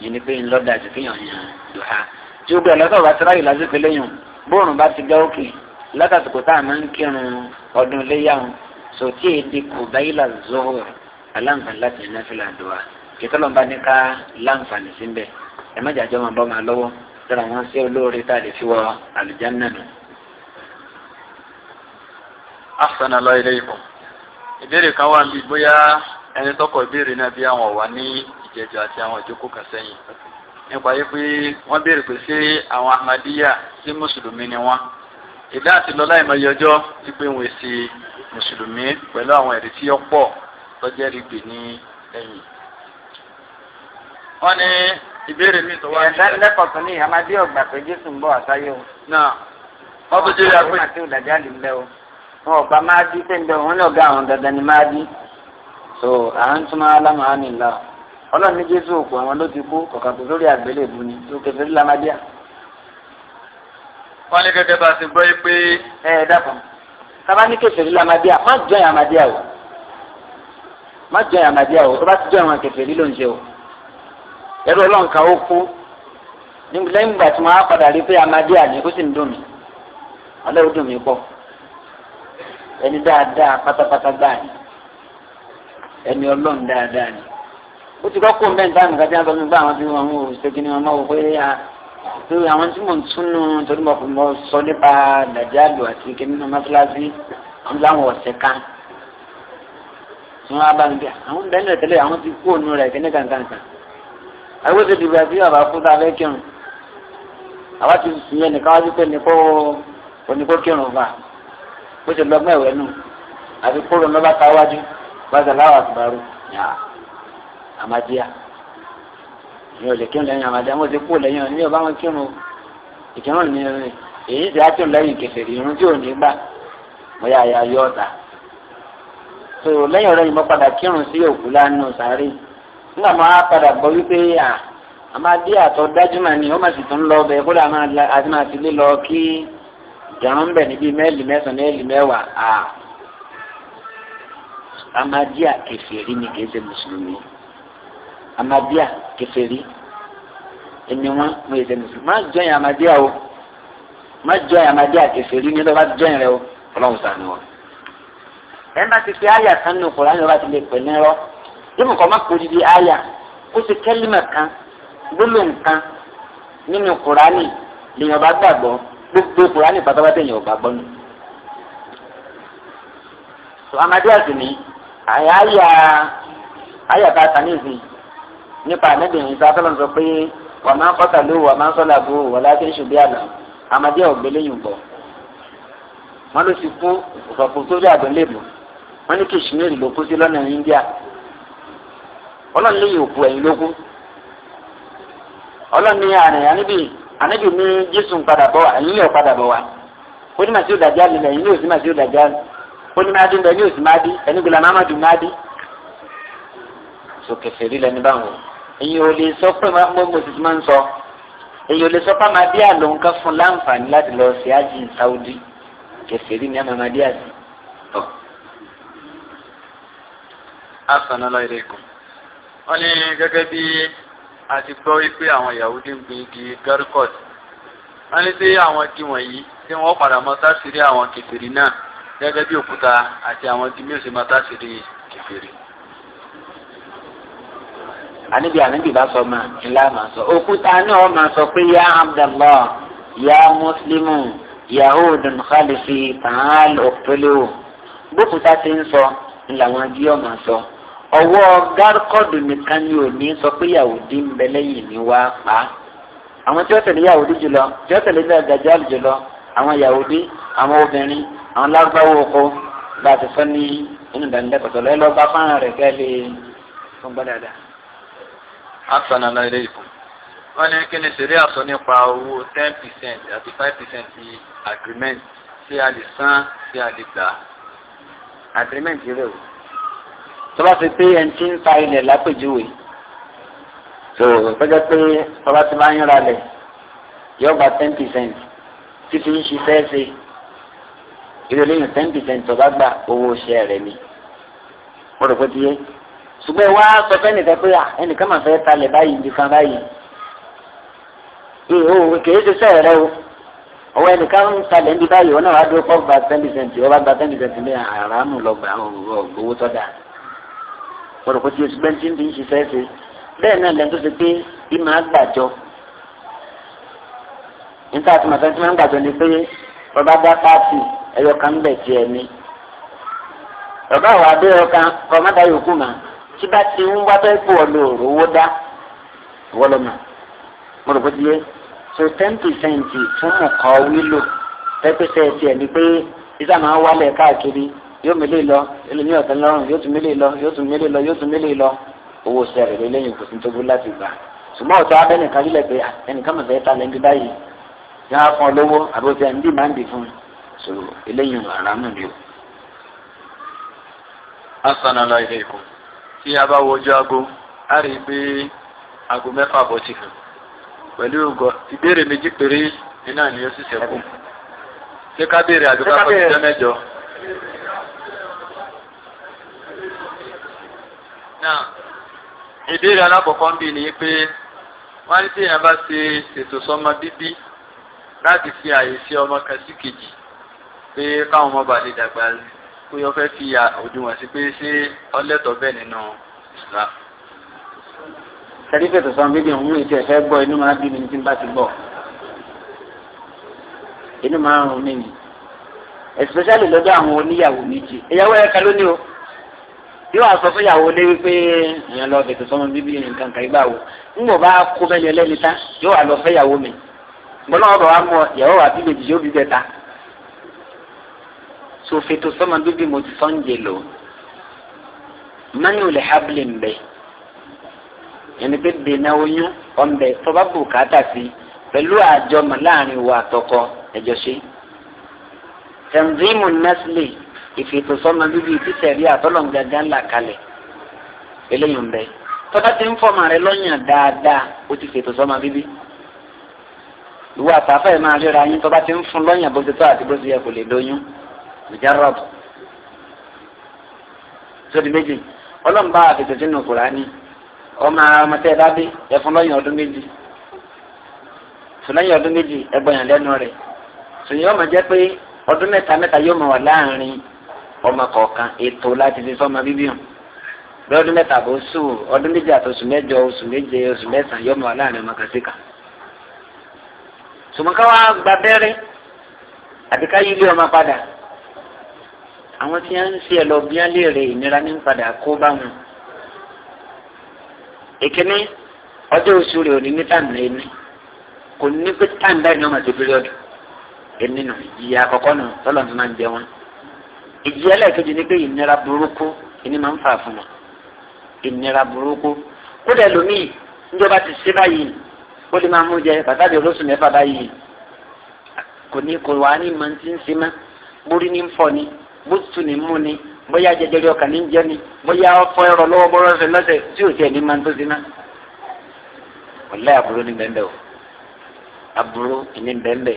yìí ni pé ń lọ́dà ju kéèyàn yàn dùhà tí o gbé ọlọ́tọ̀ bá ti ráyè lásìkò lẹ́yìn bóòrùn bá ti gbá òkè látàsìkò tá a máa ń kírun ọdún léyàwó sòtí èdè kò báyìí là zọ́ọ̀ aláǹfààní láti yẹn náfìlà dùhà kìtọ́lọ̀ bá ní ká láǹfààní síbẹ̀ ẹ má jàjọ́ máa bọ́ máa lọ́wọ́ tẹ́lẹ̀ wọ́n sí olóore tá a lè fi wọ àlùjánnà nù. ahsana Allah ilaykum ìbéèrè kan wà níbi bóyá ẹni tọkọ ìbéèrè náà bí àwọn ọ̀wà ní ìjẹjọ àti àwọn ìjókòó kan sẹ́yìn nípa yìí pé wọ́n béèrè pé ṣé àwọn ahmadiyya sí mùsùlùmí ni wọ́n ìdá àti lọ́lá ìmọ̀ye ọjọ́ ti pé wọ́n ṣe mùsùlùmí pẹ̀lú àwọn ẹ̀rí tí ó pọ̀ tọ́jẹ́ rí gbè ní ẹ̀yìn. wọ́n ní ìbéèrè mi tó wá ní. ẹ̀dá lẹ́kọ̀ọ́ tó ní ahmadiyya ọ̀gbà pé jésù ń bọ̀ àṣàyẹ̀wò. náà wọ́n tó jẹ́ wọn ò bá máa di pé nbẹ wọn ní ọgá àwọn dandan ni máa di so à ń tún máa lámà á nìlá ọlọ́run ní jésù òkú àwọn ló ti kú ọ̀kan tó lórí àgbélébùú ni tó kẹfẹ́ rí lamadíà. wọ́n ní gẹ́gẹ́ bá a ti gbọ́ yí pé. ẹ dàpọ̀ sábà ní kẹfẹ́ rí lamadíà má jọ ẹ̀ amadíà o má jọ ẹ̀ amadíà o tó bá ti jọ àwọn kẹfẹ́ rí ló ń jẹ o ẹ̀rọ ọlọ́run kan ó kú lẹ́yìn ìgbà tí wọ́n á padà rí pé amadíà ni ó sì ń dùn mí ọlọ́run dùn mí pọ̀ ẹni dáadáa pátápátá gbáà ni ẹni ọlọ́run dáadáa ni ó ti kọ́ kó ń bẹ́ẹ̀ táwọn nǹkan tí wọ́n sọ nígbà àwọn tí wọ́n mú òṣèkí ni wọ́n máa wò pé pé àwọn tí mò ń túnú torí mo mọ sọ nípa dàjálù àti kẹ́mínú mọ́sálásí àwọn láwọn ọ̀sẹ̀ kan tí wọ́n á bá mi bí àwọn bẹ́ẹ̀ lẹ̀ tẹ́lẹ̀ àwọn ti kú òun rẹ̀ kíní kankankan àwọn ti dìbò àti àbá fún ta fẹ́ kírun àwa ti sùn yẹn nìkan wá pé nìkó kírun fà á bó ṣe lọ́gbọ́n ẹ̀wẹ́ nù àfi kóró ní bá káwájú bàtà láwà àtìbárò yà àmàdíyà ní olè kírun lẹ́yìn àmàdíyà mo ti kú lẹ́yìn ní ọba wọn kírun ìkírun ní èyí tí a tún lẹ́yìn kẹfẹ́rì irun tí ò ní gbà mo yà yà yọ ọ̀tà so lẹ́yìn ọ̀rẹ́ yìí mo padà kírun sí òkú lánàá sáré nígbà máa padà gbọ́ wípé àmàdíyà tó dájú mà ní ó mà sì tún lọ bẹ́ẹ̀ kó jọ̀rọ̀ ń bẹ̀ níbi mẹ́ẹ̀lì mẹ́sàn-án mẹ́ẹ̀lì mẹ́wàá a amadiya kẹfẹ́rí ni kìí ṣe mùsùlùmí amadiya kẹfẹ́rí ẹni wọn mo yẹ ṣe mùsùlùmí má jọyìn amadiya o má jọyìn amadiya kẹfẹ́rí ni lọ́ba jọyìn rẹ o ọlọ́run sànù wọn. ẹ má ti fi àyà kan ní òkúra ní ti lè pè ní rọ yíyún kọ́ má kó di àyà kó ti kẹ́límẹ̀ kan gbólóhùn kan nínú Kùránì lèèyàn bá gbàgbọ́. gbogbo a pátápátá èèyàn ò bá gbọ́nù. amadu azumi àyà àyà àyà ká sanizin nípa ànábìyàn ìsá sọ pé wà máa ń kọ́ta ló wà máa ń sọ́lá bó wà láti ń ṣubí àná amadu ọ̀gbẹ́lẹ́ yìí bọ̀ wọ́n ló ti kú sórí wọ́n ní ló kú sí lọ́nà India anabi mi jésù ń padà bọ̀ wá ẹ̀yin yóò padà bọ̀ wá onímọ̀ sí òdàjà lè lẹ̀ ẹ̀yin yóò sí mà sí òdàjà lè onímọ̀ adé ń bẹ ẹ̀yin yóò sí má dí ẹni gbọ́dọ̀ má má dùn má dí. sọ kẹfẹ rí lẹni báwọn ẹ̀yin ò lè sọ pé mo mo sì máa ń sọ ẹ̀yin ò lè sọ pé amadi àlò nǹkan fún láǹfààní láti lọ sí ájì sáúdí kẹfẹ rí ni amadi àti tọ. asànà lọ ilé ìkọ wọn ní gẹ́gẹ́ bíi a ti gbọ́ wípé àwọn Yahudi ń gbin igi garcot wọ́n ní sí àwọn igi wọ̀nyí tí wọ́n padà mọ sáṣìírí àwọn kèfèrí náà gẹ́gẹ́ bí òkúta àti àwọn igi mí ò sì mọ sáṣìírí kèfèrí. àníbi àníbi bá sọ máa ńlá máa sọ òkúta náà máa sọ pé yá Abdallah yá mùsùlùmù yahudun khalifi tàn án lọ́pẹ́lẹ́wò bókúta ti ń sọ ńlá wọn jí ọ̀ máa sọ. So ọwọ́ gárkọ́dù nìkan ni òní sọ pé yahudi ń bẹ lẹ́yìn ní wá pa á àwọn tí wọ́n tẹ̀lé yahudi jùlọ tí wọ́n tẹ̀lé náà gajal jùlọ àwọn yahudi àwọn obìnrin àwọn lárúbáwò oko bá a ti sọ ní inú ìdánilẹ́kọ̀ọ́ tó lọ́ọ́ fáwọn rẹ̀ kẹ́ lè fún gbọ́dọ̀ dáa. asana lọ ilé ìfún wọn ní kí ni sèré àsọ nípa owó ten percent àti five percent agreement tí a lè san tí a lè gbà. agreement yìí rẹ̀ o tọ́ba ti pé ẹni tí ń ta ilẹ̀ lápèjúwe tó tọ́jọ́ pé tọ́ba ti máa ń ra lẹ̀ yóò gba ten percent títí ń ṣiṣẹ́ ṣe ìrẹ̀lẹ̀ yìí ten percent tọ́ba gba owó iṣẹ́ rẹ̀ ni mo rò pé ti yé ṣùgbọ́n ẹ wá sọ fẹ́ nìkan pé à ẹnìkan máa fẹ́ talẹ̀ báyìí nìkan báyìí ìhò kìí ṣiṣẹ́ rẹ o ọwọ́ ẹnìkan ń talẹ̀ níbi báyìí wọn náà wá dúró pọ́ gba ten percent ọba gba ten percent ní àràmù lọ gbà owó tọ́ da ọ̀rọ̀ kò tí oṣù bẹ́ẹ̀ tí ń fi ń ṣiṣẹ́ ṣe bẹ́ẹ̀ náà lẹ́nu tó ṣe pé bí máa gbàjọ níta àti màtá tí máa ń gbàjọ ni pé bàbá dá pààtì ẹyọ kan bẹ̀ tí ẹ ní bàbá àwọn abẹ́ ẹyọ kan kọ mọ́tà yòókù mà tí bá ti ń wá fẹ́ pò ọ̀lọ́ òwò dá wọ́lọ́mà ọ̀rọ̀ kò tí o so ten percent fún ọkọ̀ wílò pẹ́pẹ́sẹ̀ tiẹ̀ ni pé ìsàmà wálẹ̀ káàkiri yóò mi lọ ẹlòmíì ọ̀tẹ̀ lọ́rùn yóò tún mi lọ yóò tún mi lọ yóò tún mi lọ owó sẹ́rẹ̀ lé lẹ́yìn kò sí tó láti gbà ṣùgbọ́n ọ̀tọ̀ abẹ́nìkan sílẹ̀ ẹnìkan ta lẹ́ńdí báyìí yá fún ọ lówó àbófẹ́ fún un o. tí a bá aago a rí i pé aago mẹ́fà bọ́ ti pẹ̀lú ìbéèrè méjì péré ni ó sì ṣé ká béèrè àdúgbò náà ìbéèrè alákọ̀ọ́kọ́ ń bì ní pé wọ́n ní tí èèyàn bá ṣe ṣètò sọ́mọ bíbí láti fi àyè sí ọmọ kan sí kejì pé káwọn ọmọ bá lè dàgbà pé wọ́n fẹ́ fi òdiwọ̀n sí pé ṣé ọlẹ́tọ̀ bẹ́ẹ̀ nínú Islam. ṣẹ́rí fètò sọ́mọ bíbí òun ìtì ẹ̀fẹ́ gbọ́ inú máa bí mi ní tí n bá ti gbọ́ inú máa ń rún mi ni especially lọ́dọ̀ àwọn oníyàwó méjì ìyàwó ẹ̀ka lónìí o yóò wá sọ fún ìyàwó lé wípé ìyẹn lọ bẹ̀tẹ̀ sọmọ bíbí nǹkan kan ìgbà wo ńgbọ̀ bá kó bẹ́ẹ̀ ni ẹlẹ́ni ta yóò wá lọ fẹ́ ìyàwó mi bọ́lá ọ̀bọ̀ wa mọ ìyàwó wa bí méjì yóò bí bẹ́ẹ̀ ta so fètò sọmọ bíbí mo ti sọ́n jẹ lò manu lè habli ń bẹ ẹni pé dènà oyún ọ̀nbẹ tọ́ba bù káàtà sí pẹ̀lú àjọmọ̀ láàrin wa àtọkọ ẹ̀jọ̀ ṣe tanzimu nasli ìfètòsọ́nà bíbí ìtísẹ̀rí àtọ́lọ̀ gángan là kalẹ̀ eléyìí ń bẹ tọ́ba ti ń fọ́mà rẹ lọ́yàn dáadáa ó ti fètòsọ́nà bíbí ìwọ àtàfẹ́ máa ríra yín tọ́ba ti ń fún lọ́yàn bó ti tọ́ àti bó ti yẹ kò lè lóyún mujarrab sódì méjì ọlọ́mùbá àfètòsínú kùránì ọmọ ọmọtẹ́ bá bí ẹ fún lọ́yàn ọdún méjì fún lọ́yàn ọdún méjì ẹ gbọ́yàn lẹ́nu rẹ̀ sòyìn ọmọ jẹ́ pé ọdún mẹ́ta mẹ́ta yóò mọ̀ wà láàrin ọmọ kọ̀ọ̀kan ètò láti fi sọ́mọ bíbí hàn bí ọdún mẹ́ta àbò sùn ọdún méjì àti oṣù mẹ́jọ oṣù méje oṣù mẹ́sàn-án yọmọ láàrin ọmọ kàṣíkà sùmọ́ká wa gba bẹ́rẹ́ àti ká yí ilé ọmọ padà àwọn tí wọ́n ń ṣe ẹ̀ lọ bí wọ́n lè rè ìnira ní padà kó bá wọn. ìkíní ọjọ́ oṣù rẹ̀ ò ní ní tàǹdà ẹni kò ní pé tàǹdà ẹni ọmọ ti píríọ̀dù ẹni nù ìyá àkọ́kọ́ nù tọ́lọ̀ ní máa ń jẹ wọn. ìdí ẹlẹ́ẹ̀kejì ni pé ìnira burúkú ìní máa ń fà fún wọn ìnira burúkú kódà níjọba ti ṣe báyìí ó lè máa mú jẹ bàtà di olóṣù mẹ́fà báyìí kò ní kò wá ní màá ti ń ṣe mọ́ borí ni bútù ní mú ni bóyá jẹjẹrẹ ọkàn ní jẹ ni bóyá ọfọ ẹrọ lọwọ bọrọ ẹsẹ̀ tí ò ní tó ṣe mọ́ wọlé àbúrò ní bẹ́ẹ̀ o àbúrò ní bẹ́ẹ̀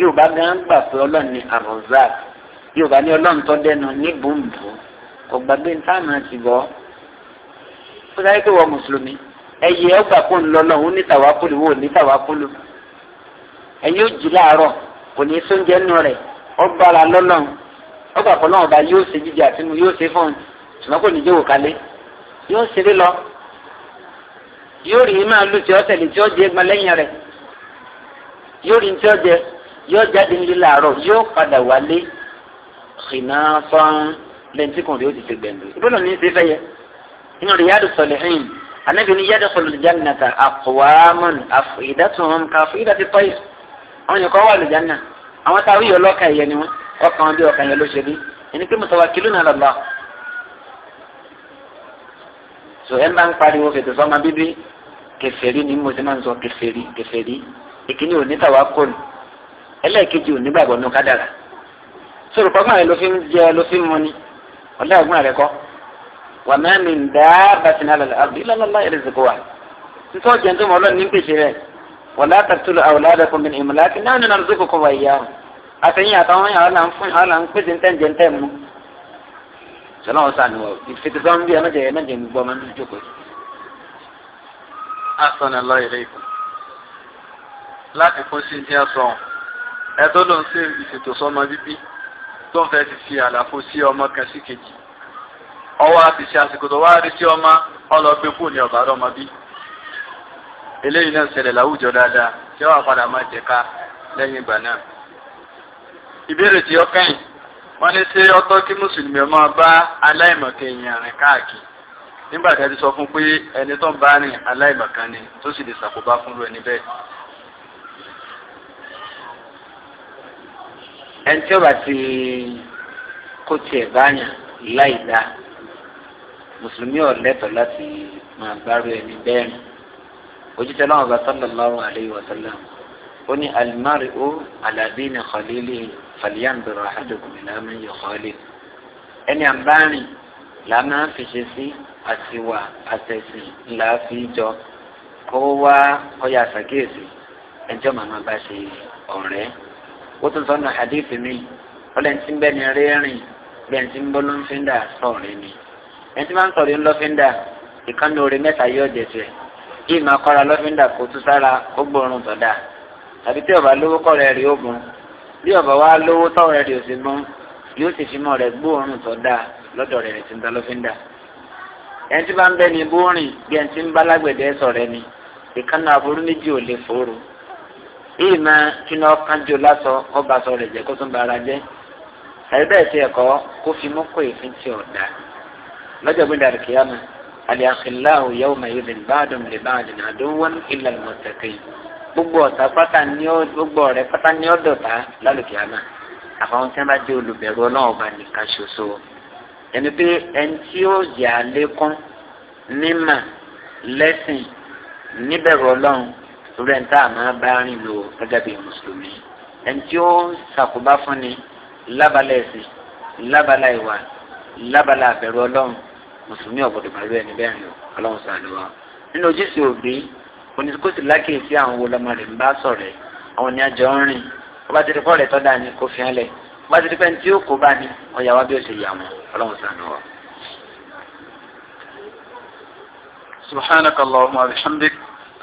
yóò bá gán yorùbá ní ọlọ́run tó dẹnu níbùnbù kò gbàgbé táwọn àti bọ́ ó sáré pé wọ́n mùsùlùmí ẹ̀yẹ ọgbà kó ń lọ́lọ́ òun nítawákùlù wò nítawákùlù ẹ̀yin ó jí láàárọ̀ kò ní sóúnjẹ nù rẹ̀ ọgbàrá lọ́lọ́ ọgbà kọ́ náà ọba yóò ṣe jíjẹ àti mu yóò ṣe fún un ṣùgbọ́n kò ní jẹ́ òkàlẹ́ yóò ṣeré lọ yóò rí máa lu tí ó tẹ̀lé tí ó jẹ́ gbọ́n lẹ́yìn rẹ̀ yóò rí tí ó jẹ yóò jáde nílé làárọ̀ yóò padà wálé xinaafan lẹ́ntì kan rẹ̀ ó ti ṣe gbẹ̀ndù ìbọ̀lọ̀ ní ṣe fẹ́yẹ inú Riyadu Salihin anabi ni yadkhulu al-jannata aqwamun afidatuhum afida at-tayr àwọn yòókù wà lùjánà àwọn táwọn yòó lọ́ọ̀ka ẹ̀yẹ ni wọn ọkàn bí ọkàn yẹn ló ṣe bí ẹni pé mutawakkiluna ala Allah so ẹ máa ń pariwo fètò sọmọ bíbí kèfèrí ni mo ti máa ń sọ kèfèrí kèfèrí ìkíní òní tàwa kọlù ẹlẹ́ẹ̀kejì òní gbàgbọ́ nù kádàrà sọ̀rọ̀ pọ́nmọ́ rẹ̀ ló fi ń jẹ ló fi ń mu ni ọ̀lẹ́ ẹ̀gbọ́n rẹ̀ kọ́ wà má mi ń dá bàtìní alàlẹ́ abdulayi yẹrẹ zèkó wa nítorí ọjà tó mọ ọlọ́run ní pèsè rẹ̀ wà látàtúlù àwòlá rẹ̀ kọ́ mi ní ìmọ̀láàkì náà nínú àlùzó kọ̀kọ́ wà ìyá o àtẹ̀yìn àtàwọn yàrá là ń fún yàrá là ń pèsè ń tẹ̀jẹ̀ ń tẹ̀ mu. sọlá wọn sàn wọ ìfètè sọ́n bí ẹnẹ́jẹ̀ ẹnẹ́jẹ̀ ń gbọ́ ọmọ ní ìjókòó. asọ̀nà lọ ìrẹ́ ìkù láti kó sí ní asọ̀ ẹ̀ tó lóun sí ìfètò bíbí tó fẹ́ ti fi àlàfo sí ọmọ kan sí kejì ọwọ́ àti ṣe àsìkò tó wá rí sí ọmọ ọlọ́gbé kù ní ọ̀bá rọ́mọ bí eléyìí náà ṣẹlẹ̀ láwùjọ dáadáa tí wọ́n padà máa jẹ̀ka lẹ́yìn ìgbà náà. ìbéèrè tí ó kẹ́yìn wọ́n ní ṣé ọtọ́ kí mùsùlùmí ọmọ bá aláìmọ̀kẹ́ rìn káàkiri nígbà tí a ti sọ fún pé ẹni tó ń bá rìn aláìmọ̀kan ni tó sì lè ṣàkóbá fún ẹni bẹ́ẹ̀. ẹni tí ó bá ti kó tiẹ̀ báyà láì dá mùsùlùmí ọ̀lẹ́tọ̀ láti máa gbárù ẹni bẹ́ẹ̀ ni ojútẹ náà bá sallallahu alayhi wa sallam ó ní alimari ó alábí ni kọ́lílì fàlíyàndọ̀rọ̀ àdókòmí láàmú yẹ kọ́lí ẹni àbárìn làmà fìṣe sí àtiwà àtẹ̀sìn ńlá fi kó wá ọyà àṣàkíyèsí ẹjọ́ màmá bá ṣe ọ̀rẹ́ ó tún sọ́nà mi ó lẹ́yìn tí ń bẹ́ni rẹ́rìn lẹ́yìn tí ń bọ́ ń fi ń dà sọ̀rọ̀ ni ẹni tí máa ń sọ̀rọ̀ ń lọ́ fi ń dà ìkànnì orin mẹ́ta yóò jẹ tiẹ̀ yìí máa kọ́ra lọ́ fi ń dà kó tún sára ó gbóòórùn tọ̀dà tàbí tí ọba lówó kọ́ rẹ̀ rí ó bùn bí ọba wa lówó tọ́ rẹ̀ rí ó sì yóò sì fi mọ́ rẹ̀ gbóòórùn tọ̀dà lọ́dọ̀ rẹ̀ ti ń da lọ́ fi bá ń bẹ́ni bó bí ẹni ń bá lágbẹ̀dẹ sọ̀rọ̀ ẹni ìkànnì aburú méjì ò lè fòrò èyí máa kíni ọ̀kanjọ lásọ ọba sọ rẹ̀ jẹ́ kó tún bara jẹ́ àyè bẹ́ẹ̀ tiẹ̀ kọ́ kó fi mú kó èéfín tí ò dá lọ́jọ́ gbé dàrí kìyàmù àlẹ́ àkìláhù yẹ́wò máa yẹ́bẹ̀ báàdùn lè báàdùn àdúwọ́n ilẹ̀ mọ̀tẹ́kẹ́ gbogbo ọ̀tá pátá ní ó gbogbo ọ̀rẹ́ pátá ní ó dọ̀tá lálùkìyàmù àfọwọ́n tí wọ́n bá jẹ́ olùbẹ̀rù ọlọ́run ọba nìkan ṣoṣo ẹni pé ẹni tí ó yà á lékún nímà lẹ́sìn níbẹ̀rù ọlọ́run torí ẹni tá a máa bá rìn lò gẹ́gẹ́ bí mùsùlùmí ẹni tí ó ṣàkóbá fún ni lábala ẹ̀sìn lábala ìwà lábala àbẹ̀rù ọlọ́run mùsùlùmí ọ̀gbọ̀dọ̀ pẹ̀lú ẹni bẹ́ẹ̀ lò ọlọ́run sàlẹ̀ wa nínú ojúṣe òbí oníkóṣì lákèésí àwọn wo lọmọ rẹ̀ ń bá sọ̀rẹ́ àwọn ni àjọ ń rìn ọba ti di kọ́ rẹ̀ tọ́da ni kò fi hàn lẹ̀ ọba ti di pẹ́ tí ó kó bá ní ọ̀yà wa bí ó ṣe yà wọ́n ọlọ́run sàlẹ̀ wa. subhanakallahumma wa bihamdik.